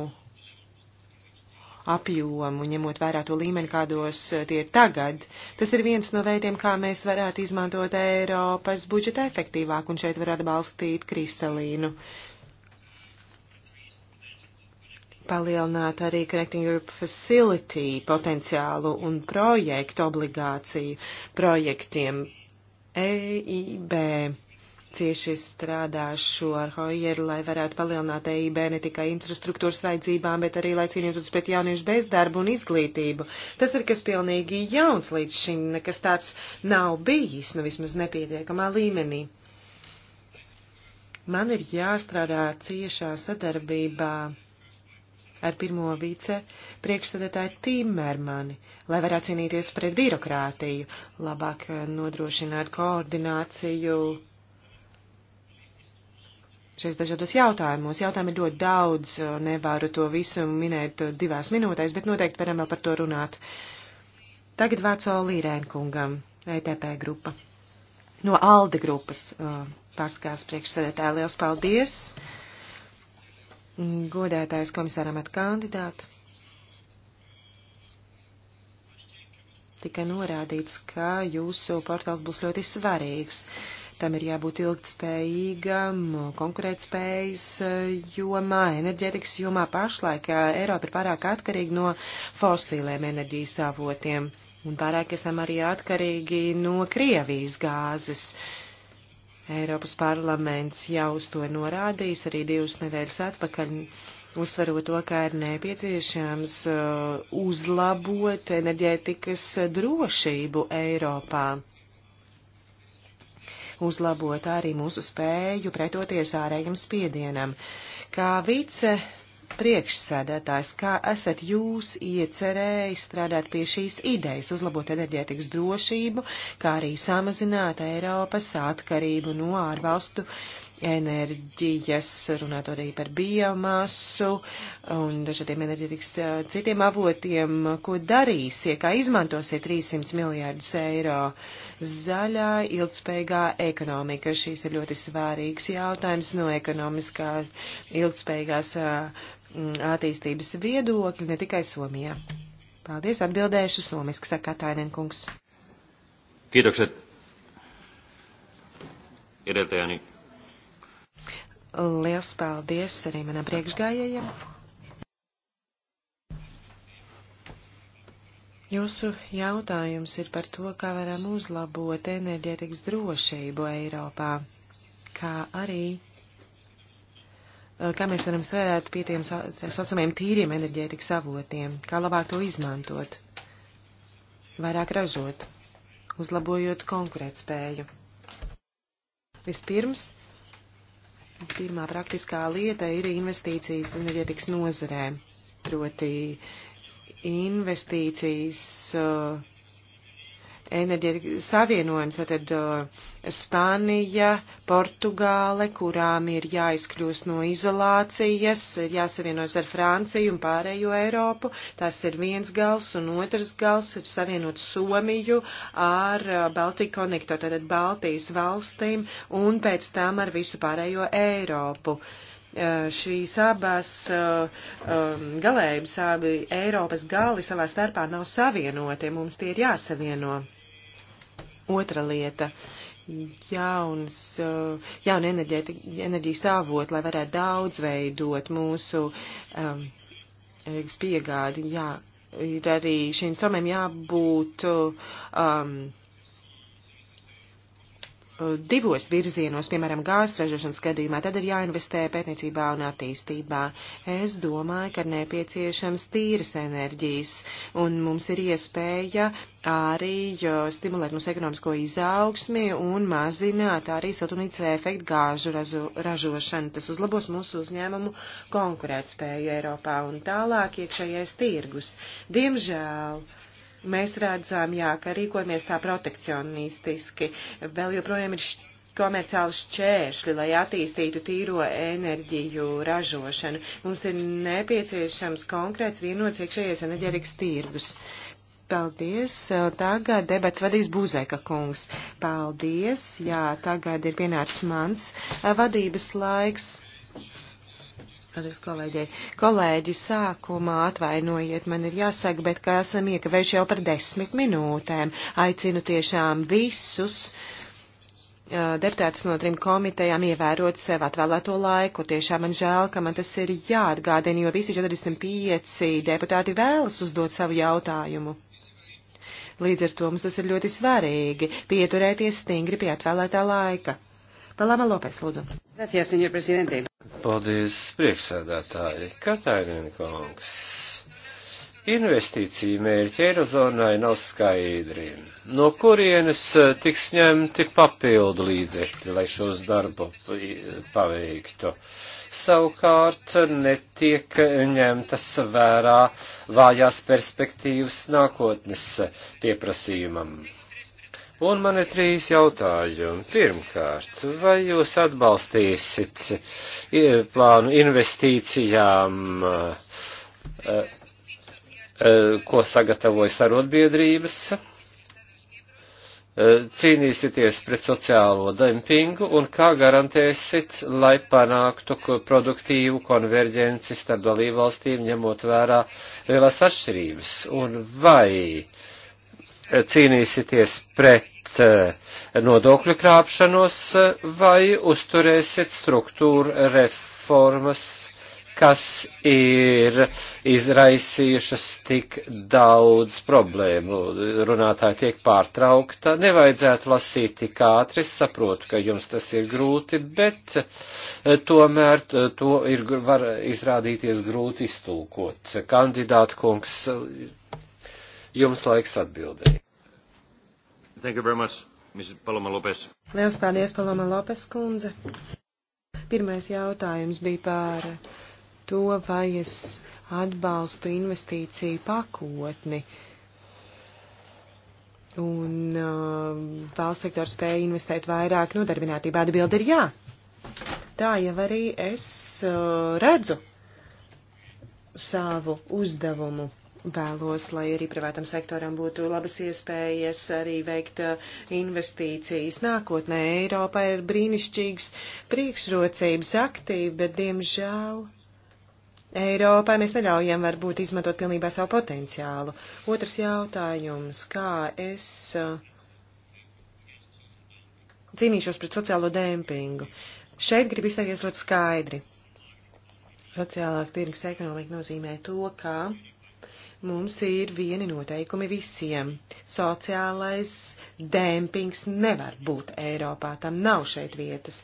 apjomu, ņemot vērā to līmeni, kādos tie ir tagad. Tas ir viens no veidiem, kā mēs varētu izmantot Eiropas budžetu efektīvāk, un šeit var atbalstīt kristalīnu. Uh, palielināt arī Connecting Europe Facility potenciālu un projektu obligāciju projektiem. EIB cieši strādāšu ar Hojeru, lai varētu palielināt EIB ne tikai infrastruktūras vajadzībām, bet arī, lai cīnītos pret jauniešu bezdarbu un izglītību. Tas ir kas pilnīgi jauns līdz šim, nekas tāds nav bijis, nu vismaz nepietiekamā līmenī. Man ir jāstrādā ciešā sadarbībā ar pirmo vice priekšsēdētāju Timermani, lai varētu cīnīties pret birokrātiju, labāk nodrošināt koordināciju šajos dažādos jautājumos. Jautājumi ir ļoti daudz, nevaru to visu minēt divās minūtēs, bet noteikti varam vēl par to runāt. Tagad vārds Olīrēnkungam, ETP grupa. No Alde grupas uh, pārskās priekšsēdētāja, liels paldies! Uh, Godētājs komisāram at kandidātu. Tika norādīts, ka jūsu portāls būs ļoti svarīgs. Tam ir jābūt ilgtspējīgam, konkurētspējas e, jomā, enerģetikas jomā pašlaik. E, Eiropa ir pārāk atkarīga no fosīliem enerģijas avotiem. Un pārāk esam arī atkarīgi no Krievijas gāzes. Uh, Eiropas parlaments jau uz to norādījis arī divas nedēļas atpakaļ, uzsverot to, kā ir nepieciešams uh, uzlabot enerģētikas drošību Eiropā uzlabot arī mūsu spēju pretoties ārējiem spiedienam. Kā vice priekšsēdētājs, kā esat jūs iecerēji strādāt pie šīs idejas, uzlabot enerģētikas drošību, kā arī samazināt Eiropas atkarību no ārvalstu enerģijas, runāt arī par biomasu un dažādiem enerģētikas citiem avotiem, ko darīsiet, kā izmantosiet 300 miljārdus eiro zaļā, ilgspējīgā ekonomika. Šīs ir ļoti svārīgs jautājums no ekonomiskās, ilgspējīgās Mm, attīstības viedokļu ne tikai Somijā. Paldies, atbildēšu somiski, saka Katainenkungs. Kiitokset edeltäjäni. Liels paldies arī manam priekšgājējiem. Jūsu jautājums ir par to, kā varam uzlabot enerģētikas drošību Eiropā, kā arī Eh, kā mēs varam strādāt pie tiem saucamajiem tīriem enerģētikas avotiem, kā labāk to izmantot, vairāk ražot, uzlabojot konkurētspēju. Vispirms, pirmā praktiskā lieta ir investīcijas enerģētikas nozarē, proti investīcijas uh, enerģētikas savienojums, tad uh, Spānija, Portugāle, kurām ir jāizkļūst no izolācijas, ir jāsavienojas ar Franciju un pārējo Eiropu. Tas ir viens gals, un otrs gals ir savienot Somiju ar uh, Baltiku konektoru, tātad Baltijas valstīm, un pēc tam ar visu pārējo Eiropu. Uh, šīs abas uh, um, galējības, abi Eiropas gali savā starpā nav savienoti, mums tie ir jāsavieno. Otra lieta jauns, uh, jauna enerģijas avot, lai varētu daudz veidot mūsu um, piegādi. Jā, ir arī šīm somiem jābūt um, Eh, divos virzienos, piemēram, gāzes ražošanas gadījumā, tad ir jāinvestē pētniecībā un attīstībā. Es domāju, ka ir nepieciešams tīras enerģijas, un mums ir iespēja arī eh, stimulēt mūsu ekonomisko izaugsmi un mazināt arī siltumnīca efektu gāžu ražo, ražošanu. Tas uzlabos mūsu uzņēmumu konkurētspēju Eiropā un tālāk iekšējais tirgus. Diemžēl. Mēs redzam, jā, ka rīkojamies tā protekcionistiski. Vēl joprojām ir komerciāli šķēršļi, lai attīstītu tīro enerģiju ražošanu. Mums ir nepieciešams konkrēts vienots iekšējais enerģētikas tirgus. Paldies. Tagad debats vadīs Būzēka kungs. Paldies. Jā, tagad ir pienācis mans eh, vadības laiks. Paldies, kolēģi. Kolēģi, sākumā atvainojiet, man ir jāsaka, bet kā esam iekavējuši jau par desmit minūtēm, aicinu tiešām visus uh, deputātus no trim komitejām ievērot sev atvēlēto laiku. Tiešām man žēl, ka man tas ir jāatgādina, jo visi 45 deputāti vēlas uzdot savu jautājumu. Līdz ar to mums tas ir ļoti svarīgi pieturēties stingri pie atvēlētā laika. Palama Lopes, lūdzu. Gracias, señor presidente. Paldies, priekšsēdētāji. Katainēn kungs. Investīcija mērķi Eirozonai nav skaidri. No kurienes eh, tiks ņemti papildu līdzekļi, lai šos darbu paveiktu? Savukārt netiek ņemtas vērā vājās perspektīvas nākotnes pieprasījumam Un man ir trīs jautājumi. Pirmkārt, vai jūs atbalstīsit e, plānu investīcijām, e, e, ko sagatavojas arotbiedrības? Cīnīsieties pret sociālo dumpingu un kā garantēsit, lai panāktu produktīvu konverģenci starp dalībvalstīm, ņemot vērā lielās atšķirības? Un vai uh, cīnīsieties pret eh, nodokļu krāpšanos eh, vai uzturēsiet struktūru reformas, kas ir izraisījušas tik daudz problēmu. Runātāji tiek pārtraukta, nevajadzētu lasīt tik ātri, es saprotu, ka jums tas ir grūti, bet eh, tomēr to ir, var izrādīties grūti iztūkot. Kandidāta kungs Jums laiks atbildēji. Thank you very much, Mrs. Paloma Lopes. Liels paldies, Paloma Lopes kundze. Pirmais jautājums bija par to, vai es atbalstu investīciju pakotni. Un uh, valsts sektors spēja investēt vairāk nodarbinātībā. Atbildi ir jā. Tā jau arī es uh, redzu savu uzdevumu Vēlos, lai arī privātam sektoram būtu labas iespējas arī veikt uh, investīcijas. Nākotnē Eiropā ir brīnišķīgas priekšrocības aktīvi, bet, diemžēl, Eiropā mēs neļaujam varbūt izmantot pilnībā savu potenciālu. Otrs jautājums, kā es uh, cīnīšos pret sociālo dempingu. Šeit grib izteikties ļoti skaidri. Sociālās tirgus ekonomika nozīmē to, ka Mums ir vieni noteikumi visiem. Sociālais dēmpings nevar būt Eiropā, tam nav šeit vietas,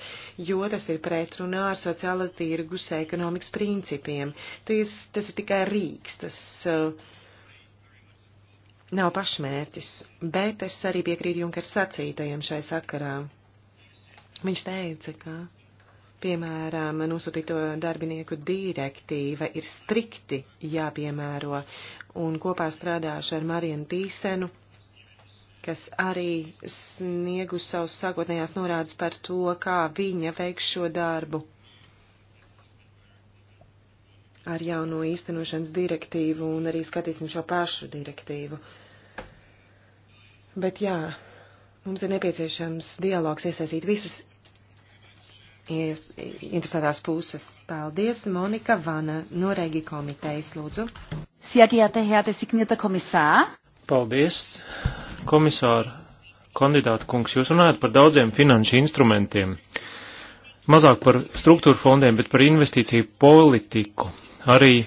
jo tas ir pretrunā ar sociāla tirgus ekonomikas principiem. Tas, tas ir tikai rīks, tas uh, nav pašmērķis, bet es arī piekrītu Junkers sacītajiem šai sakarā. Viņš teica, ka Piemēram, nosūtīto darbinieku direktīva ir strikti jāpiemēro, un kopā strādāšu ar Marienu Tīsenu, kas arī sniegu savus sākotnējās norādes par to, kā viņa veiks šo darbu ar jauno īstenošanas direktīvu un arī skatīsim šo pašu direktīvu. Bet jā, mums ir nepieciešams dialogs iesaistīt visus interesētās puses. Paldies, Monika Vana no Regi komitejas, lūdzu. Paldies, komisāra kandidāta kungs. Jūs runājat par daudziem finanšu instrumentiem. Mazāk par struktūru fondiem, bet par investīciju politiku. Arī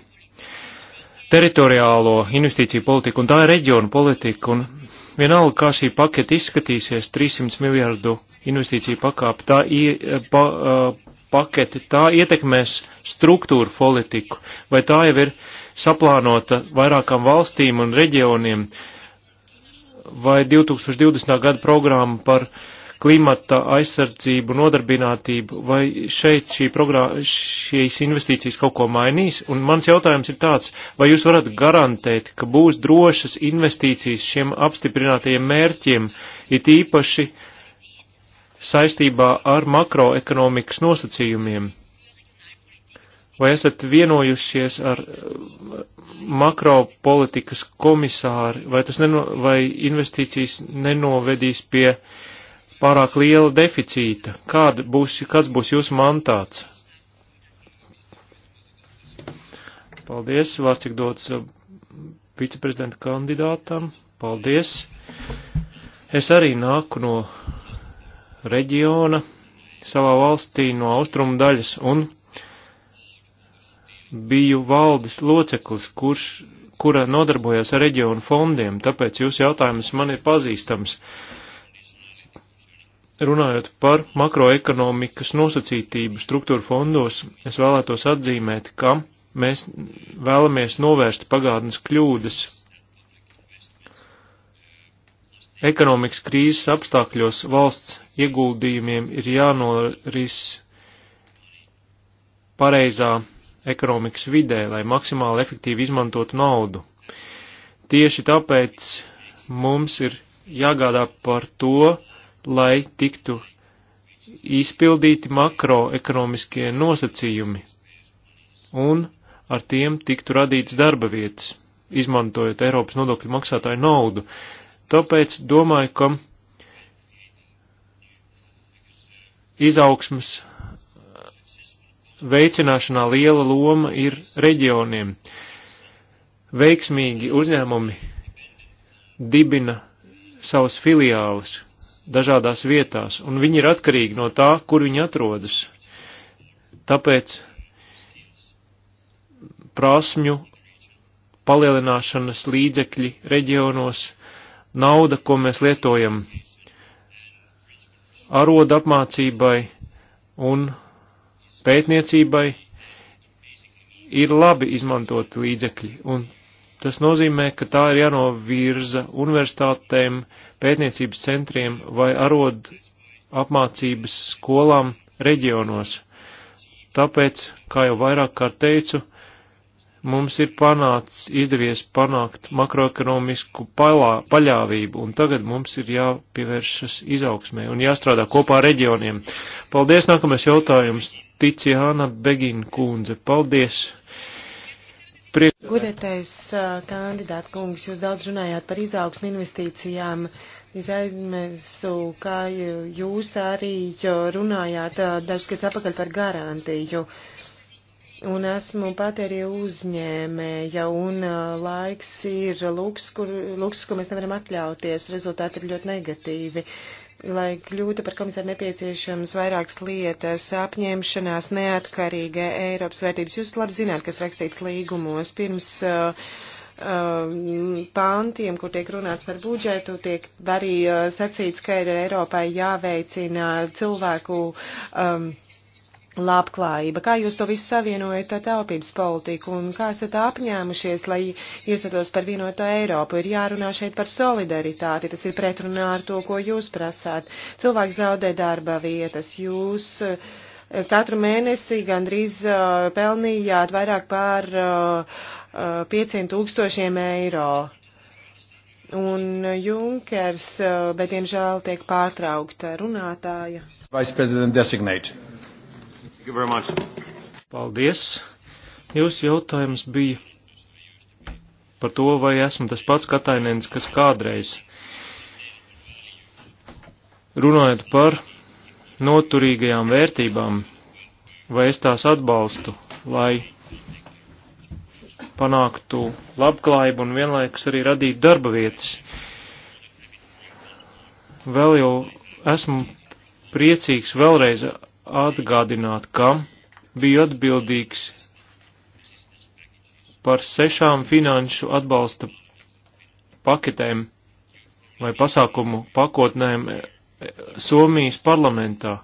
teritoriālo investīciju politiku, un tā ir reģionu politika, un Vienalga, kā šī paketa izskatīsies, 300 miljārdu investīciju pakāpe, tā eh, pa, eh, pakete, tā ietekmēs struktūru politiku, vai tā jau ir saplānota vairākām valstīm un reģioniem, vai 2020. gada programma par uh, klimata aizsardzību, nodarbinātību, vai šeit šī šīs investīcijas kaut ko mainīs? Un mans jautājums ir tāds, vai jūs varat garantēt, ka būs drošas investīcijas šiem apstiprinātajiem mērķiem, it īpaši saistībā ar makroekonomikas nosacījumiem? Vai esat vienojušies ar eh, makropolitikas komisāri, vai, tas neno, vai investīcijas nenovedīs pie uh, pārāk liela deficīta. Kāda būs, kāds būs jūsu mantāts? Paldies, vārds tik dots uh, viceprezidenta kandidātam. Paldies. Es arī nāku no reģiona savā valstī no austrumu daļas un biju valdes loceklis, kurš, kura nodarbojās ar reģionu fondiem, tāpēc jūsu jautājums man ir pazīstams. Uh, Runājot par makroekonomikas nosacītību struktūra fondos, es vēlētos atzīmēt, ka mēs vēlamies novērst pagātnes kļūdas. Ekonomikas krīzes apstākļos valsts ieguldījumiem ir jānoris pareizā ekonomikas vidē, lai maksimāli efektīvi izmantotu naudu. Tieši tāpēc mums ir jāgādā par to, lai tiktu izpildīti makroekonomiskie nosacījumi un ar tiem tiktu radīts darba vietas, izmantojot Eiropas nodokļu maksātāju naudu. Tāpēc domāju, ka izaugsmas veicināšanā liela loma ir reģioniem. Veiksmīgi uzņēmumi dibina savus filiālus, dažādās vietās, un viņi ir atkarīgi no tā, kur viņi atrodas. Tāpēc prasmju palielināšanas līdzekļi reģionos, nauda, ko mēs lietojam arodu apmācībai un pētniecībai, ir labi izmantot līdzekļi, un Tas nozīmē, ka tā ir jānovirza universitātēm, pētniecības centriem vai arod apmācības skolām reģionos. Tāpēc, kā jau vairāk kārt teicu, mums ir panācis, izdevies panākt makroekonomisku palā, paļāvību, un tagad mums ir jāpievēršas izaugsmē un jāstrādā kopā ar reģioniem. Paldies, nākamais jautājums, Ticijāna Begina kundze. Paldies! Prie... Gudētais kandidāt kungs, jūs daudz runājāt par izaugsmu investīcijām. Es aizmirsu, kā jūs arī runājāt dažs gads apakaļ par garantiju. Un esmu pati arī uzņēmēja, un laiks ir luks, kur, luks, ko mēs nevaram atļauties. Rezultāti ir ļoti negatīvi. Uh, lai kļūtu par komisāru nepieciešams vairākas lietas - apņemšanās, neatkarīga Eiropas vērtības. Jūs labi zināt, kas rakstīts līgumos pirms uh, uh, pāntiem, kur tiek runāts par budžetu, tiek arī uh, sacīts, ka ir Eiropai jāveicina cilvēku um, labklājība, kā jūs to visu savienojat ar taupības politiku un kā esat apņēmušies, lai iestatos par vienoto Eiropu. Ir jārunā šeit par solidaritāti, tas ir pretrunā ar to, ko jūs prasāt. Cilvēks zaudē darba vietas, jūs eh, katru mēnesi gandrīz uh, pelnījāt vairāk pār uh, uh, 500 tūkstošiem eiro. Un eh, Junkers, bet diemžēl tiek pārtraukta runātāja. Vice President designate. Paldies! Jūsu jautājums bija par to, vai esmu tas pats katainēns, kas kādreiz. Runājot par noturīgajām vērtībām, vai es tās atbalstu, lai panāktu labklājību un vienlaikus arī radītu darba vietas. Vēl jau esmu priecīgs vēlreiz atgādināt, ka bija atbildīgs par sešām finanšu atbalsta paketēm vai pasākumu pakotnēm e, e, Somijas parlamentā.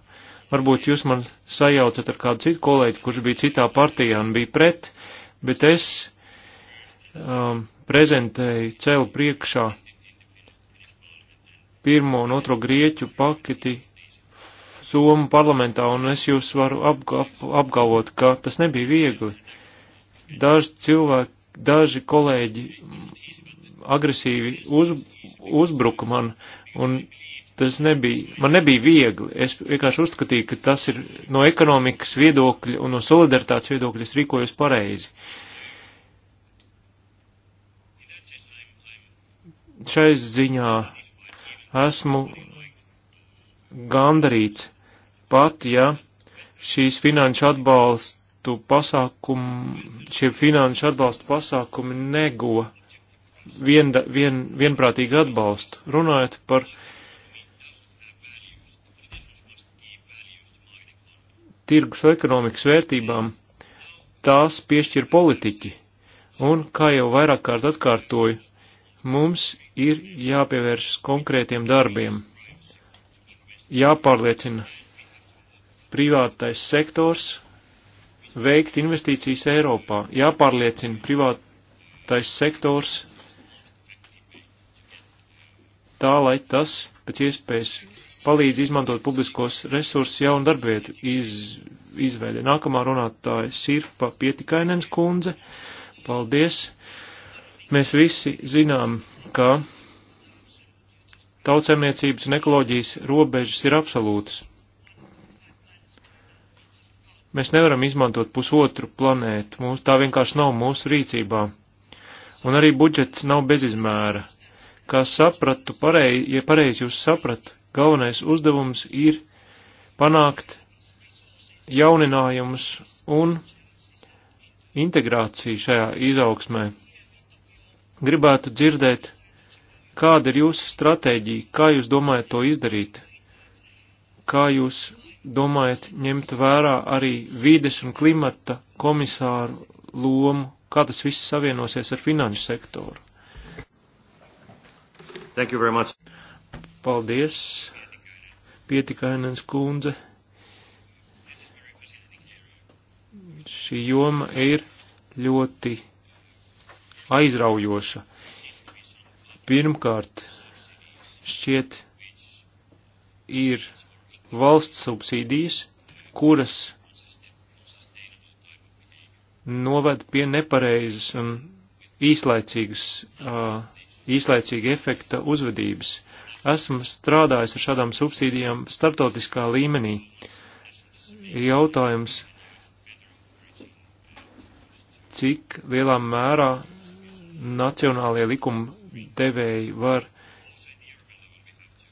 Varbūt jūs man sajaucat ar kādu citu kolēģi, kurš bija citā partijā un bija pret, bet es um, prezentēju celu priekšā pirmo un otro grieķu paketi somu parlamentā, un es jūs varu apga apgalvot, ka tas nebija viegli. Daži cilvēki, daži kolēģi agresīvi uz, uzbruka man, un tas nebija, man nebija viegli. Es vienkārši uzskatīju, ka tas ir no ekonomikas viedokļa un no solidaritātes viedokļa es rīkojos pareizi. Šai ziņā esmu gandarīts pat ja šīs finanšu atbalstu pasākumu, šie finanšu atbalstu pasākumi nego vien, vien, vienprātīgu atbalstu. Runājot par tirgus ekonomikas vērtībām, tās piešķir politiķi. Un, kā jau vairāk kārt atkārtoju, mums ir jāpievēršas konkrētiem darbiem. Jāpārliecina privātais sektors veikt investīcijas Eiropā. Jāpārliecina privātais sektors tā, lai tas pēc iespējas palīdz izmantot publiskos resursus jaunu darbvietu iz, izveidē. Nākamā runātāja Sirpa Pietikainens kundze. Paldies! Mēs visi zinām, ka tautsēmniecības un ekoloģijas robežas ir absolūtas. Mēs nevaram izmantot pusotru planētu, mūs, tā vienkārši nav mūsu rīcībā. Un arī budžets nav bezizmēra. Kā sapratu, parei, ja pareizi jūs sapratu, galvenais uzdevums ir panākt jauninājumus un integrāciju šajā izaugsmē. Gribētu dzirdēt, kāda ir jūsu stratēģija, kā jūs domājat to izdarīt, kā jūs domājat ņemt vērā arī vīdes un klimata komisāru lomu, kā tas viss savienosies ar finanšu sektoru? Thank you very much. Paldies, Pietikainens kundze. Šī joma ir ļoti aizraujoša. Pirmkārt, šķiet, ir valsts subsīdijas, kuras noved pie nepareizas un īslaicīgas, uh, īslaicīga efekta uzvedības. Esmu strādājis ar šādām subsīdijām starptautiskā līmenī. Jautājums, cik lielā mērā nacionālajie likuma devēji var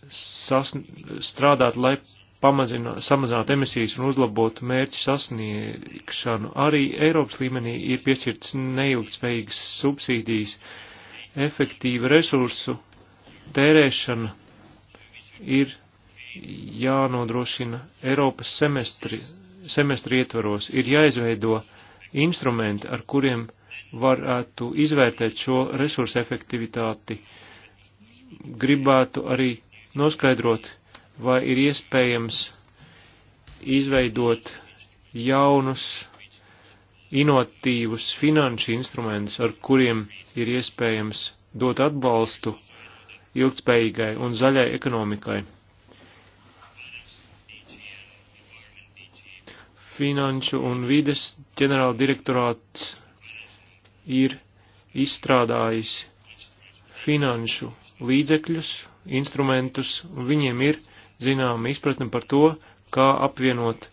sasn strādāt, lai pamazina, samazināt emisijas un uzlabot mērķu sasniegšanu. Arī Eiropas līmenī ir piešķirts neilgtspējīgas subsīdijas, efektīva resursu tērēšana ir jānodrošina Eiropas semestri, semestri ietvaros, ir jāizveido instrumenti, ar kuriem varētu izvērtēt šo resursu efektivitāti. Gribētu arī noskaidrot, vai ir iespējams izveidot jaunus, inovatīvus finanšu instrumentus, ar kuriem ir iespējams dot atbalstu ilgspējīgai un zaļai ekonomikai. Finanšu un vides ģenerāla direktorāts ir izstrādājis finanšu līdzekļus, instrumentus, un viņiem ir zinām izpratni par to, kā apvienot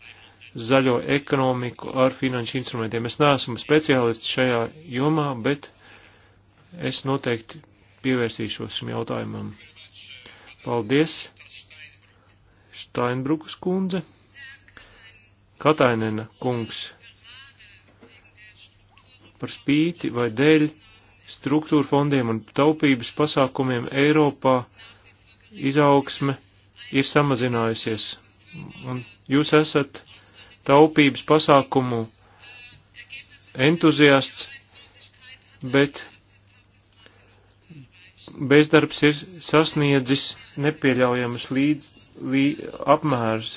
zaļo ekonomiku ar finanšu instrumentiem. Es neesmu speciālists šajā jomā, bet es noteikti pievērsīšos šim jautājumam. Paldies, Steinbrukas kundze, Katainena kungs, par spīti vai dēļ struktūra fondiem un taupības pasākumiem Eiropā izaugsme ir samazinājusies. Un jūs esat taupības pasākumu entuziasts, bet bezdarbs ir sasniedzis nepieļaujamas līdz, līdz apmērs.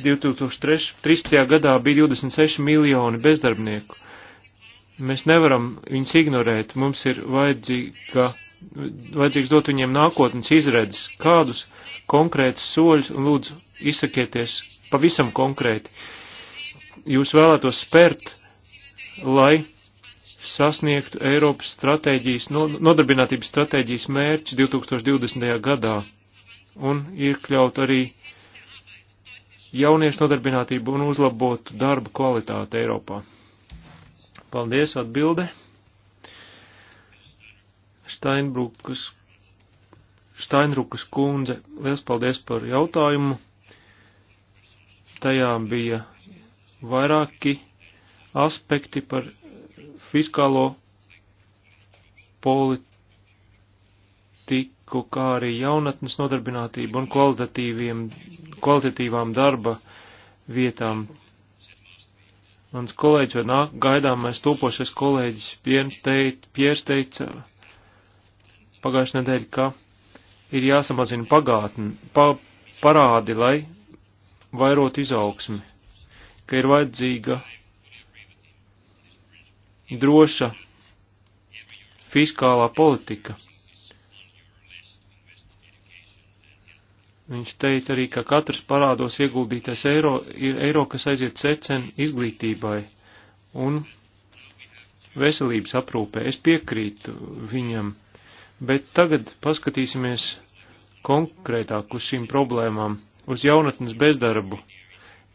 2013. gadā bija 26 miljoni bezdarbnieku. Mēs nevaram viņus ignorēt, mums ir vajadzīga vajadzīgs dot viņiem nākotnes izredzes, kādus konkrētus soļus, un lūdzu, izsakieties pavisam konkrēti. Jūs vēlētos spērt, lai sasniegtu Eiropas stratēģijas, nodarbinātības stratēģijas mērķus 2020. gadā un iekļaut arī jauniešu nodarbinātību un uzlabotu darba kvalitāti Eiropā. Paldies, atbilde! Steinbrukas, Steinrukas kundze, liels paldies par jautājumu. Tajā bija vairāki aspekti par fiskālo politiku, kā arī jaunatnes nodarbinātību un kvalitatīvām darba vietām. Mans kolēģis, vai nāk, gaidām mēs tūpošais kolēģis Piers teica, pagājušajā nedēļā, ka ir jāsamazina pagātni, pa, parādi, lai vairot izaugsmi, ka ir vajadzīga droša fiskālā politika. Viņš teica arī, ka katrs parādos ieguldītais eiro ir eiro, kas aiziet secen izglītībai un veselības aprūpē. Es piekrītu viņam. Bet tagad paskatīsimies konkrētāk uz šīm problēmām, uz jaunatnes bezdarbu.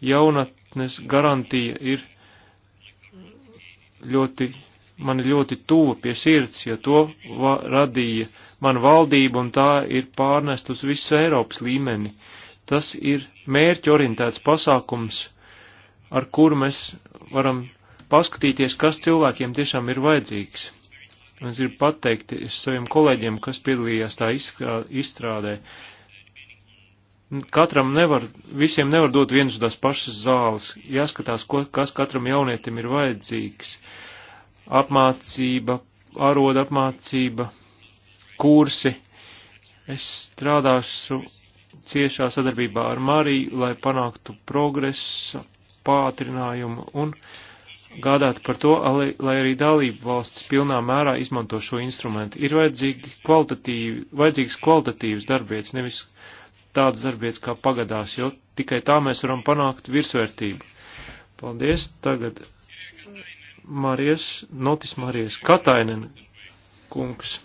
Jaunatnes garantija ir ļoti, man ir ļoti tuva pie sirds, jo to va, radīja man valdība un tā ir pārnest uz visu Eiropas līmeni. Tas ir mērķorientēts pasākums, ar kuru mēs varam paskatīties, kas cilvēkiem tiešām ir vajadzīgs. Es gribu pateikt saviem kolēģiem, kas piedalījās tā izstrādē. Katram nevar, visiem nevar dot vienas un tās pašas zāles. Jāskatās, ko, kas katram jaunietim ir vajadzīgs. Apmācība, aroda apmācība, kursi. Es strādāšu ciešā sadarbībā ar Mariju, lai panāktu progresa pātrinājumu un uh, gādāt par to, lai arī dalību valsts pilnā mērā izmanto šo instrumentu. Ir kvalitatīvi, vajadzīgs kvalitatīvs darbietis, nevis tāds darbietis kā pagadās, jo tikai tā mēs varam panākt virsvērtību. Paldies, tagad Marijas, Notis Marijas, Katainen kungs.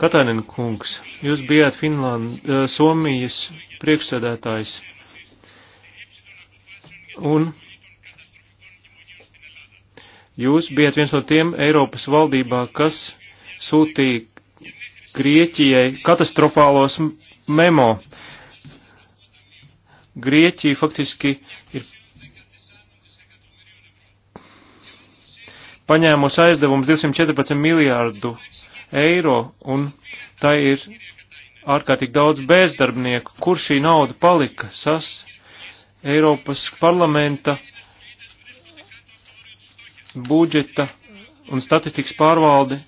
Katainen kungs, jūs bijāt Finland, eh, Somijas priekšsēdētājs. Un Jūs bijat viens no tiem Eiropas valdībā, kas sūtīja Grieķijai katastrofālos memo. Grieķija faktiski ir paņēmusi aizdevums 214 miljārdu eiro, un tā ir ārkārtīgi daudz bezdarbnieku. Kur šī nauda palika? Sas Eiropas parlamenta budžeta un statistikas pārvalde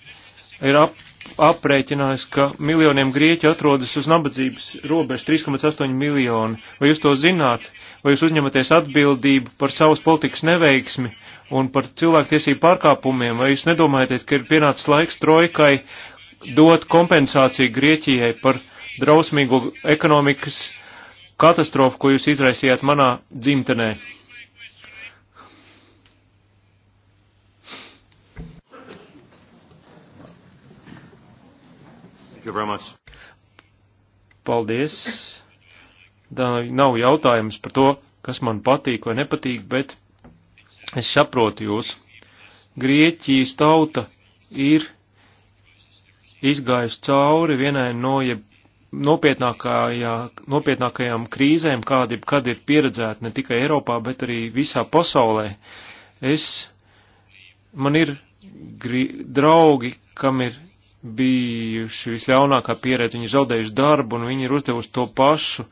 ir ap, aprēķinājusi, ka miljoniem grieķi atrodas uz nabadzības robežas 3,8 miljoni. Vai jūs to zināt? Vai jūs uzņematies atbildību par savas politikas neveiksmi un par cilvēktiesību pārkāpumiem? Vai jūs nedomājat, ka ir pienācis laiks trojkai dot kompensāciju Grieķijai par drausmīgo ekonomikas katastrofu, ko jūs izraisījāt manā dzimtenē? Paldies. Tā nav jautājums par to, kas man patīk vai nepatīk, bet es saprotu jūs. Grieķijas tauta ir izgājusi cauri vienai no jeb nopietnākajā, nopietnākajām krīzēm, kāda jebkad ir pieredzēta ne tikai Eiropā, bet arī visā pasaulē. Es, man ir grī, draugi, kam ir bijuši visļaunākā pieredze, viņi zaudējuši darbu un viņi ir uzdevuši to pašu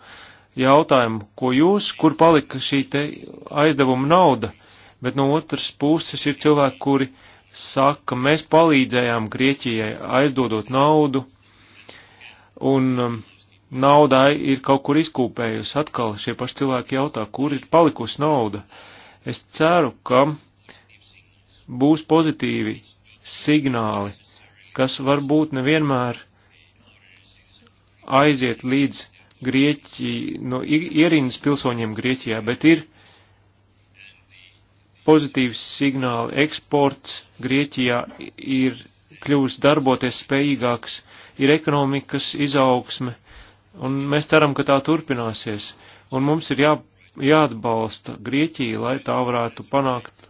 jautājumu, ko jūs, kur palika šī te aizdevuma nauda, bet no otras puses ir cilvēki, kuri saka, mēs palīdzējām Grieķijai aizdodot naudu un um, naudai ir kaut kur izkūpējusi. Atkal šie paši cilvēki jautā, kur ir palikusi nauda. Es ceru, ka būs pozitīvi signāli kas varbūt nevienmēr aiziet līdz Grieķi, no ierindas pilsoņiem Grieķijā, bet ir pozitīvs signāli. Eksports Grieķijā ir kļuvis darboties spējīgāks, ir ekonomikas izaugsme, un mēs ceram, ka tā turpināsies. Un mums ir jā, jāatbalsta Grieķija, lai tā varētu panākt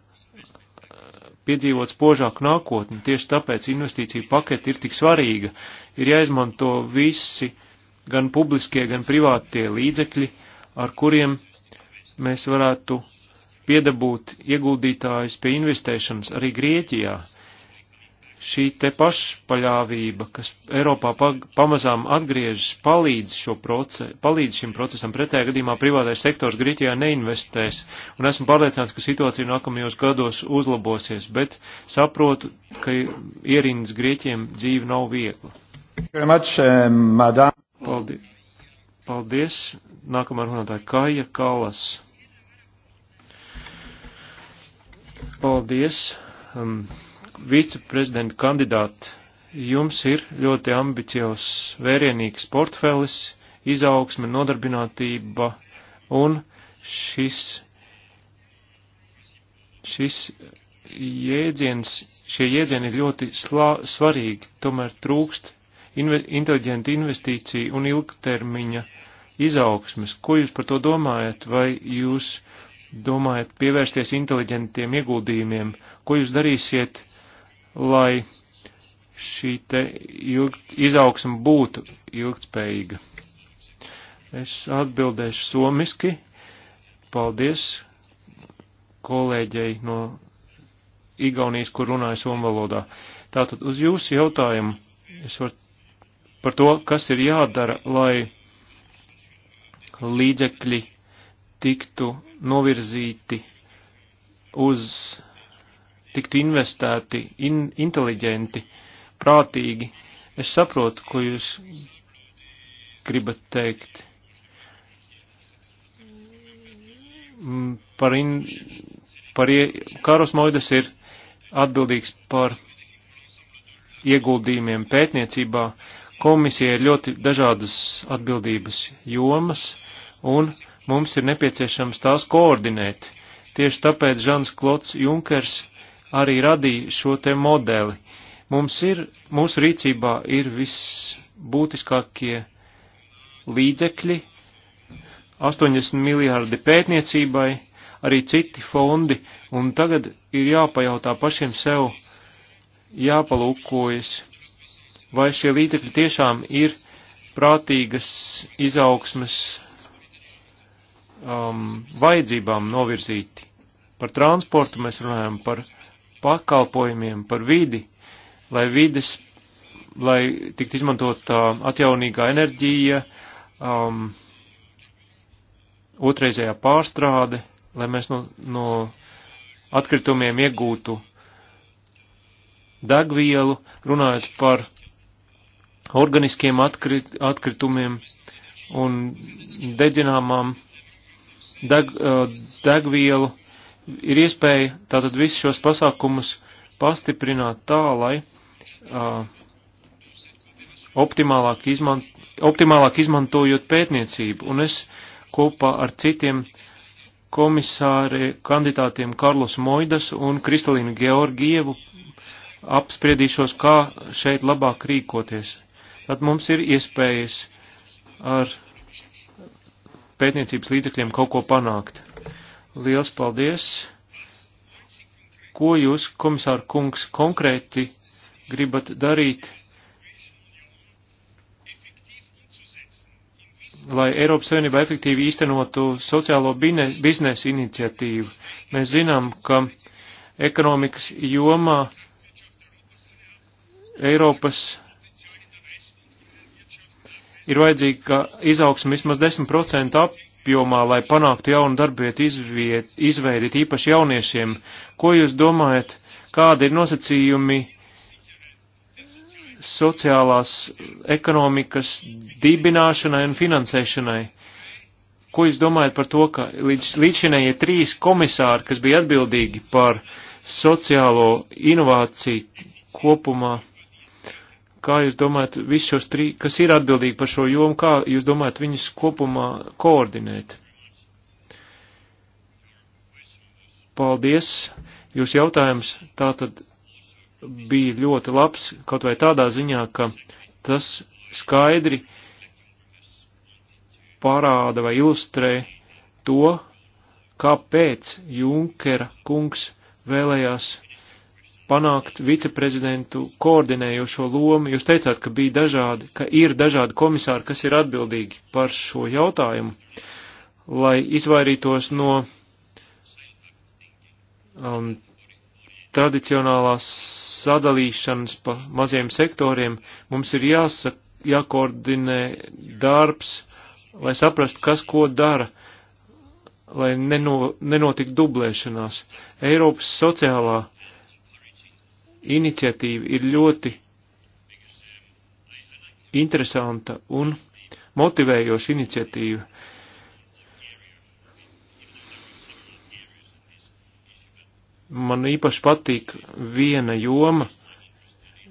piedzīvot spožāku nākotni. Tieši tāpēc investīcija pakete ir tik svarīga. Ir jāizmanto visi gan publiskie, gan privātie līdzekļi, ar kuriem mēs varētu piedabūt ieguldītājus pie investēšanas arī Grieķijā šī te pašpaļāvība, kas Eiropā pamazām atgriežas, palīdz, proce, palīdz šim procesam. Pretējā gadījumā privātais sektors Grieķijā neinvestēs, un esmu pārliecināts, ka situācija nākamajos gados uzlabosies, bet saprotu, ka ierindas Grieķiem dzīve nav viegla. Eh, Paldies. Paldies. Nākamā runātāja Kaja Kalas. Paldies. Um, viceprezidenta kandidāti, jums ir ļoti ambiciozs, vērienīgs portfelis, izaugsme, nodarbinātība un šis, šis jēdziens, šie jēdzieni ir ļoti slā, svarīgi, tomēr trūkst inve, inteliģenta investīcija un ilgtermiņa izaugsmes. Ko jūs par to domājat? Vai jūs domājat pievērsties inteliģentiem ieguldījumiem? Ko jūs darīsiet, lai šī te ilg, izaugsma būtu ilgtspējīga. Es atbildēšu somiski. Paldies kolēģei no Igaunijas, kur runāja somu valodā. Tātad uz jūsu jautājumu es varu par to, kas ir jādara, lai līdzekļi tiktu novirzīti uz tiktu investēti in, inteliģenti, prātīgi. Es saprotu, ko jūs gribat teikt. Mm, par, in, par ie, Kāros Moidas ir atbildīgs par ieguldījumiem pētniecībā. Komisija ir ļoti dažādas atbildības jomas, un mums ir nepieciešams tās koordinēt. Tieši tāpēc Žans Klots Junkers arī radīja šo te modeli. Mums ir, mūsu rīcībā ir visbūtiskākie līdzekļi, 80 miljārdi pētniecībai, arī citi fondi, un tagad ir jāpajautā pašiem sev, jāpalūkojas, vai šie līdzekļi tiešām ir prātīgas izaugsmes um, vajadzībām novirzīti. Par transportu mēs runājam, par pakalpojumiem, par vidi, lai vides, lai tikt izmantot atjaunīgā enerģija, um, otrreizējā pārstrāde, lai mēs no, no atkritumiem iegūtu degvielu, runājot par organiskiem atkrit, atkritumiem un dedzināmām deg, degvielu ir iespēja tātad visus šos pasākumus pastiprināt tā, lai uh, optimālāk, izman, optimālāk izmantojot pētniecību. Un es kopā ar citiem komisāri kandidātiem Karlus Moidas un Kristalīnu Georgievu apspriedīšos, kā šeit labāk rīkoties. Tad mums ir iespējas ar pētniecības līdzekļiem kaut ko panākt. Liels paldies! Ko jūs, komisāra kungs, konkrēti gribat darīt, lai Eiropas Savienība efektīvi īstenotu sociālo biznesa iniciatīvu? Mēs zinām, ka ekonomikas jomā Eiropas ir vajadzīga izaugsme vismaz 10% ap apjomā, lai panāktu jaunu darbvietu izveidi, īpaši jauniešiem. Ko jūs domājat, kādi ir nosacījumi sociālās ekonomikas dibināšanai un finansēšanai? Ko jūs domājat par to, ka līdz, līdz šinējie trīs komisāri, kas bija atbildīgi par sociālo inovāciju kopumā, kā jūs domājat, visus šos trīs, kas ir atbildīgi par šo jomu, kā jūs domājat viņus kopumā koordinēt? Paldies! Jūs jautājums tātad bija ļoti labs, kaut vai tādā ziņā, ka tas skaidri parāda vai ilustrē to, kāpēc Junkera kungs vēlējās panākt viceprezidentu koordinējošo lomu. Jūs teicāt, ka bija dažādi, ka ir dažādi komisāri, kas ir atbildīgi par šo jautājumu, lai izvairītos no um, tradicionālās sadalīšanas pa maziem sektoriem. Mums ir jāsaka, jākoordinē darbs, lai saprastu, kas ko dara lai neno, nenotika dublēšanās. Eiropas sociālā iniciatīva ir ļoti interesanta un motivējoša iniciatīva. Man īpaši patīk viena joma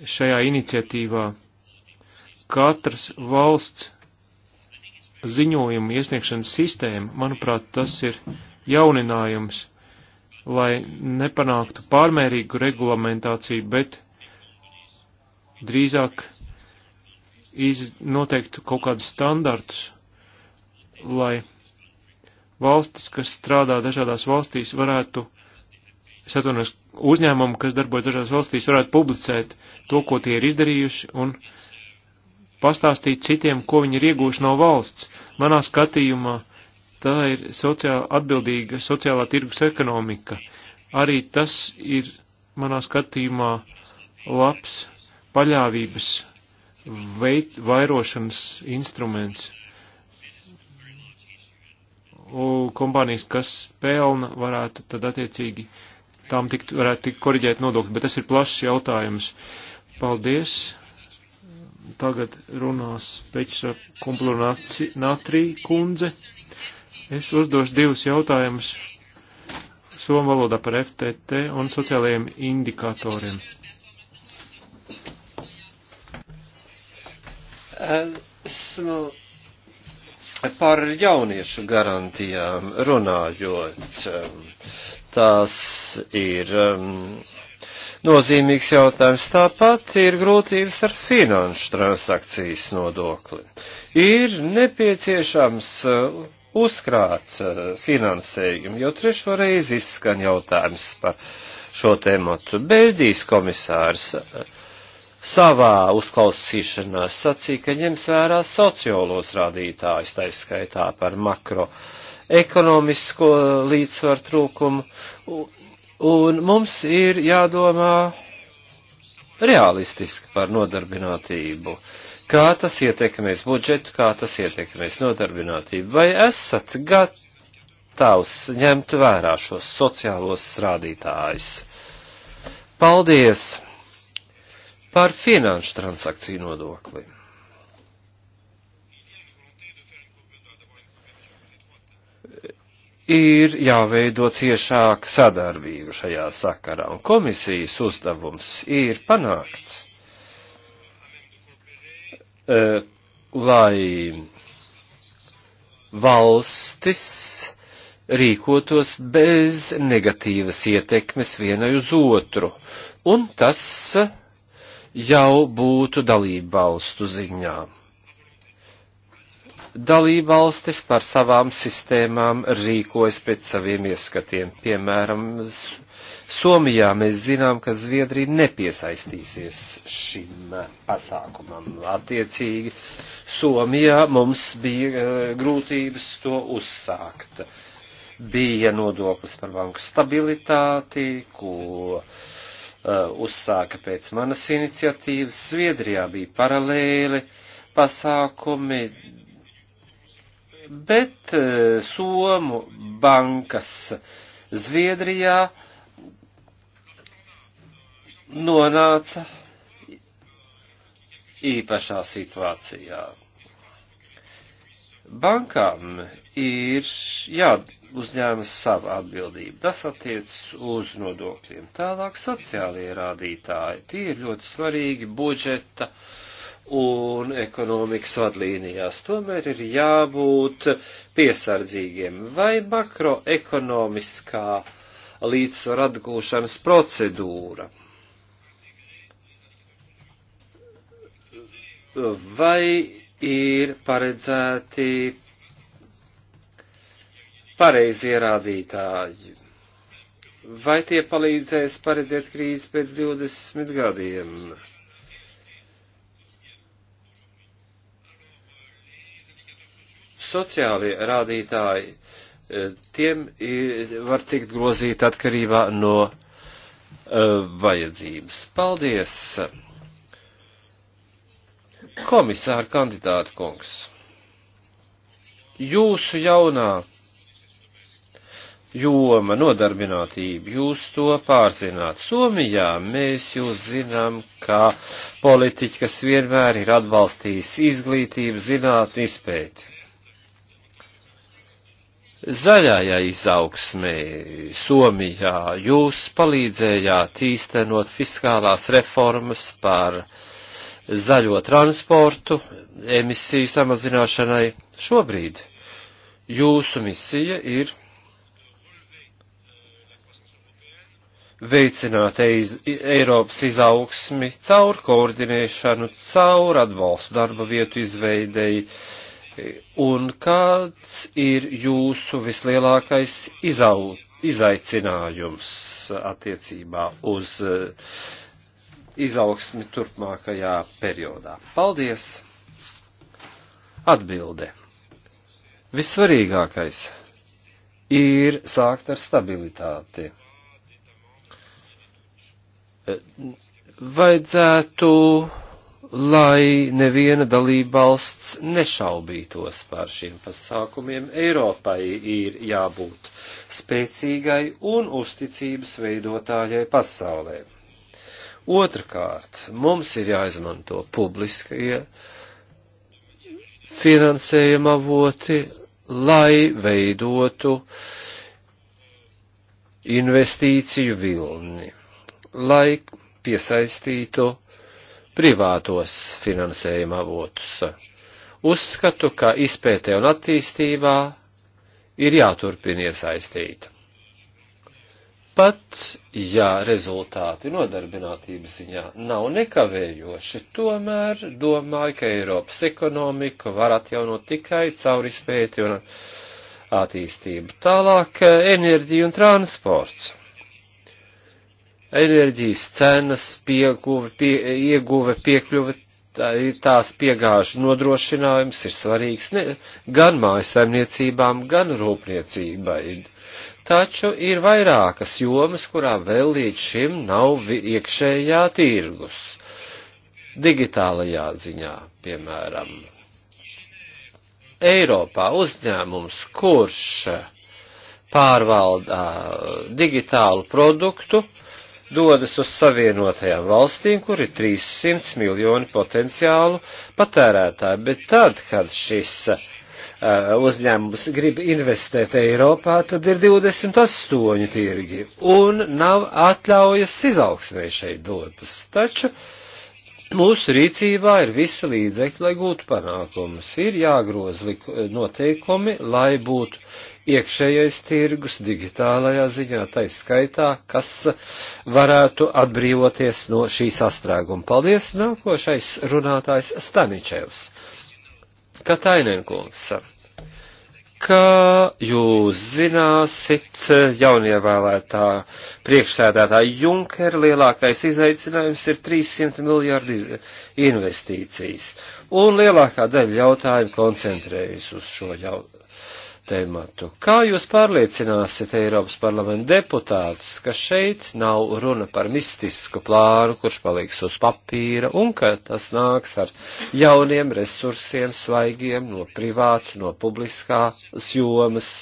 šajā iniciatīvā. Katras valsts ziņojumu iesniegšanas sistēma, manuprāt, tas ir jauninājums lai nepanāktu pārmērīgu regulamentāciju, bet drīzāk noteiktu kaut kādus standartus, lai valstis, kas strādā dažādās valstīs, varētu, es atvainojos, uzņēmumu, kas darbojas dažādās valstīs, varētu publicēt to, ko tie ir izdarījuši un pastāstīt citiem, ko viņi ir iegūši no valsts. Manā skatījumā Tā ir sociāli atbildīga sociālā tirgus ekonomika. Arī tas ir manā skatījumā labs paļāvības veid, vairošanas instruments. U, kompānijas, kas pelna, varētu tad attiecīgi tām tikt, varētu tikt koriģēt nodokļi, bet tas ir plašs jautājums. Paldies! Tagad runās Pečra Kumplunātrī kundze. Es uzdošu divus jautājumus somu valodā par FTT un sociālajiem indikatoriem. Esmu par jauniešu garantijām runājot. Tas ir um, nozīmīgs jautājums. Tāpat ir grūtības ar finanšu transakcijas nodokli. Ir nepieciešams uh, uzkrāt eh, finansējumu, jo trešo reizi izskan jautājums par šo tēmatu. Beļģijas komisārs eh, savā uzklausīšanā sacīja, ka ņems vērā sociālos rādītājus, taiskaitā par makroekonomisko līdzsvaru trūkumu, un mums ir jādomā realistiski par nodarbinātību. Uh, kā tas ietekmēs budžetu, kā tas ietekmēs nodarbinātību. Vai esat gatavs ņemt vērā šos sociālos rādītājus? Paldies par finanšu transakciju nodokli. Ir jāveido ciešāka sadarbība šajā sakarā, un komisijas uzdevums ir panākts Eh, lai valstis rīkotos bez negatīvas ietekmes vienai uz otru, un tas jau būtu dalībvalstu ziņā. Dalībvalstis par savām sistēmām rīkojas pēc saviem ieskatiem, piemēram, Somijā mēs zinām, ka Zviedrija nepiesaistīsies šim pasākumam. Attiecīgi, Somijā mums bija e, grūtības to uzsākt. Bija nodoklis par banku stabilitāti, ko e, uzsāka pēc manas iniciatīvas. Zviedrijā bija paralēli pasākumi, bet e, Somu bankas Zviedrijā uh, nonāca īpašā situācijā. Bankām ir jāuzņēmas sava atbildība. Tas attiecas uz nodokļiem. Tālāk sociālie rādītāji. Tie ir ļoti svarīgi budžeta un ekonomikas vadlīnijās. Tomēr ir jābūt piesardzīgiem. Vai makroekonomiskā līdzsvar atgūšanas procedūra vai ir paredzēti pareizi ierādītāji? Vai tie palīdzēs paredzēt krīzi pēc 20 gadiem? Sociālie rādītāji, eh, tiem var tikt grozīti atkarībā no uh, vajadzības. Paldies! Komisāra kandidāta kungs, jūsu jaunā joma nodarbinātība, jūs to pārzināt. Somijā mēs jūs zinām, kā politiķi, kas vienmēr ir atbalstījis izglītību, zinātni, izpēti. Zaļājā izaugsmē Somijā jūs palīdzējāt īstenot fiskālās reformas par uh, zaļo transportu emisiju samazināšanai šobrīd. Jūsu misija ir veicināt eiz, Eiropas izaugsmi caur koordinēšanu, caur atbalstu darba vietu izveidei. Un kāds ir jūsu vislielākais izau, izaicinājums attiecībā uz uh, izaugsmi turpmākajā periodā? Paldies! Atbilde. Vissvarīgākais ir sākt ar stabilitāti. Vajadzētu, lai neviena dalībvalsts nešaubītos par šiem pasākumiem. Eiropai ir jābūt spēcīgai un uzticības veidotājai pasaulē. Otrakārt, mums ir jāizmanto publiskie finansējuma avoti, lai veidotu investīciju vilni, lai piesaistītu privātos finansējuma avotus. Uzskatu, ka izpētē un attīstībā ir jāturpina iesaistīta pat ja rezultāti nodarbinātības ziņā nav nekavējoši, tomēr domāju, ka Eiropas ekonomiku var atjaunot tikai caur izpēti un attīstību. Tālāk enerģija un transports. Enerģijas cenas pieguve, pie, ieguve, piekļuve, tā, tās piegāžu nodrošinājums ir svarīgs ne, gan mājasaimniecībām, gan rūpniecībai Taču ir vairākas jomas, kurā vēl līdz šim nav iekšējā tirgus. Digitālajā ziņā, piemēram. Eiropā uzņēmums, kurš pārvalda digitālu produktu, dodas uz savienotajām valstīm, kur ir 300 miljoni potenciālu patērētāju, bet tad, kad šis uh, Eh, uzņēmums grib investēt Eiropā, tad ir 28 tirgi un nav atļaujas izaugsmē šeit dotas. Taču mūsu rīcībā ir visi līdzekļi, lai gūtu panākumus. Ir jāgroz noteikumi, lai būtu iekšējais tirgus digitālajā ziņā, taiskaitā, kas varētu atbrīvoties no šīs astrāguma. Paldies, nākošais runātājs Staničevs. Katainenkungs, kā jūs zināsit, jaunievēlētā priekšsēdētāja Junkera lielākais izaicinājums ir 300 miljārdu investīcijas, un lielākā daļa jautājumu koncentrējas uz šo jautājumu tematu. Kā jūs pārliecināsiet Eiropas parlamenta deputātus, ka šeit nav runa par mistisku plānu, kurš paliks uz papīra, un ka tas nāks ar jauniem resursiem, svaigiem no privātu, no publiskās jomas,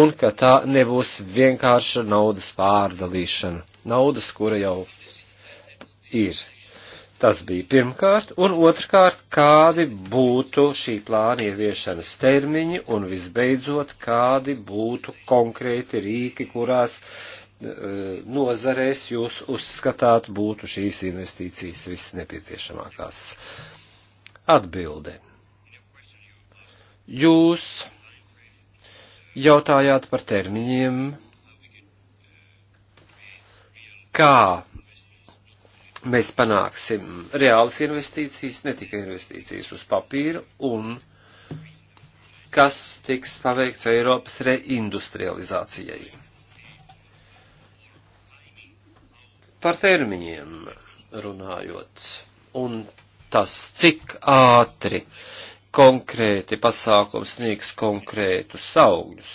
un ka tā nebūs vienkārša naudas pārdalīšana, naudas, kura jau ir Tas bija pirmkārt, un otrkārt, kādi būtu šī plāna ieviešanas termiņi, un visbeidzot, kādi būtu konkrēti rīki, kurās e, nozarēs jūs uzskatāt būtu šīs investīcijas viss nepieciešamākās? Atbilde. Jūs jautājāt par termiņiem. Kā mēs panāksim reālas investīcijas, ne tikai investīcijas uz papīru, un kas tiks paveikts Eiropas reindustrializācijai. Par termiņiem runājot, un tas, cik ātri konkrēti pasākums sniegs konkrētus augļus.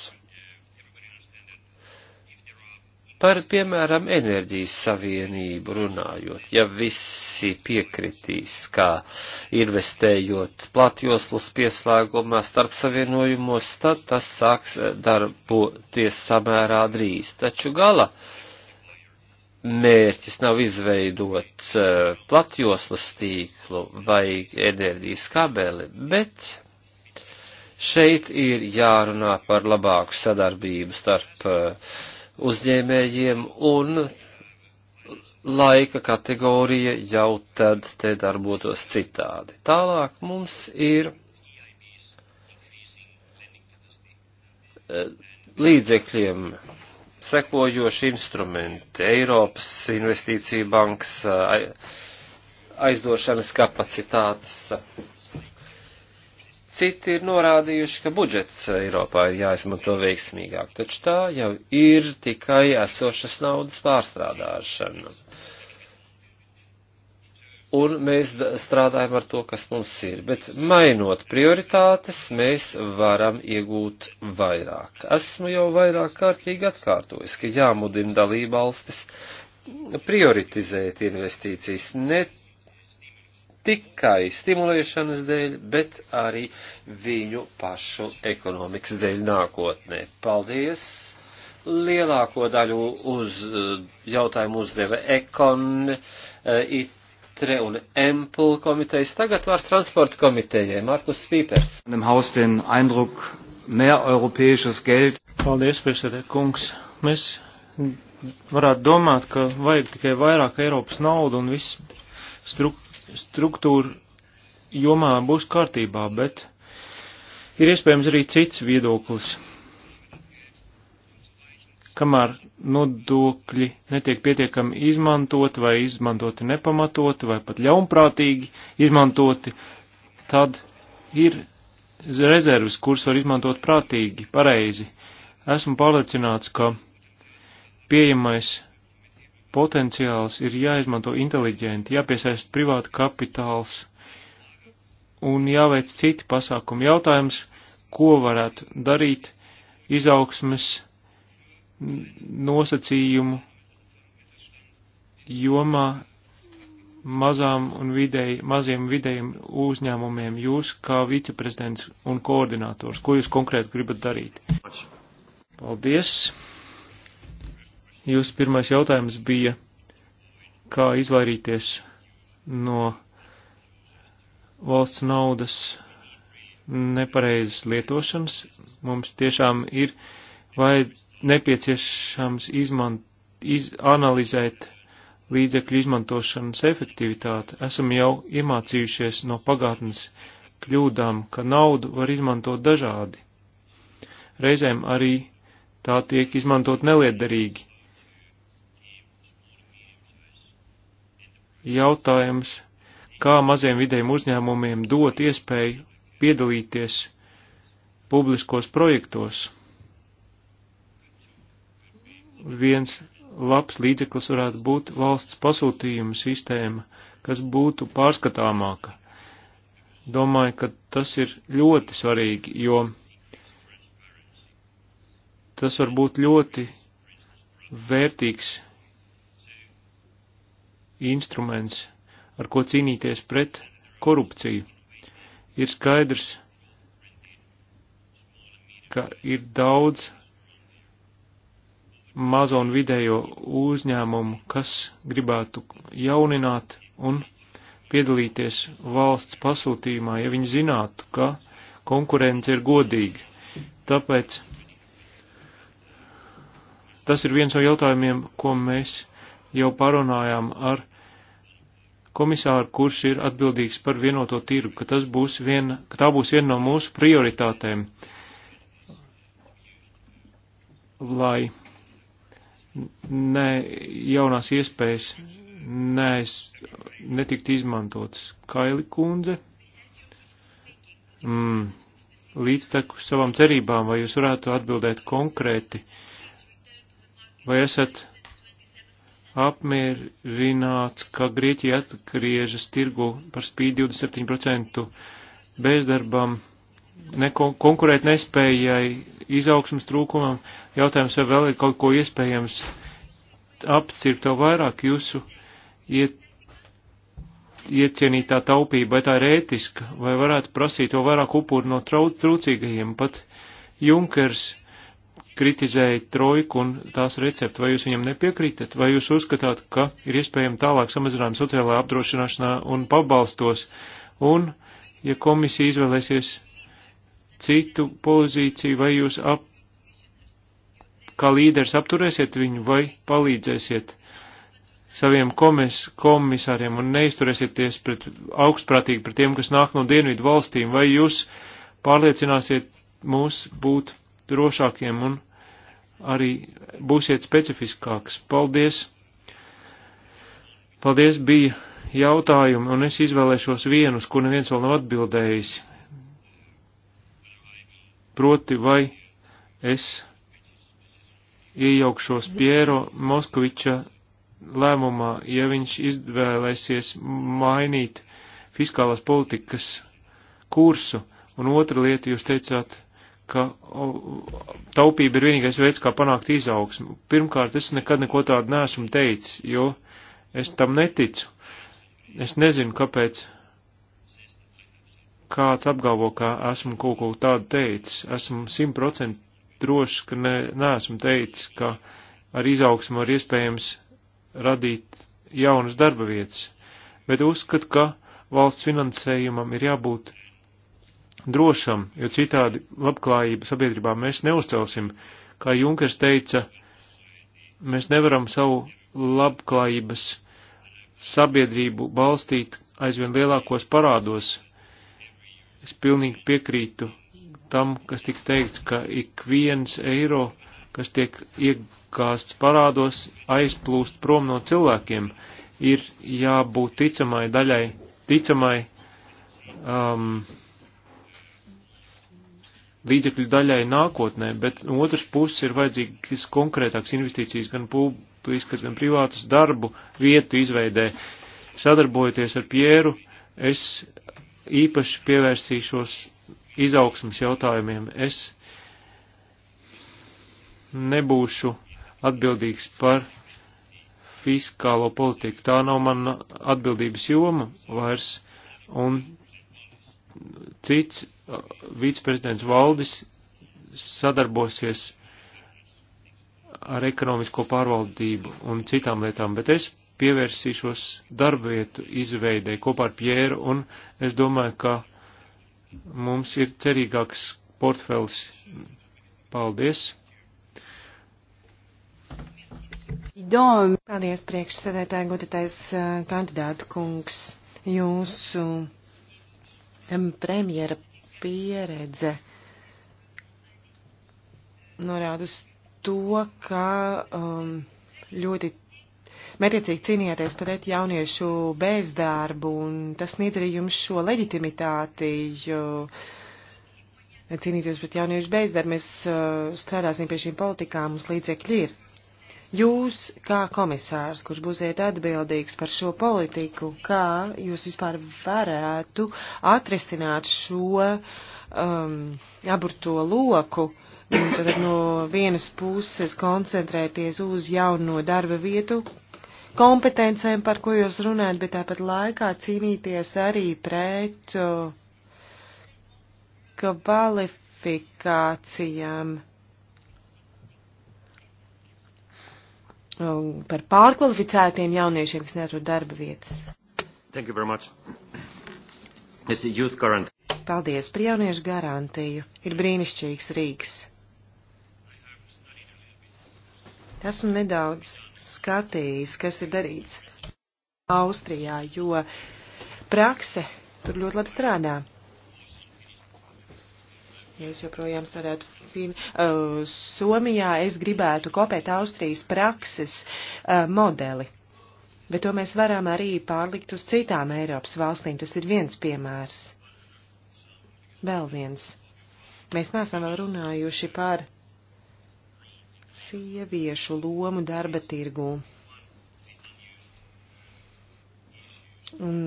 Par, piemēram, enerģijas savienību runājot, ja visi piekritīs, kā investējot platjoslas pieslēgumā starp savienojumos, tad tas sāks darboties samērā drīz. Taču gala mērķis nav izveidot eh, platjoslas tīklu vai enerģijas kabeli, bet šeit ir jārunā par labāku sadarbību starp uh, uzņēmējiem un laika kategorija jau tad te darbotos citādi. Tālāk mums ir eh, līdzekļiem sekojoši instrumenti Eiropas investīcija bankas eh, aizdošanas kapacitātes Citi ir norādījuši, ka budžets Eiropā ir jāizmanto veiksmīgāk, taču tā jau ir tikai esošas naudas pārstrādāšana. Un mēs strādājam ar to, kas mums ir, bet mainot prioritātes, mēs varam iegūt vairāk. Esmu jau vairāk kārtīgi atkārtojis, ka jāmudina dalībvalstis prioritizēt investīcijas ne tikai stimulēšanas dēļ, bet arī viņu pašu ekonomikas dēļ nākotnē. Paldies! Lielāko daļu uz jautājumu uzdeva Ekon, eh, ITRE un EMPL komitejas. Tagad vārds transporta komitejai. Markus Spīpers. Paldies, priekšsēdē, kungs. Mēs varētu domāt, ka vajag tikai vairāk Eiropas naudu un viss struk struktūra jomā būs kārtībā, bet ir iespējams arī cits viedoklis. Kamēr nodokļi netiek pietiekami izmantot vai izmantoti nepamatot vai pat ļaunprātīgi izmantoti, tad ir rezerves, kuras var izmantot prātīgi, pareizi. Esmu pārliecināts, ka pieejamais potenciāls ir jāizmanto inteliģenti, jāpiesaist privāta kapitāls un jāveic citi pasākumi. Jautājums, ko varētu darīt izaugsmes nosacījumu jomā mazām un vidēji, maziem vidējiem uzņēmumiem jūs kā viceprezidents un koordinators? Ko jūs konkrēti gribat darīt? Paldies! Jūsu pirmais jautājums bija, kā izvairīties no valsts naudas nepareizas lietošanas. Mums tiešām ir vai nepieciešams izmant, iz, analizēt līdzekļu izmantošanas efektivitāti. Esam jau iemācījušies no pagātnes kļūdām, ka naudu var izmantot dažādi. Reizēm arī tā tiek izmantot neliederīgi. jautājums, kā maziem vidējiem uzņēmumiem dot iespēju piedalīties publiskos projektos. Viens labs līdzeklis varētu būt valsts pasūtījuma sistēma, kas būtu pārskatāmāka. Domāju, ka tas ir ļoti svarīgi, jo tas var būt ļoti vērtīgs instruments, ar ko cīnīties pret korupciju. Ir skaidrs, ka ir daudz mazo un vidējo uzņēmumu, kas gribētu jaunināt un piedalīties valsts pasūtījumā, ja viņi zinātu, ka konkurence ir godīga. Tāpēc tas ir viens no jautājumiem, ko mēs jau parunājām ar komisāru, kurš ir atbildīgs par vienoto tirgu, ka, tas būs viena, ka tā būs viena no mūsu prioritātēm, lai ne jaunās iespējas ne, netikt izmantotas. Kaili kundze, mm, līdzteku savām cerībām, vai jūs varētu atbildēt konkrēti, vai esat apmierināts, ka Grieķija atgriežas tirgu par spīd 27% bezdarbam, neko, konkurēt nespējai, izaugsmas trūkumam. Jautājums, vai vēl ir kaut ko iespējams apcirkt vēl vairāk jūsu iet, iecienītā taupība, vai tā ir ētiska, vai varētu prasīt vēl vairāk upuru no trau, trūcīgajiem. Pat Junkers kritizēja trojku un tās receptu, vai jūs viņam nepiekrītat, vai jūs uzskatāt, ka ir iespējami tālāk samazinājumi sociālajā apdrošināšanā un pabalstos, un, ja komisija izvēlēsies citu pozīciju, vai jūs ap, kā līderis apturēsiet viņu vai palīdzēsiet saviem komis, komisāriem un neizturēsieties pret, augstprātīgi pret tiem, kas nāk no dienvidu valstīm, vai jūs pārliecināsiet mūs būt drošākiem un arī būsiet specifiskāks. Paldies! Paldies, bija jautājumi, un es izvēlēšos vienu, uz ko neviens vēl nav atbildējis. Proti, vai es iejaukšos Piero Moskoviča lēmumā, ja viņš izvēlēsies mainīt fiskālās politikas kursu, un otra lieta jūs teicāt, ka taupība ir vienīgais veids, kā panākt izaugsmu. Pirmkārt, es nekad neko tādu nesmu teicis, jo es tam neticu. Es nezinu, kāpēc kāds apgalvo, ka esmu kaut ko tādu teicis. Esmu simtprocentīgi drošs, ka ne, neesmu teicis, ka ar izaugsmu ir iespējams radīt jaunas darba vietas, bet uzskatu, ka valsts finansējumam ir jābūt drošam, jo citādi labklājību sabiedrībā mēs neuzcelsim. Kā Junkers teica, mēs nevaram savu labklājības sabiedrību balstīt aizvien lielākos parādos. Es pilnīgi piekrītu tam, kas tika teikts, ka ik viens eiro, kas tiek iegāsts parādos, aizplūst prom no cilvēkiem, ir jābūt ticamai daļai, ticamai um, līdzekļu daļai nākotnē, bet no otras puses ir vajadzīgas konkrētākas investīcijas gan publiskas, gan privātas darbu vietu izveidē. Sadarbojoties ar Pieru, es īpaši pievērsīšos izaugsmas jautājumiem. Es nebūšu atbildīgs par fiskālo politiku. Tā nav mana atbildības joma vairs, un cits viceprezidents Valdis sadarbosies ar ekonomisko pārvaldību un citām lietām, bet es pievērsīšos darbvietu izveidē kopā ar Pjēru, un es domāju, ka mums ir cerīgāks portfels. Paldies! Paldies, priekšsēdētāji, godatais kandidāta kungs, jūsu premjera pieredze norāda uz to, ka um, ļoti mērķiecīgi cīnījāties pret jauniešu bezdarbu, un tas sniedz arī jums šo leģitimitāti, jo cīnīties pret jauniešu bezdarbu, mēs uh, strādāsim pie šīm politikām, mums līdzekļi ir. Jūs, kā komisārs, kurš būsiet atbildīgs par šo politiku, kā jūs vispār varētu atrisināt šo um, aburto loku, tad no vienas puses koncentrēties uz jauno darba vietu kompetencēm, par ko jūs runājat, bet tāpat laikā cīnīties arī pret uh, kvalifikācijām Um, par pārkvalificētiem jauniešiem, kas neatrod darba vietas. Thank you very much. It's the youth guarantee. Paldies par jauniešu garantiju. Ir brīnišķīgs rīks. Esmu nedaudz skatījis, kas ir darīts Austrijā, jo prakse tur ļoti labi strādā. Ja es joprojām strādātu fin, uh, Somijā, es gribētu kopēt Austrijas prakses uh, modeli. Bet to mēs varam arī pārlikt uz citām Eiropas valstīm. Tas ir viens piemērs. Vēl viens. Mēs neesam vēl runājuši par sieviešu lomu darba tirgū. Un,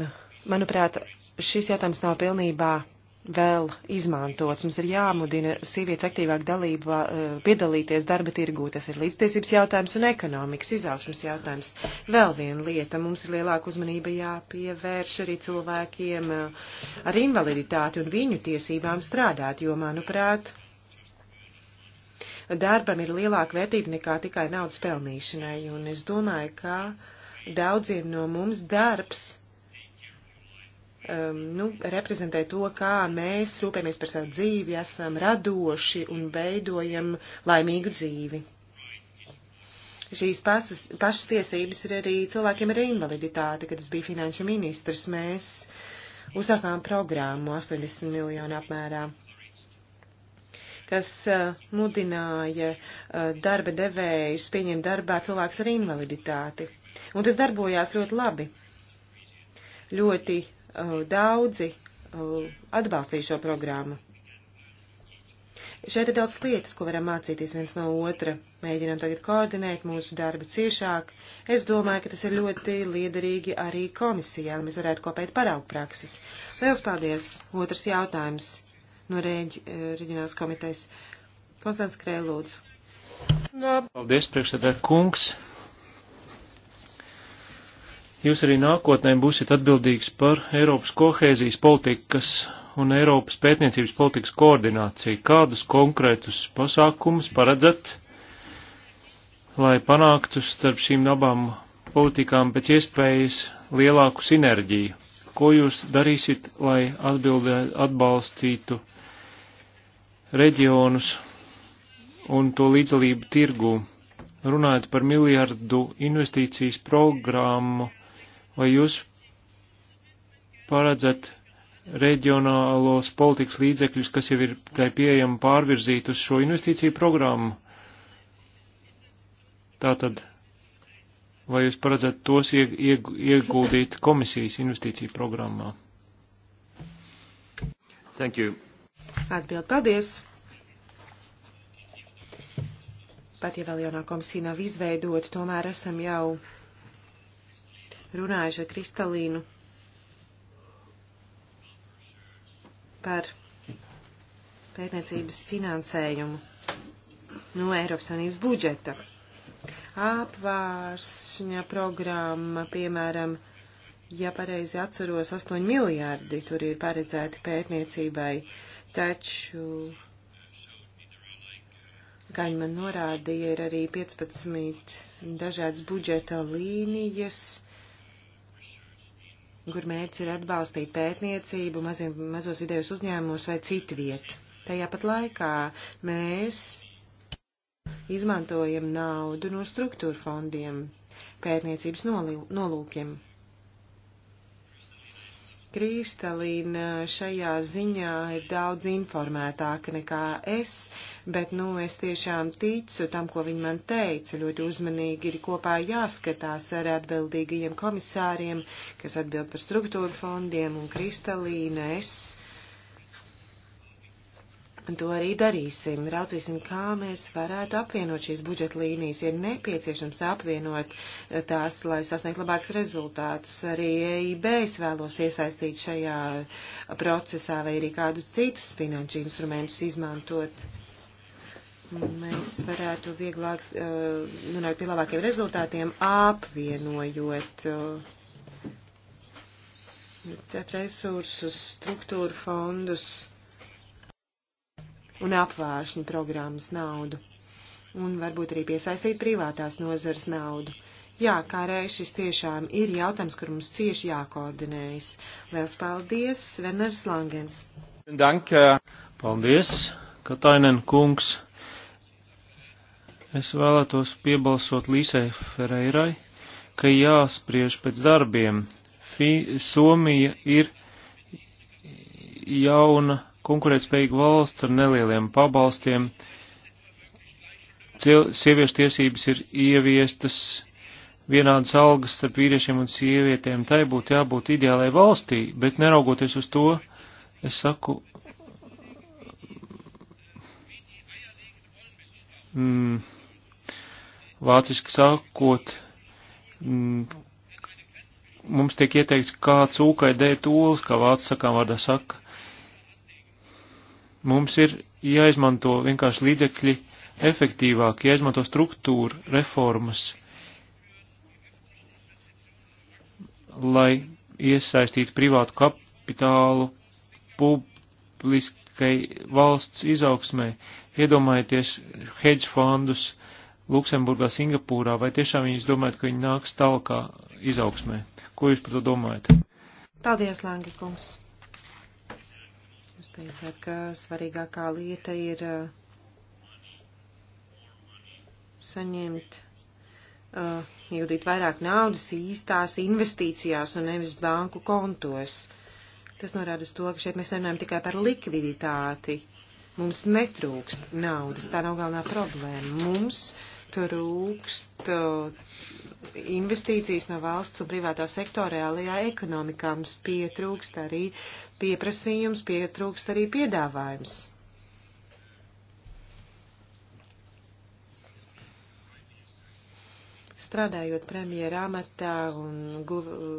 manuprāt, šis jautājums nav pilnībā vēl izmantots. Mums ir jāmudina sievietes aktīvāk dalībā, eh, piedalīties darba tirgū. Tas ir līdztiesības jautājums un ekonomikas izaušanas jautājums. Vēl viena lieta. Mums ir lielāka uzmanība jāpievērš arī cilvēkiem eh, ar invaliditāti un viņu tiesībām strādāt, jo, manuprāt, darbam ir lielāka vērtība nekā tikai naudas pelnīšanai. Un es domāju, ka daudziem no mums darbs um, nu, reprezentē to, kā mēs rūpējamies par savu dzīvi, esam radoši un veidojam laimīgu dzīvi. Šīs pasas, pašas tiesības ir arī cilvēkiem ar invaliditāti, kad es biju finanšu ministrs, mēs uzsākām programmu 80 miljonu apmērā kas uh, mudināja uh, darba devējus pieņemt darbā cilvēks ar invaliditāti. Un tas darbojās ļoti labi. Ļoti Uh, daudzi uh, atbalstīja šo programmu. Šeit ir daudz lietas, ko varam mācīties viens no otra. Mēģinām tagad koordinēt mūsu darbu ciešāk. Es domāju, ka tas ir ļoti liederīgi arī komisijā, lai mēs varētu kopēt paraugu prakses. Liels paldies! Otrs jautājums no Rēģi, eh, Reģionāls komitejas. Konstants Krēlūdzu. Paldies, priekšsēdē kungs. Jūs arī nākotnē būsiet atbildīgs par Eiropas kohēzijas politikas un Eiropas pētniecības politikas koordināciju. Kādus konkrētus pasākumus paredzat, lai panāktu starp šīm abām politikām pēc iespējas lielāku sinerģiju? Ko jūs darīsiet, lai atbildē, atbalstītu reģionus un to līdzdalību tirgū? Runājot par miljardu investīcijas programmu vai jūs paredzat reģionālos politikas līdzekļus, kas jau ir tai pieejami pārvirzīt uz šo investīciju programmu? Tātad, vai jūs paredzat tos ieg ieg ieguldīt komisijas investīciju programmā? Thank you. Atbild, paldies. Pat ja vēl jaunā komisija nav izveidota, tomēr esam jau runājuši ar Kristalīnu par pētniecības finansējumu no Eiropas Savienības budžeta. Apvāršņa programma, piemēram, ja pareizi atceros, 8 miljārdi tur ir paredzēti pētniecībai, taču, kā viņi man norādīja, ir arī 15 dažādas budžeta līnijas kur mērķis ir atbalstīt pētniecību maziem, mazos vidējos uzņēmumos vai citviet. Tajā pat laikā mēs izmantojam naudu no struktūra fondiem pētniecības nolūkiem. Kristalīna šajā ziņā ir daudz informētāka nekā es, bet, nu, es tiešām ticu tam, ko viņa man teica. Ļoti uzmanīgi ir kopā jāskatās ar atbildīgajiem komisāriem, kas atbild par struktūru fondiem, un Kristalīna es Un to arī darīsim. Raudzīsim, kā mēs varētu apvienot šīs budžeta līnijas. Ir nepieciešams apvienot eh, tās, lai sasniegtu labākus rezultātus. Arī EIB es vēlos iesaistīt šajā procesā vai arī kādus citus finanšu instrumentus izmantot. Mēs varētu vieglāk eh, nonākt pie labākiem rezultātiem, apvienojot eh, resursus, struktūru fondus un apvāršņu programmas naudu. Un varbūt arī piesaistīt privātās nozares naudu. Jā, kā reiz šis tiešām ir jautājums, kur mums cieši jākoordinējas. Liels paldies, Svenners Langens. Danke. Paldies, Katainen kungs. Es vēlētos piebalsot Līsai Ferreirai, ka jāspriež pēc darbiem. Fī, Somija ir jauna konkurētspējīga valsts ar nelieliem pabalstiem. Cil sieviešu tiesības ir ieviestas vienādas algas starp vīriešiem un sievietēm. Tai būtu jābūt ideālai valstī, bet neraugoties uz to, es saku. Mm, vāciski sakot, mm, mums tiek ieteikts, kā cūkai dēt olas, kā vācu sakām vārdā saka. Mums ir jāizmanto vienkārši līdzekļi efektīvāk, jāizmanto struktūra reformas, lai iesaistītu privātu kapitālu publiskai valsts izaugsmē. Iedomājieties hedge fondus Luksemburgā, Singapūrā, vai tiešām jūs domājat, ka viņi nāks tālākā izaugsmē? Ko jūs par to domājat? Paldies, Langi kungs! teicāt, ka svarīgākā lieta ir uh, saņemt, uh, iegūt vairāk naudas īstās investīcijās un nevis banku kontos. Tas norāda uz to, ka šeit mēs nerunājam tikai par likviditāti. Mums netrūkst naudas, tā nav galvenā problēma. Mums uh, trūkst uh, investīcijas no valsts un privātā sektora reālajā ekonomikā. Mums pietrūkst arī pieprasījums, pietrūkst arī piedāvājums. Strādājot premjera amatā un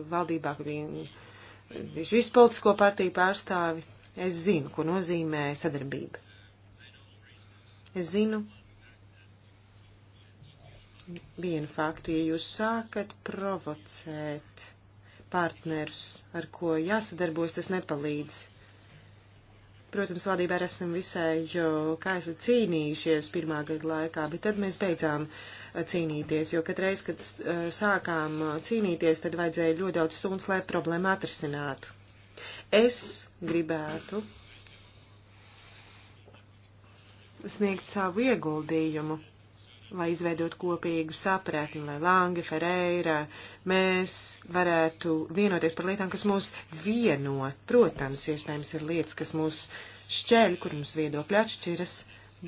valdībā, kur viņš visu politisko partiju pārstāvi, es zinu, ko nozīmē sadarbība. Es zinu, vienu faktu, ja jūs sākat provocēt partnerus, ar ko jāsadarbos, tas nepalīdz. Protams, valdībā arī esam visai kaitli cīnījušies pirmā gada laikā, bet tad mēs beidzām uh, cīnīties, jo katreiz, kad uh, sākām uh, cīnīties, tad vajadzēja ļoti daudz stundas, lai problēmu atrisinātu. Es gribētu sniegt savu ieguldījumu lai izveidot kopīgu sapratni, lai Lange, Ferreira, mēs varētu vienoties par lietām, kas mūs vieno. Protams, iespējams, ir lietas, kas mūs šķēļ, kur mums viedokļi atšķiras,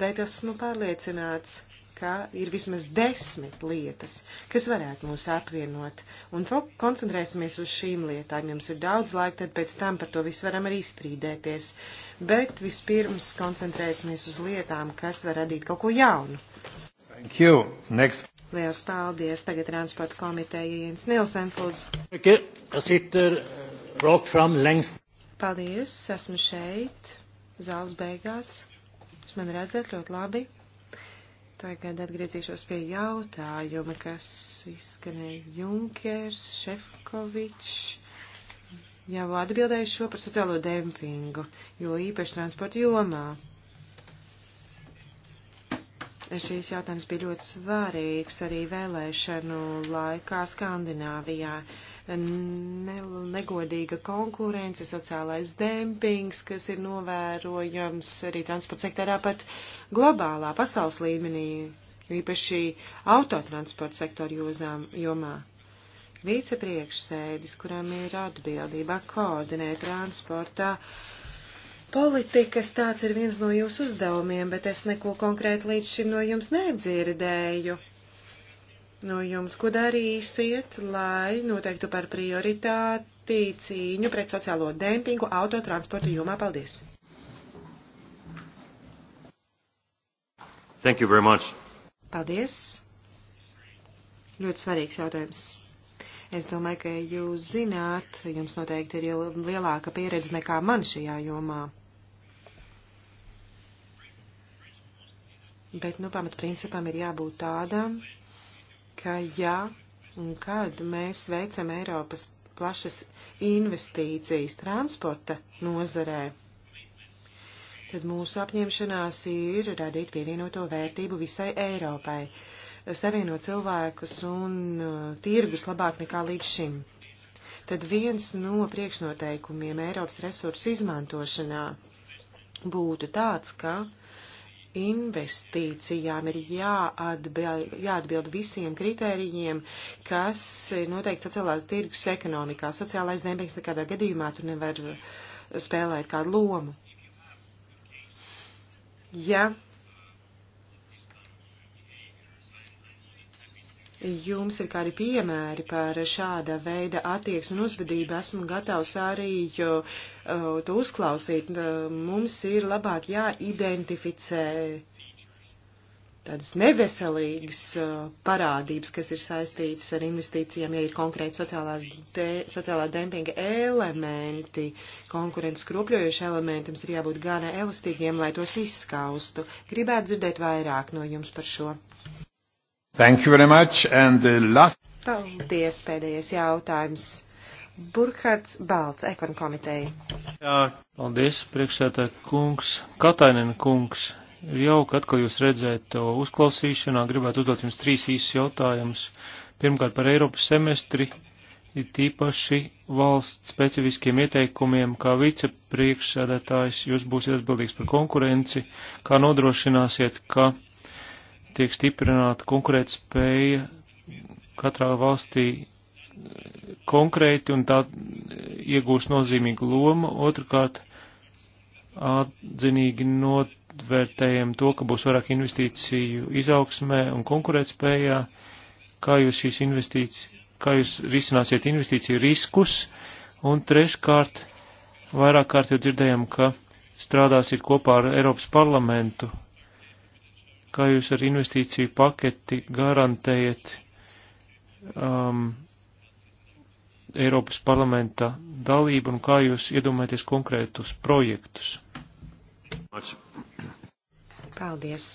bet esmu pārliecināts, ka ir vismaz desmit lietas, kas varētu mūs apvienot, un koncentrēsimies uz šīm lietām. Jums ir daudz laika, tad pēc tam par to visu varam arī strīdēties, bet vispirms koncentrēsimies uz lietām, kas var radīt kaut ko jaunu. Thank you. Next. Liels paldies. Tagad transporta komiteja Jens Nilsens, lūdzu. Okay. Sitter, uh, rokt fram lengst. Paldies, esmu šeit, zāles beigās. Jūs mani redzat ļoti labi. Tagad atgriezīšos pie jautājuma, kas izskanēja Junkers, Šefkovičs. Jau atbildēju šo par sociālo dempingu, jo īpaši transporta jomā šīs jautājums bija ļoti svarīgs arī vēlēšanu laikā Skandināvijā. Ne, negodīga konkurence, sociālais dempings, kas ir novērojams arī transporta sektorā pat globālā pasaules līmenī, īpaši autotransporta sektoru jomā. Vicepriekšsēdis, kuram ir atbildība koordinēt transportā, uh, politikas tāds ir viens no jūsu uzdevumiem, bet es neko konkrētu līdz šim no jums nedzirdēju. No jums, ko darīsiet, lai noteiktu par prioritāti cīņu pret sociālo dempingu autotransporta jomā? Paldies! Thank you very much. Paldies! Ļoti svarīgs jautājums. Es domāju, ka jūs zināt, jums noteikti ir lielāka pieredze nekā man šajā jomā. Bet, nu, pamatprincipam ir jābūt tādam, ka ja un kad mēs veicam Eiropas plašas investīcijas transporta nozarē, tad mūsu apņemšanās ir radīt pievienoto vērtību visai Eiropai, savienot cilvēkus un uh, tirgus labāk nekā līdz šim. Tad viens no priekšnoteikumiem Eiropas resursu izmantošanā būtu tāds, ka uh, investīcijām ir jāatbild, jāatbild visiem kritērijiem, kas noteikti sociālās tirgus ekonomikā. Sociālais nebeigs nekādā gadījumā tur nevar spēlēt kādu lomu. Ja jums ir kādi piemēri par šāda veida attieksmi un uzvedību, esmu gatavs arī Uh, to uzklausīt. Uh, mums ir labāk jāidentificē tādas neveselīgas uh, parādības, kas ir saistītas ar investīcijām, ja ir konkrēti sociālās, de, sociālā dempinga elementi, konkurences kropļojuši elementi, mums ir jābūt gana elastīgiem, lai tos izskaustu. Gribētu dzirdēt vairāk no jums par šo. Thank you very much. And the last... Paldies, pēdējais jautājums. Burkhards Balts, ekonu komiteja. Jā, paldies, priekšsētā kungs, Katainen kungs. Ir jauki atkal jūs redzēt to uzklausīšanā, gribētu uzdot jums trīs īsus jautājumus. Pirmkārt par Eiropas semestri, ir tīpaši valsts specifiskiem ieteikumiem, kā vicepriekšsēdētājs jūs būsiet atbildīgs par konkurenci, kā nodrošināsiet, ka tiek stiprināta konkurētspēja katrā valstī konkrēti un tā iegūs nozīmīgu lomu. Otrkārt, atzinīgi notvērtējam to, ka būs vairāk investīciju izaugsmē un konkurētspējā, kā jūs šīs investīcijas, kā jūs risināsiet investīciju riskus. Un treškārt, vairāk kārt jau dzirdējam, ka strādāsiet kopā ar Eiropas parlamentu, kā jūs ar investīciju paketi garantējat um, Eiropas parlamenta dalību un kā jūs iedomājaties konkrētus projektus? Paldies.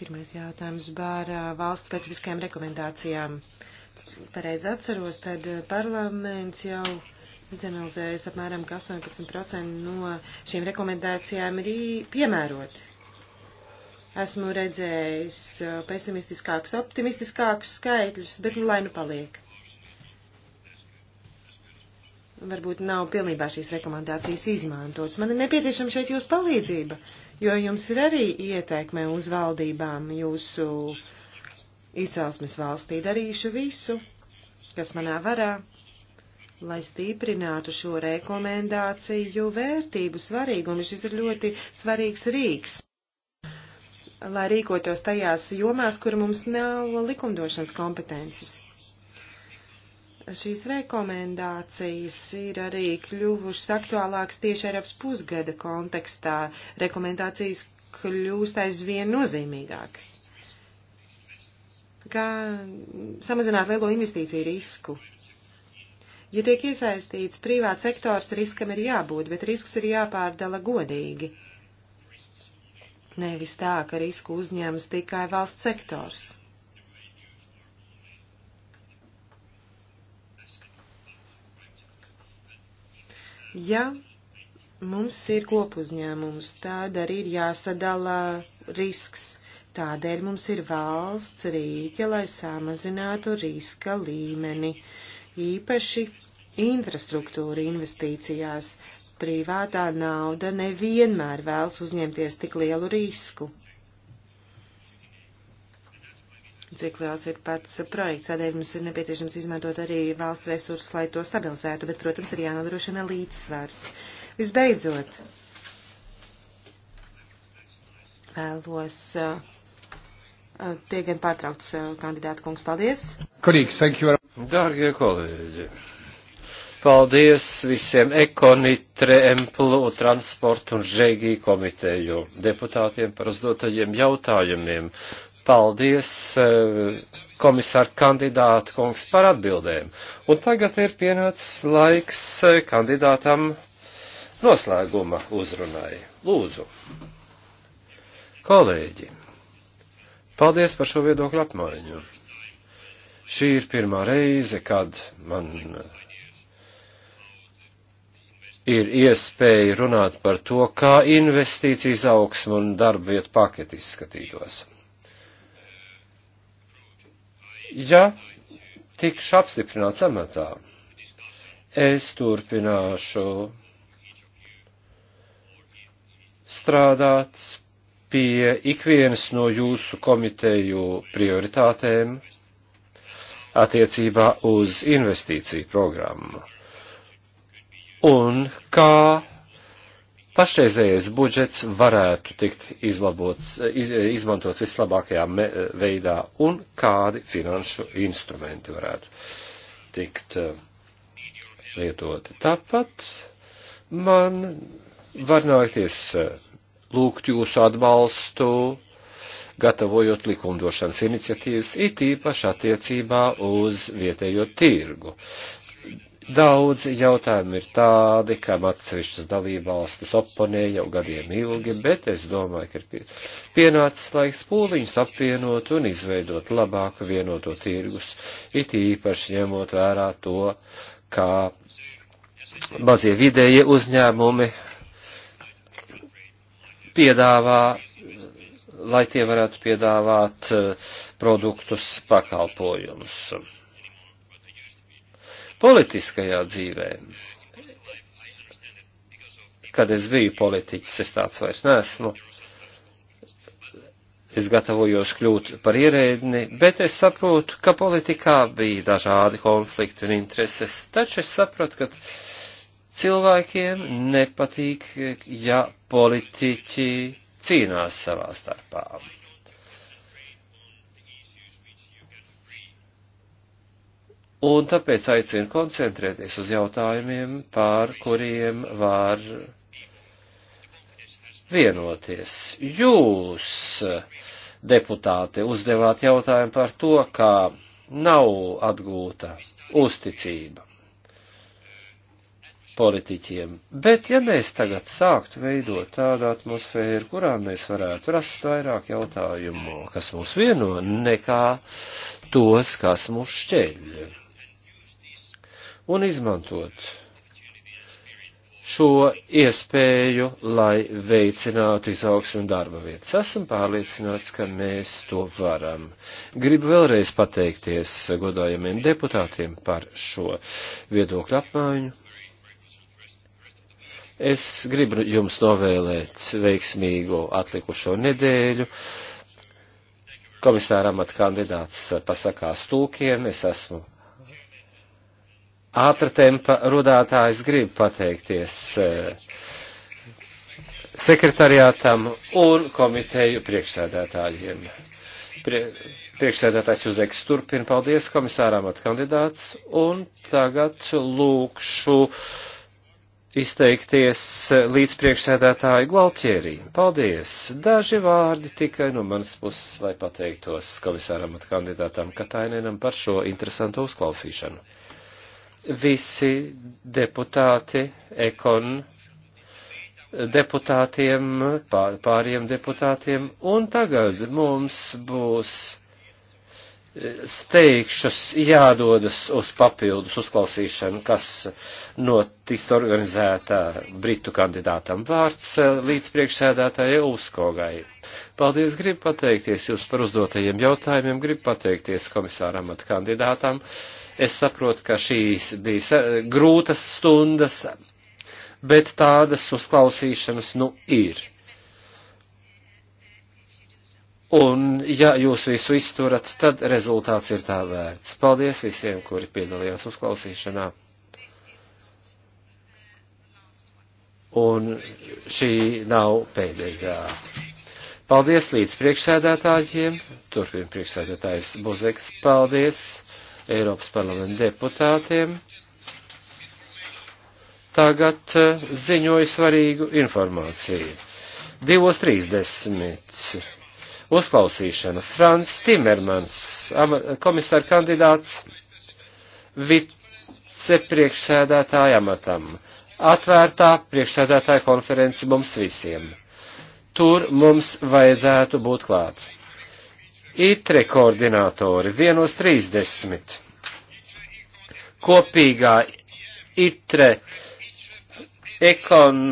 Pirmais jautājums par uh, valsts specifiskajām rekomendācijām. Pareizi atceros, tad uh, parlaments jau izanalizējis apmēram, ka 18% no šīm rekomendācijām ir piemēroti. Esmu redzējis uh, pesimistiskākus, optimistiskākus skaitļus, bet nu lai nu paliek varbūt nav pilnībā šīs rekomendācijas izmantotas. Man ir nepieciešama šeit jūsu palīdzība, jo jums ir arī ieteikme uz valdībām jūsu izcelsmes valstī. Darīšu visu, kas manā varā, lai stiprinātu šo rekomendāciju vērtību svarīgumu. Šis ir ļoti svarīgs rīks lai rīkotos tajās jomās, kur mums nav likumdošanas kompetences. Šīs rekomendācijas ir arī kļuvušas aktuālākas tieši Eiropas pusgada kontekstā. Rekomendācijas kļūst aizvien nozīmīgākas. Kā samazināt lielo investīciju risku? Ja tiek iesaistīts privāts sektors, riskam ir jābūt, bet risks ir jāpārdala godīgi. Nevis tā, ka risku uzņems tikai valsts sektors. Ja mums ir kopuzņēmums, tad arī ir jāsadala risks. Tādēļ mums ir valsts rīka, lai samazinātu riska līmeni, īpaši infrastruktūra investīcijās. Privātā nauda nevienmēr vēlas uzņemties tik lielu risku cik liels ir pats projekts. Tādēļ mums ir nepieciešams izmantot arī valsts resursus, lai to stabilizētu, bet, protams, ir jānodrošina līdzsvars. Visbeidzot, vēlos uh, uh, tiek gan pārtraukts uh, kandidāta kungs. Paldies! Kolīgs, thank you! Dārgie kolēģi! Paldies visiem ekonitre, emplu, transportu un žēgī komiteju deputātiem par uzdotajiem jautājumiem. Paldies, eh, komisāra kandidāta kungs, par atbildēm. Un tagad ir pienācis laiks eh, kandidātam noslēguma uzrunai. Lūdzu, kolēģi, paldies par šo viedokļu apmaiņu. Šī ir pirmā reize, kad man eh, ir iespēja runāt par to, kā investīcijas augsmu un darba vietu paketi izskatītos. Ja tikšu apstiprināts amatā, es turpināšu strādāt pie ikvienas no jūsu komiteju prioritātēm attiecībā uz investīciju programmu. Un kā pašreizējais budžets varētu tikt izlabots, iz, izmantots vislabākajā me, veidā un kādi finanšu instrumenti varētu tikt eh, lietoti. Tāpat man var nākties eh, lūgt jūsu atbalstu, gatavojot likumdošanas iniciatīvas, it īpaši attiecībā uz vietējo tirgu. Daudz jautājumu ir tādi, kam atsevišķas dalībvalstis oponē jau gadiem ilgi, bet es domāju, ka ir pienācis laiks pūliņus apvienot un izveidot labāku vienoto tirgus, it īpaši ņemot vērā to, kā mazie vidējie uzņēmumi piedāvā, lai tie varētu piedāvāt eh, produktus, pakalpojumus politiskajā dzīvē. Kad es biju politiķis, es tāds vairs nesmu. Es gatavojos kļūt par ierēdni, bet es saprotu, ka politikā bija dažādi konflikti un intereses, taču es saprotu, ka cilvēkiem nepatīk, ja politiķi cīnās savā starpā. Un tāpēc aicinu koncentrēties uz jautājumiem, pār kuriem var vienoties. Jūs, deputāti, uzdevāt jautājumu par to, kā nav atgūta uzticība politiķiem. Bet ja mēs tagad sāktu veidot tādu atmosfēru, kurā mēs varētu rast vairāk jautājumu, kas mūs vieno, nekā tos, kas mūs šķeļ un izmantot šo iespēju, lai veicinātu izaugsmu un darba vietas. Esmu pārliecināts, ka mēs to varam. Gribu vēlreiz pateikties godājumiem deputātiem par šo viedokļu apmaiņu. Es gribu jums novēlēt veiksmīgu atlikušo nedēļu. Komisāra amata kandidāts pasakās tūkiem, es esmu ātra tempa rudātājs grib pateikties eh, sekretariātam un komiteju priekšsēdētājiem. Prie, priekšsēdētājs Uzeks turpina. Paldies komisāram at kandidāts. Un tagad lūkšu izteikties līdz priekšsēdētāju Gualtierī. Paldies! Daži vārdi tikai no manas puses, lai pateiktos komisāram at kandidātam Katainenam par šo interesantu uzklausīšanu visi deputāti, ekon deputātiem, pār, pāriem deputātiem, un tagad mums būs e, steigšus jādodas uz papildus uzklausīšanu, kas notiks organizētā Britu kandidātam vārds e, līdz priekšsēdētājai Ulskogai. Paldies, gribu pateikties jūs par uzdotajiem jautājumiem, gribu pateikties komisāram at kandidātam. Uh, Es saprotu, ka šīs bija grūtas stundas, bet tādas uzklausīšanas nu ir. Un, ja jūs visu izturat, tad rezultāts ir tā vērts. Paldies visiem, kuri piedalījās uzklausīšanā. Un šī nav pēdējā. Paldies līdz priekšsēdētājiem. Turpin priekšsēdētājs Buzeks. Paldies. Eiropas parlamenta deputātiem tagad eh, ziņoju svarīgu informāciju. 2.30. Uzklausīšana. Frans Timermans, komisāra kandidāts vicepriekšsēdētāja amatam. Atvērtā priekšsēdētāja konference mums visiem. Tur mums vajadzētu būt klāt. ITRE koordinātori 1.30. Kopīgā ITRE ekon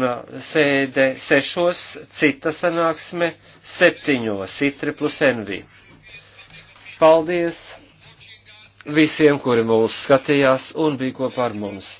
sēde 6. Cita sanāksme 7. ITRE plus NV. Paldies visiem, kuri mūs skatījās un bija kopā ar mums.